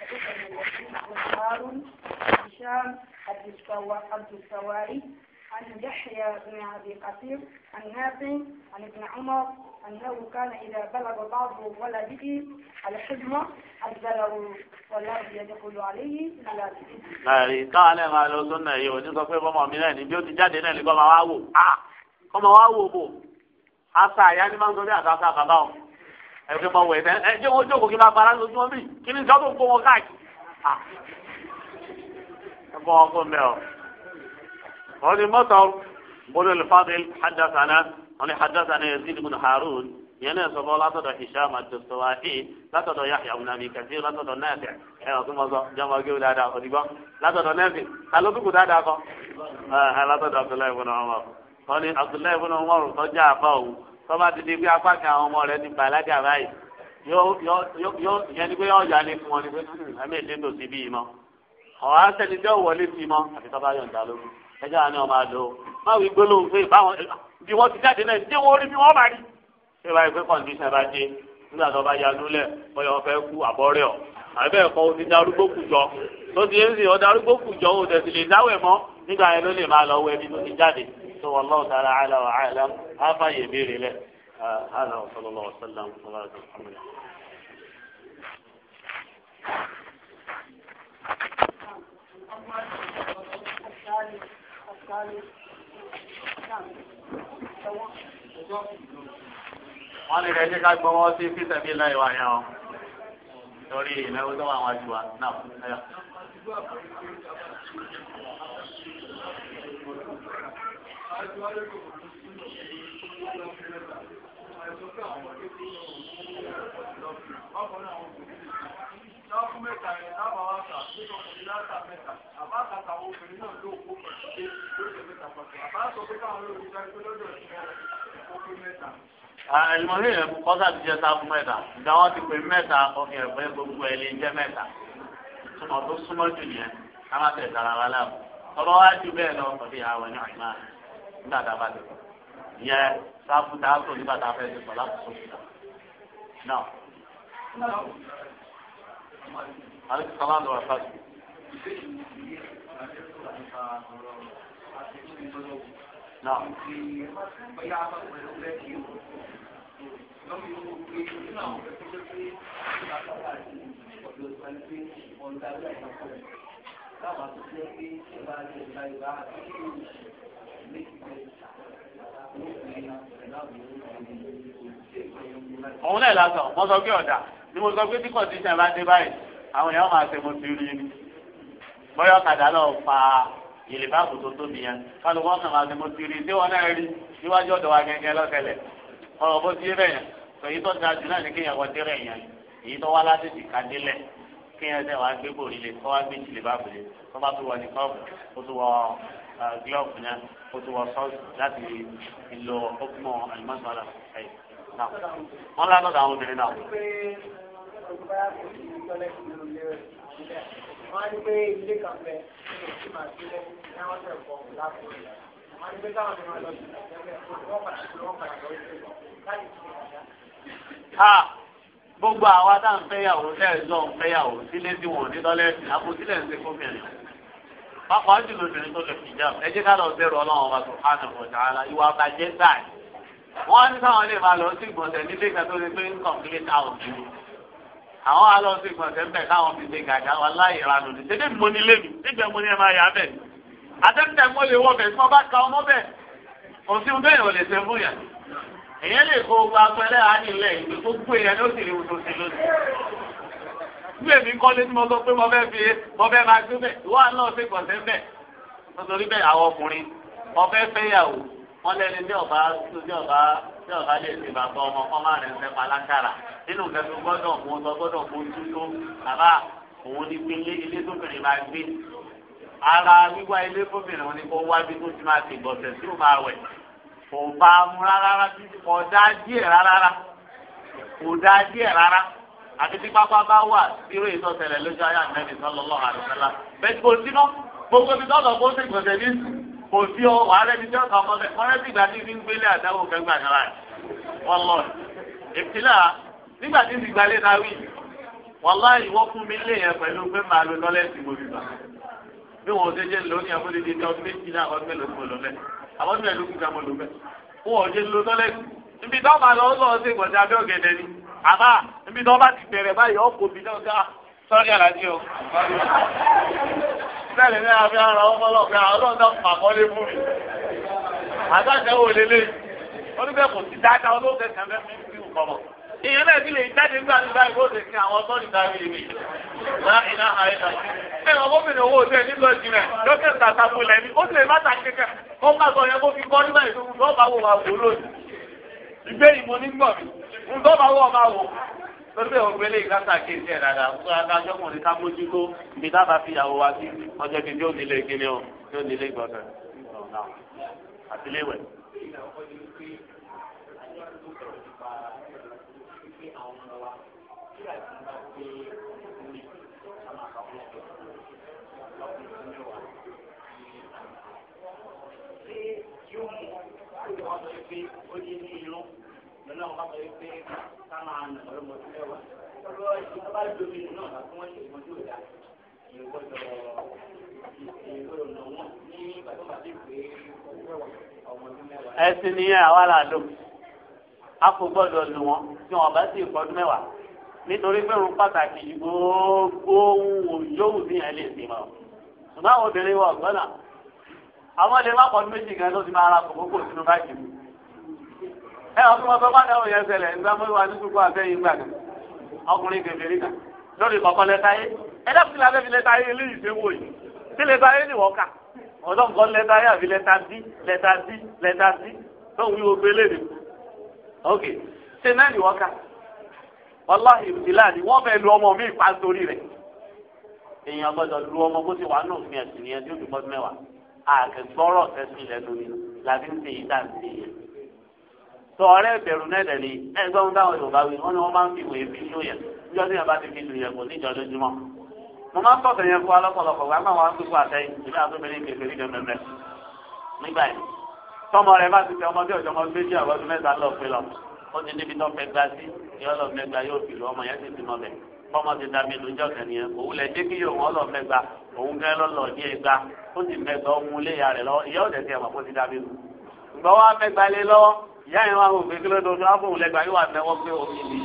حدثني الوكيل بن هارون هشام عبد السواري عن يحيى بن ابي كثير عن نافع عن ابن عمر انه كان اذا بلغ بعض ولده الحجمه عزله ولم يدخل عليه الا ẹ̀rí káwọn ẹ̀ máa lọ sọ́nà yìí ò ní sọ pé bọ́mọ mi náà ní bí ó ti jáde náà ní kọ́ máa wá wò á kọ́ máa wá wò bò àṣà àyá ni máa ń sọ bí àṣà àṣà bàbá òun ẹgbẹ́ mọ wẹ̀ ẹ jẹ́ wọ́n jókòó kí n máa para lójú wọn bí kí ni sọ́dọ̀ ń kó wọn káàkiri. ẹ bọ́ wọn fún mi ọ. wọ́n ní mọ́tò bọ́lá lufadil hadasana wọ́n ní hadasana yazid bin harun yẹn náà sọ́kọ́ látọ̀dọ̀ hisham adosowai látọ̀dọ̀ yahya unami kathir látọ̀dọ̀ nafi ẹ ọ̀tún mọ́tò jọmọ gé dáadáa ọ̀dìgbọ́ látọ̀dọ̀ nafi alódùkù dáadáa kọ́ látọ̀dọ̀ abdullahi bin umar wọ́n ní abdullahi bin umar tọ́jà àbáwò tọ́ba ti pé apá kan àwọn ọmọ rẹ ní bàlágà báyìí yóò yóò ìyẹn ni pé yóò yà ní fún wọn ni pé hmm, ẹ̀mí ìdí tó ti bí i mọ́ ọ̀rọ̀ tí ó wọlé sí i àti tọ́ba yọ̀ǹda lórí ẹjọ́ àná ọmọ àdó má wí gbólóhùn pé báwọn bí wọ́n ti jáde náà ṣé wọ́n rí bí wọ́n bá rí. ṣé wàá pé kọ́ndíṣàn bá dé nígbà tó bá ya lólẹ̀ bóyá wọ́n fẹ́ kú àbọ̀rẹ́ ọ̀ àbẹ́ ẹ̀kọ́ o ti darúgbó kù jọ tó ti ń sìn ọ darúgbó kù jọ o tó wà lọ́wọ́ tààrà àlà wà àlà á fàyè béèrè lẹ̀ àlà wà sọlọ́lọ́ wà sọlọ́m wà sọlọ́m. wọ́n lè rẹ̀ ṣe ká gbọ́ wọ́n sí fífẹ́ bí láì wá yẹn o torí ìnáwó tó wà wájú wa náà. Láàkú mẹ́ta ẹ̀ lábàá wáta, nígbà ọkùnrin láta mẹ́ta, àbáta tàwọn obìnrin náà ló kó pẹ̀lú pé lóṣè mẹ́ta pàtó. Àbáta sọ pé káwọn olóògùn sáré pé lọ́dọ̀ ìṣẹ́ òkú mẹ́ta. Àìmọ̀lẹ́ yẹn kú kọ́sà ti jẹ́ sáfù mẹ́ta. Ìgbà wọn ti pè mẹ́ta ọkùnrin ẹ̀fọ́ gbogbo ẹ̀ lè jẹ́ mẹ́ta. Sọmọ tó súnmọ́ jù yẹn, ká má tẹ̀ sára wa láàbù. Tọ́lọ́ wá bẹ́ẹ̀ lọ, ọ̀dẹ̀ àwọn ní àìmáà nígbà tá a bá lè kọ yẹ sáfù tá a tó nígbà tá a fẹ́ lè kọ láti sọ fún un náà. alẹ́ kí sábà lọ́wọ́ sáfù. náà táwọn àti tí ó fi ṣe bá ṣe ìgbà ìgbà àti tí ó ṣe òun náà la mo sọ pé ọ̀dà ni mo sọ pé tí kọ̀ǹtíṣàn bá dé báyìí àwọn èèyàn máa ṣe mo ti rí ni bóyá ọ̀kadà lọ fa ìlè báàbò tó tóbi yẹn káàdì wọn kàn máa ṣe mo ti rí tí wọn náà rí níwájú ọ̀dọ̀ wa gẹ́gẹ́ lọ́tẹ̀lẹ̀ ọ̀rọ̀ bó ti rí bẹ́ẹ̀ yẹn èyí tó da jù náà ní kéèyàn wọ́n dé rẹ̀ yẹn èyí tó wá láti dìka délẹ̀ kéèyàn ṣe wàá gbé bòrí lè kọ́ wá gbé jìlè bá bòrí tó bá tó wọ ní kọ́ọ̀bù ó tó wọ gílọ́ọ̀bù náà ó tó wọ sọ́ọ̀sì láti ìlò ọkùnmọ̀ àlùmọ́sọ̀lá ẹ̀ náà wọ́n lánàá lọ́dọ̀ àwọn obìnrin náà. wọ́n gbogbo àwa tá à ń fẹ́yàwó lẹ́ẹ̀zọ́ ń fẹ́yàwó sílé tí wọ́n ní lọ́lẹ́ sí àpótílẹ̀ ń ṣe fóbìnrin. pápá jùlọ obìnrin tó lè fìjà ẹ jẹ́ ká lọ bẹ̀rù ọlọ́run ọba subhanahu wa ta'ala ìwà bàjẹ́ gbáà wọ́n ní káwọn lè máa lọ sí ìgbọ̀nsẹ̀ nílé ìgbà tó lè pé ń complete out ni. àwọn á lọ sí ìgbọ̀nsẹ̀ ń bẹ̀ káwọn fi ṣe gàgà wà láì èyàn lè kó gba pẹlẹ àdìlẹ ìgbé gbogbo èèyàn ló sì lè wùdó sí lónìí. bí èmi kọ́ lé tí mo sọ pé mo fẹ́ fi mo fẹ́ máa gbé bẹ́ẹ̀ ìwọ àná ọ̀sẹ̀ kọ̀ọ̀sẹ̀ bẹ́ẹ̀ nítorí bẹ́ẹ̀ àwọn ọkùnrin mo fẹ́ fẹ́yàwó wọn lẹni ní ọba ní ọba ní ọba lè ṣe bàbá ọmọ ọmọ rẹ̀ ń fẹ́ palákàrà nínú nǹkan gbọ́dọ̀ mú tó gbọ́dọ̀ mú tútó bàbá òun ní pé ilé tóbìnrin máa gbé ara wíwá ilé fóbìnrin òun ni kó wá bí tó ti máa ti gbọ̀sẹ̀ tí ó máa wẹ̀ kò bá a mú rárá kò dá díẹ̀ rárá kò dá díẹ̀ rárá àti tí pápá bá wà sírò ìtọ́sẹ̀lẹ̀ lójú ayé àtẹ́bí sọlọ́lọ́ àdùsọ́lá bẹ́ẹ̀ kò sínú gbogbo ibi tọ́lọ̀ kó sì gbọ̀nsẹ̀ ní kò sí ọ wàhálẹ́ ibi tí ọkọ̀ ọmọ rẹ̀ kọ́rẹ́ sì gbà tí ibi ń gbélé àdáwò kẹgbà kan láì wọ́n lọ ìpìlẹ̀ nígbà tí ti gbalẹ̀ náà wí wọ́lá ìwọ́ fún mi lé yẹn pẹ̀lú pé màá lo lọ́lẹ́sì mo bì bà wọ́n ṣe jẹ́ lónìí àwọn tó yẹ lókun kan mọ lò bẹ wọn ò níbi tó máa lọ lọ sí ìgbọ̀nsẹ̀ abẹ́ ọ̀gẹ̀dẹ̀ ni àmà níbi tó bá ti bẹ̀rẹ̀ báyìí ọkọ̀ mi náà ká sọ́ọ́rì àlàjì o. bẹ́ẹ̀ ni a ara ọmọ ọlọ́ọ̀fẹ́ ọlọ́run náà fà kọ́ lé fún mi. àtàkẹ́ wò lélẹ́yìn oníbẹ̀ kò sí dáadáa olóògbé kan èèyàn náà ti lè jáde nígbà tí báyìí kó o sì sin àwọn sọ́ọ̀nì tàbí ìmì náà iná àìsàn. ẹ wọn bó bìnrin owó oṣù ẹ nílò ìjìnlẹ̀ lókè tàtàkù lẹni ó sì lè má tàkì kẹ kó má sọ yẹn kó fi bọ́ nígbà ìṣòwò tó bá wò wá wò lónìí. ìgbé ìmọ̀ nígbà mi ń tó bá wò má wò. lọ́sẹ̀ ògbélé ìkásá kéèsì ẹ̀ dáadáa fún o tí ó nílé gbọ̀ngàn àtìléwẹ̀. pé ó yé ní irun a kò gbọ́dọ̀ lù wọ́n tí wọ́n bá sì pọ́dún mẹ́wàá nítorí pé òun pàtàkì gbogbo ohun yóò ní ẹ lè sìn mọ́ ṣùgbọ́n àwọn obìnrin wọ̀ ọ̀gbọ́n náà àwọn lè má pọ̀jù méjì gan ló ti máa ra kòkókò sínú báyìí mu ẹ ọ fún wọn fẹ́ wọn dáhùn yẹn ṣẹlẹ̀ nígbà mọ́ ìwà ní kúkú àfẹ́yìn gbà kan ọkùnrin kẹfẹ́rí kan lórí kọ̀ọ̀kan lẹ́ta yé ẹ dákun sílẹ̀ abẹ́fi lẹ́ta yé eléyìí ṣe wò yìí sí lẹ́ta yé ni wọ́n kà ọ̀dọ́ nǹkan lẹ́ta yé àfi lẹ́ta dí lẹ́ta dí lẹ́ta dí tó ń wí ni ok ṣe náà ni wọ́n kà wàláhì ìbùdílà ni wọ́n fẹ́ lu ọmọ mi pa sórí rẹ̀ èèyàn gbọ́dọ̀ lu ọmọ bó ti wà nù fún ẹ̀sìn nìyẹn tí ó fi bọ́dún mẹ́wàá àkẹ́gbọ́rọ̀ sẹ́sìn lẹ́nu ni làbí ń ṣe yìí dá ń ṣe yẹn. sọ ọ̀rẹ́ ìbẹ̀rù náà dẹ̀ ni ẹgbẹ́rún táwọn yorùbá wí wọ́n ní wọ́n máa ń fi ìwé fi ṣó yẹn níjọ́ tí yẹn bá ti fi lu yẹn kò níjọ́ lójúmọ́. mo máa ń tọ̀tẹ̀ yẹn fún alọ́pọ̀lọpọ̀ wá àwọn ọdún ó ti débi tó fẹ́ gba sí yọ lọ mẹ́gba yóò fi lu ọmọ yẹn ti ti mọ bẹ̀ fọmọ ti da mi lójọ kẹ́ni yẹn òun lẹ débi yóò wọ́n lọ mẹ́gba òun gẹ́ lọ́lọ́ ní ẹgba ó ti mẹ́gba ọmú lé ìyá rẹ̀ lọ ìyá ò tẹ̀sí ẹ̀mọ́ kó ti da mi lu. ìgbà wa mẹ́gba lé lọ́wọ́ ìyá yẹn wà fún kékeré tó tó áfóhùn lẹ́gba yóò wà mẹ́wọ́ pé omi ni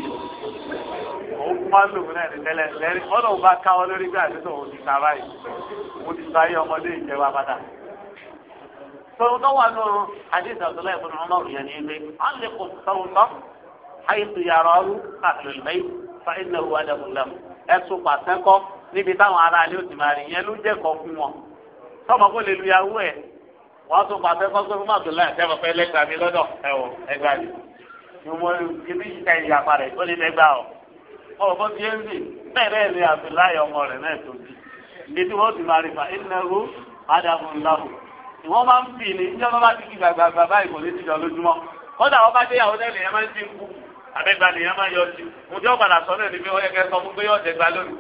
òun máa ń lòun náà ní tẹ́lẹ̀ lẹ́rìí ọ̀nà òun bá káwọ́ lórí gbà tòun tó wà ní oorun àdéhùn àtúnlẹ̀ ìfúnni ọmọ òrìyàn ní ilé wọn lè kó tòun tán àyètò yàrá ọrú àtúnlẹ̀ ìbẹ́yì fa iná owó adébùlẹ̀mù ẹ̀sùn pàṣẹkọ́ níbi táwọn ará ilé òtì máa rìn yẹn ló jẹ́ kọ́ fún wọn tọ́mọ kó lè lu yahoo ẹ̀ wọ́n tún pàṣẹkọ́ pé fún àtúnlẹ̀ ẹ̀fẹ́ fẹ́ lẹ́gbàá mi lọ́dọ̀ ẹ̀wọ̀ ẹgbàá mi ìwọ ìbí ìka ìyá parẹ ó lè lẹgba ọ ọbọ tí ó ń bì bẹ́ẹ̀ lè àbí láyé ọmọ rẹ náà tó bí ibi tí wọn ti máa rí fa ìnáwó adamu ńláwó ìwọ́n máa ń bì ní ìjọba bá ti di gbàgbàgbà báyìí kò ti jọ lójúmọ́ kódà wọ́n bá dé ìyàwó tẹ́lẹ̀ yẹn máa ń dín kù àbẹ́gbà nìyẹn máa yọ sí mo jẹ́ sọ náà ní bí wọ́n yẹ kẹ́ sọ fún pé yọ̀ ọ̀dẹ̀gbà lónìí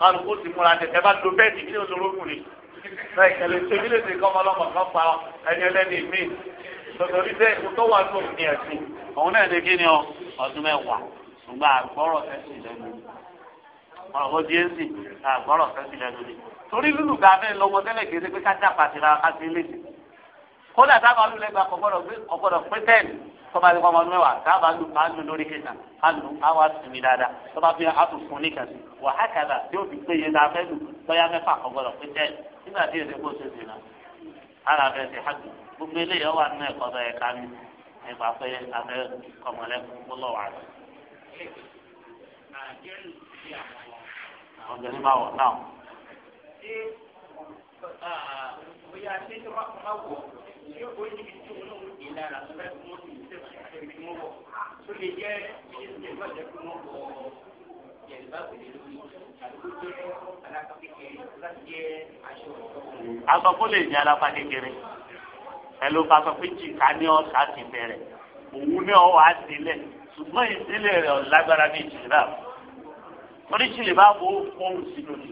kálukú ti múra tẹ̀tẹ̀ bá lo bẹ́ẹ̀dì kí ni oṣù ni bẹ́ẹ̀ kẹlẹ́ ṣe kí lè ṣe kọ́ ọmọlọ́mọ kan pa ẹni ẹlẹ́ni míì torí lulu gba abẹ́ lọ́mọ tẹ́lẹ̀ kì í ṣe pé ká dàpà sí ra ká sí léṣe kódà táwọn alùlẹ̀ gba ọgbọ́dọ̀ pé ọgbọ́dọ̀ pé tẹ́ẹ̀nì tọ́ba ti kọ́ ọmọ ọdún mẹ́wàá káàbà lù máa lù lórí kẹta á lù á wá sinmi dáadáa tọ́ba fi hàn tún fún níkan sí wà á kàdà tí ó fi pé iye tá a fẹ́ lù lọ́yà mẹ́fà ọgbọ́dọ̀ pé tẹ́ẹ̀nì nígbà tí èdè kò ṣé bóyá ṣé tí wọ́n máa wọ̀ ṣé o ní ibi tí wọ́n ń gbé lára tó bá mú ní ìṣe ìṣe mú wọ̀ tó lè jẹ́ ìṣe ìgbọ́jẹ́ fún wọn wọ̀ aṣọ kó lè ní alápá kékeré ẹlò pàṣọ pé jìkà ní ọ̀sà ti bẹ̀rẹ̀ òun ní ọwọ́ àdílẹ̀ ṣùgbọ́n ìdílé rẹ̀ lágbára bíi jìlìbá orí jìlìbá bò ó fún sínú ni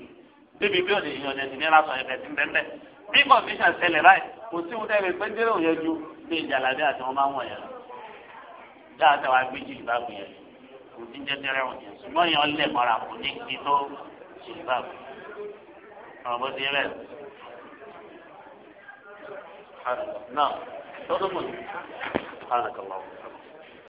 níbi bí òde ìyọ̀nẹ̀ ti ní lásán ẹ̀fẹ̀ ti bẹ́ẹ̀ bí kọ̀ǹfíṣàn ṣẹlẹ̀ báyìí kò sí ohun tẹ́lẹ̀ pé dérò yẹn ju bí ìjàlàdé àti wọn máa ń wọ̀nyẹn lọ. dáadáa wàá gbé jìlìbáàbù yẹn kò ní jẹ́ dẹ́rẹ́ wọn yẹn ṣùgbọ́n yẹn lẹ̀ mọ́ra kò ní kí tó jìlìbáàbù. ọ̀rọ̀ bó ti rẹ̀ náà tó tó mọ̀ ní.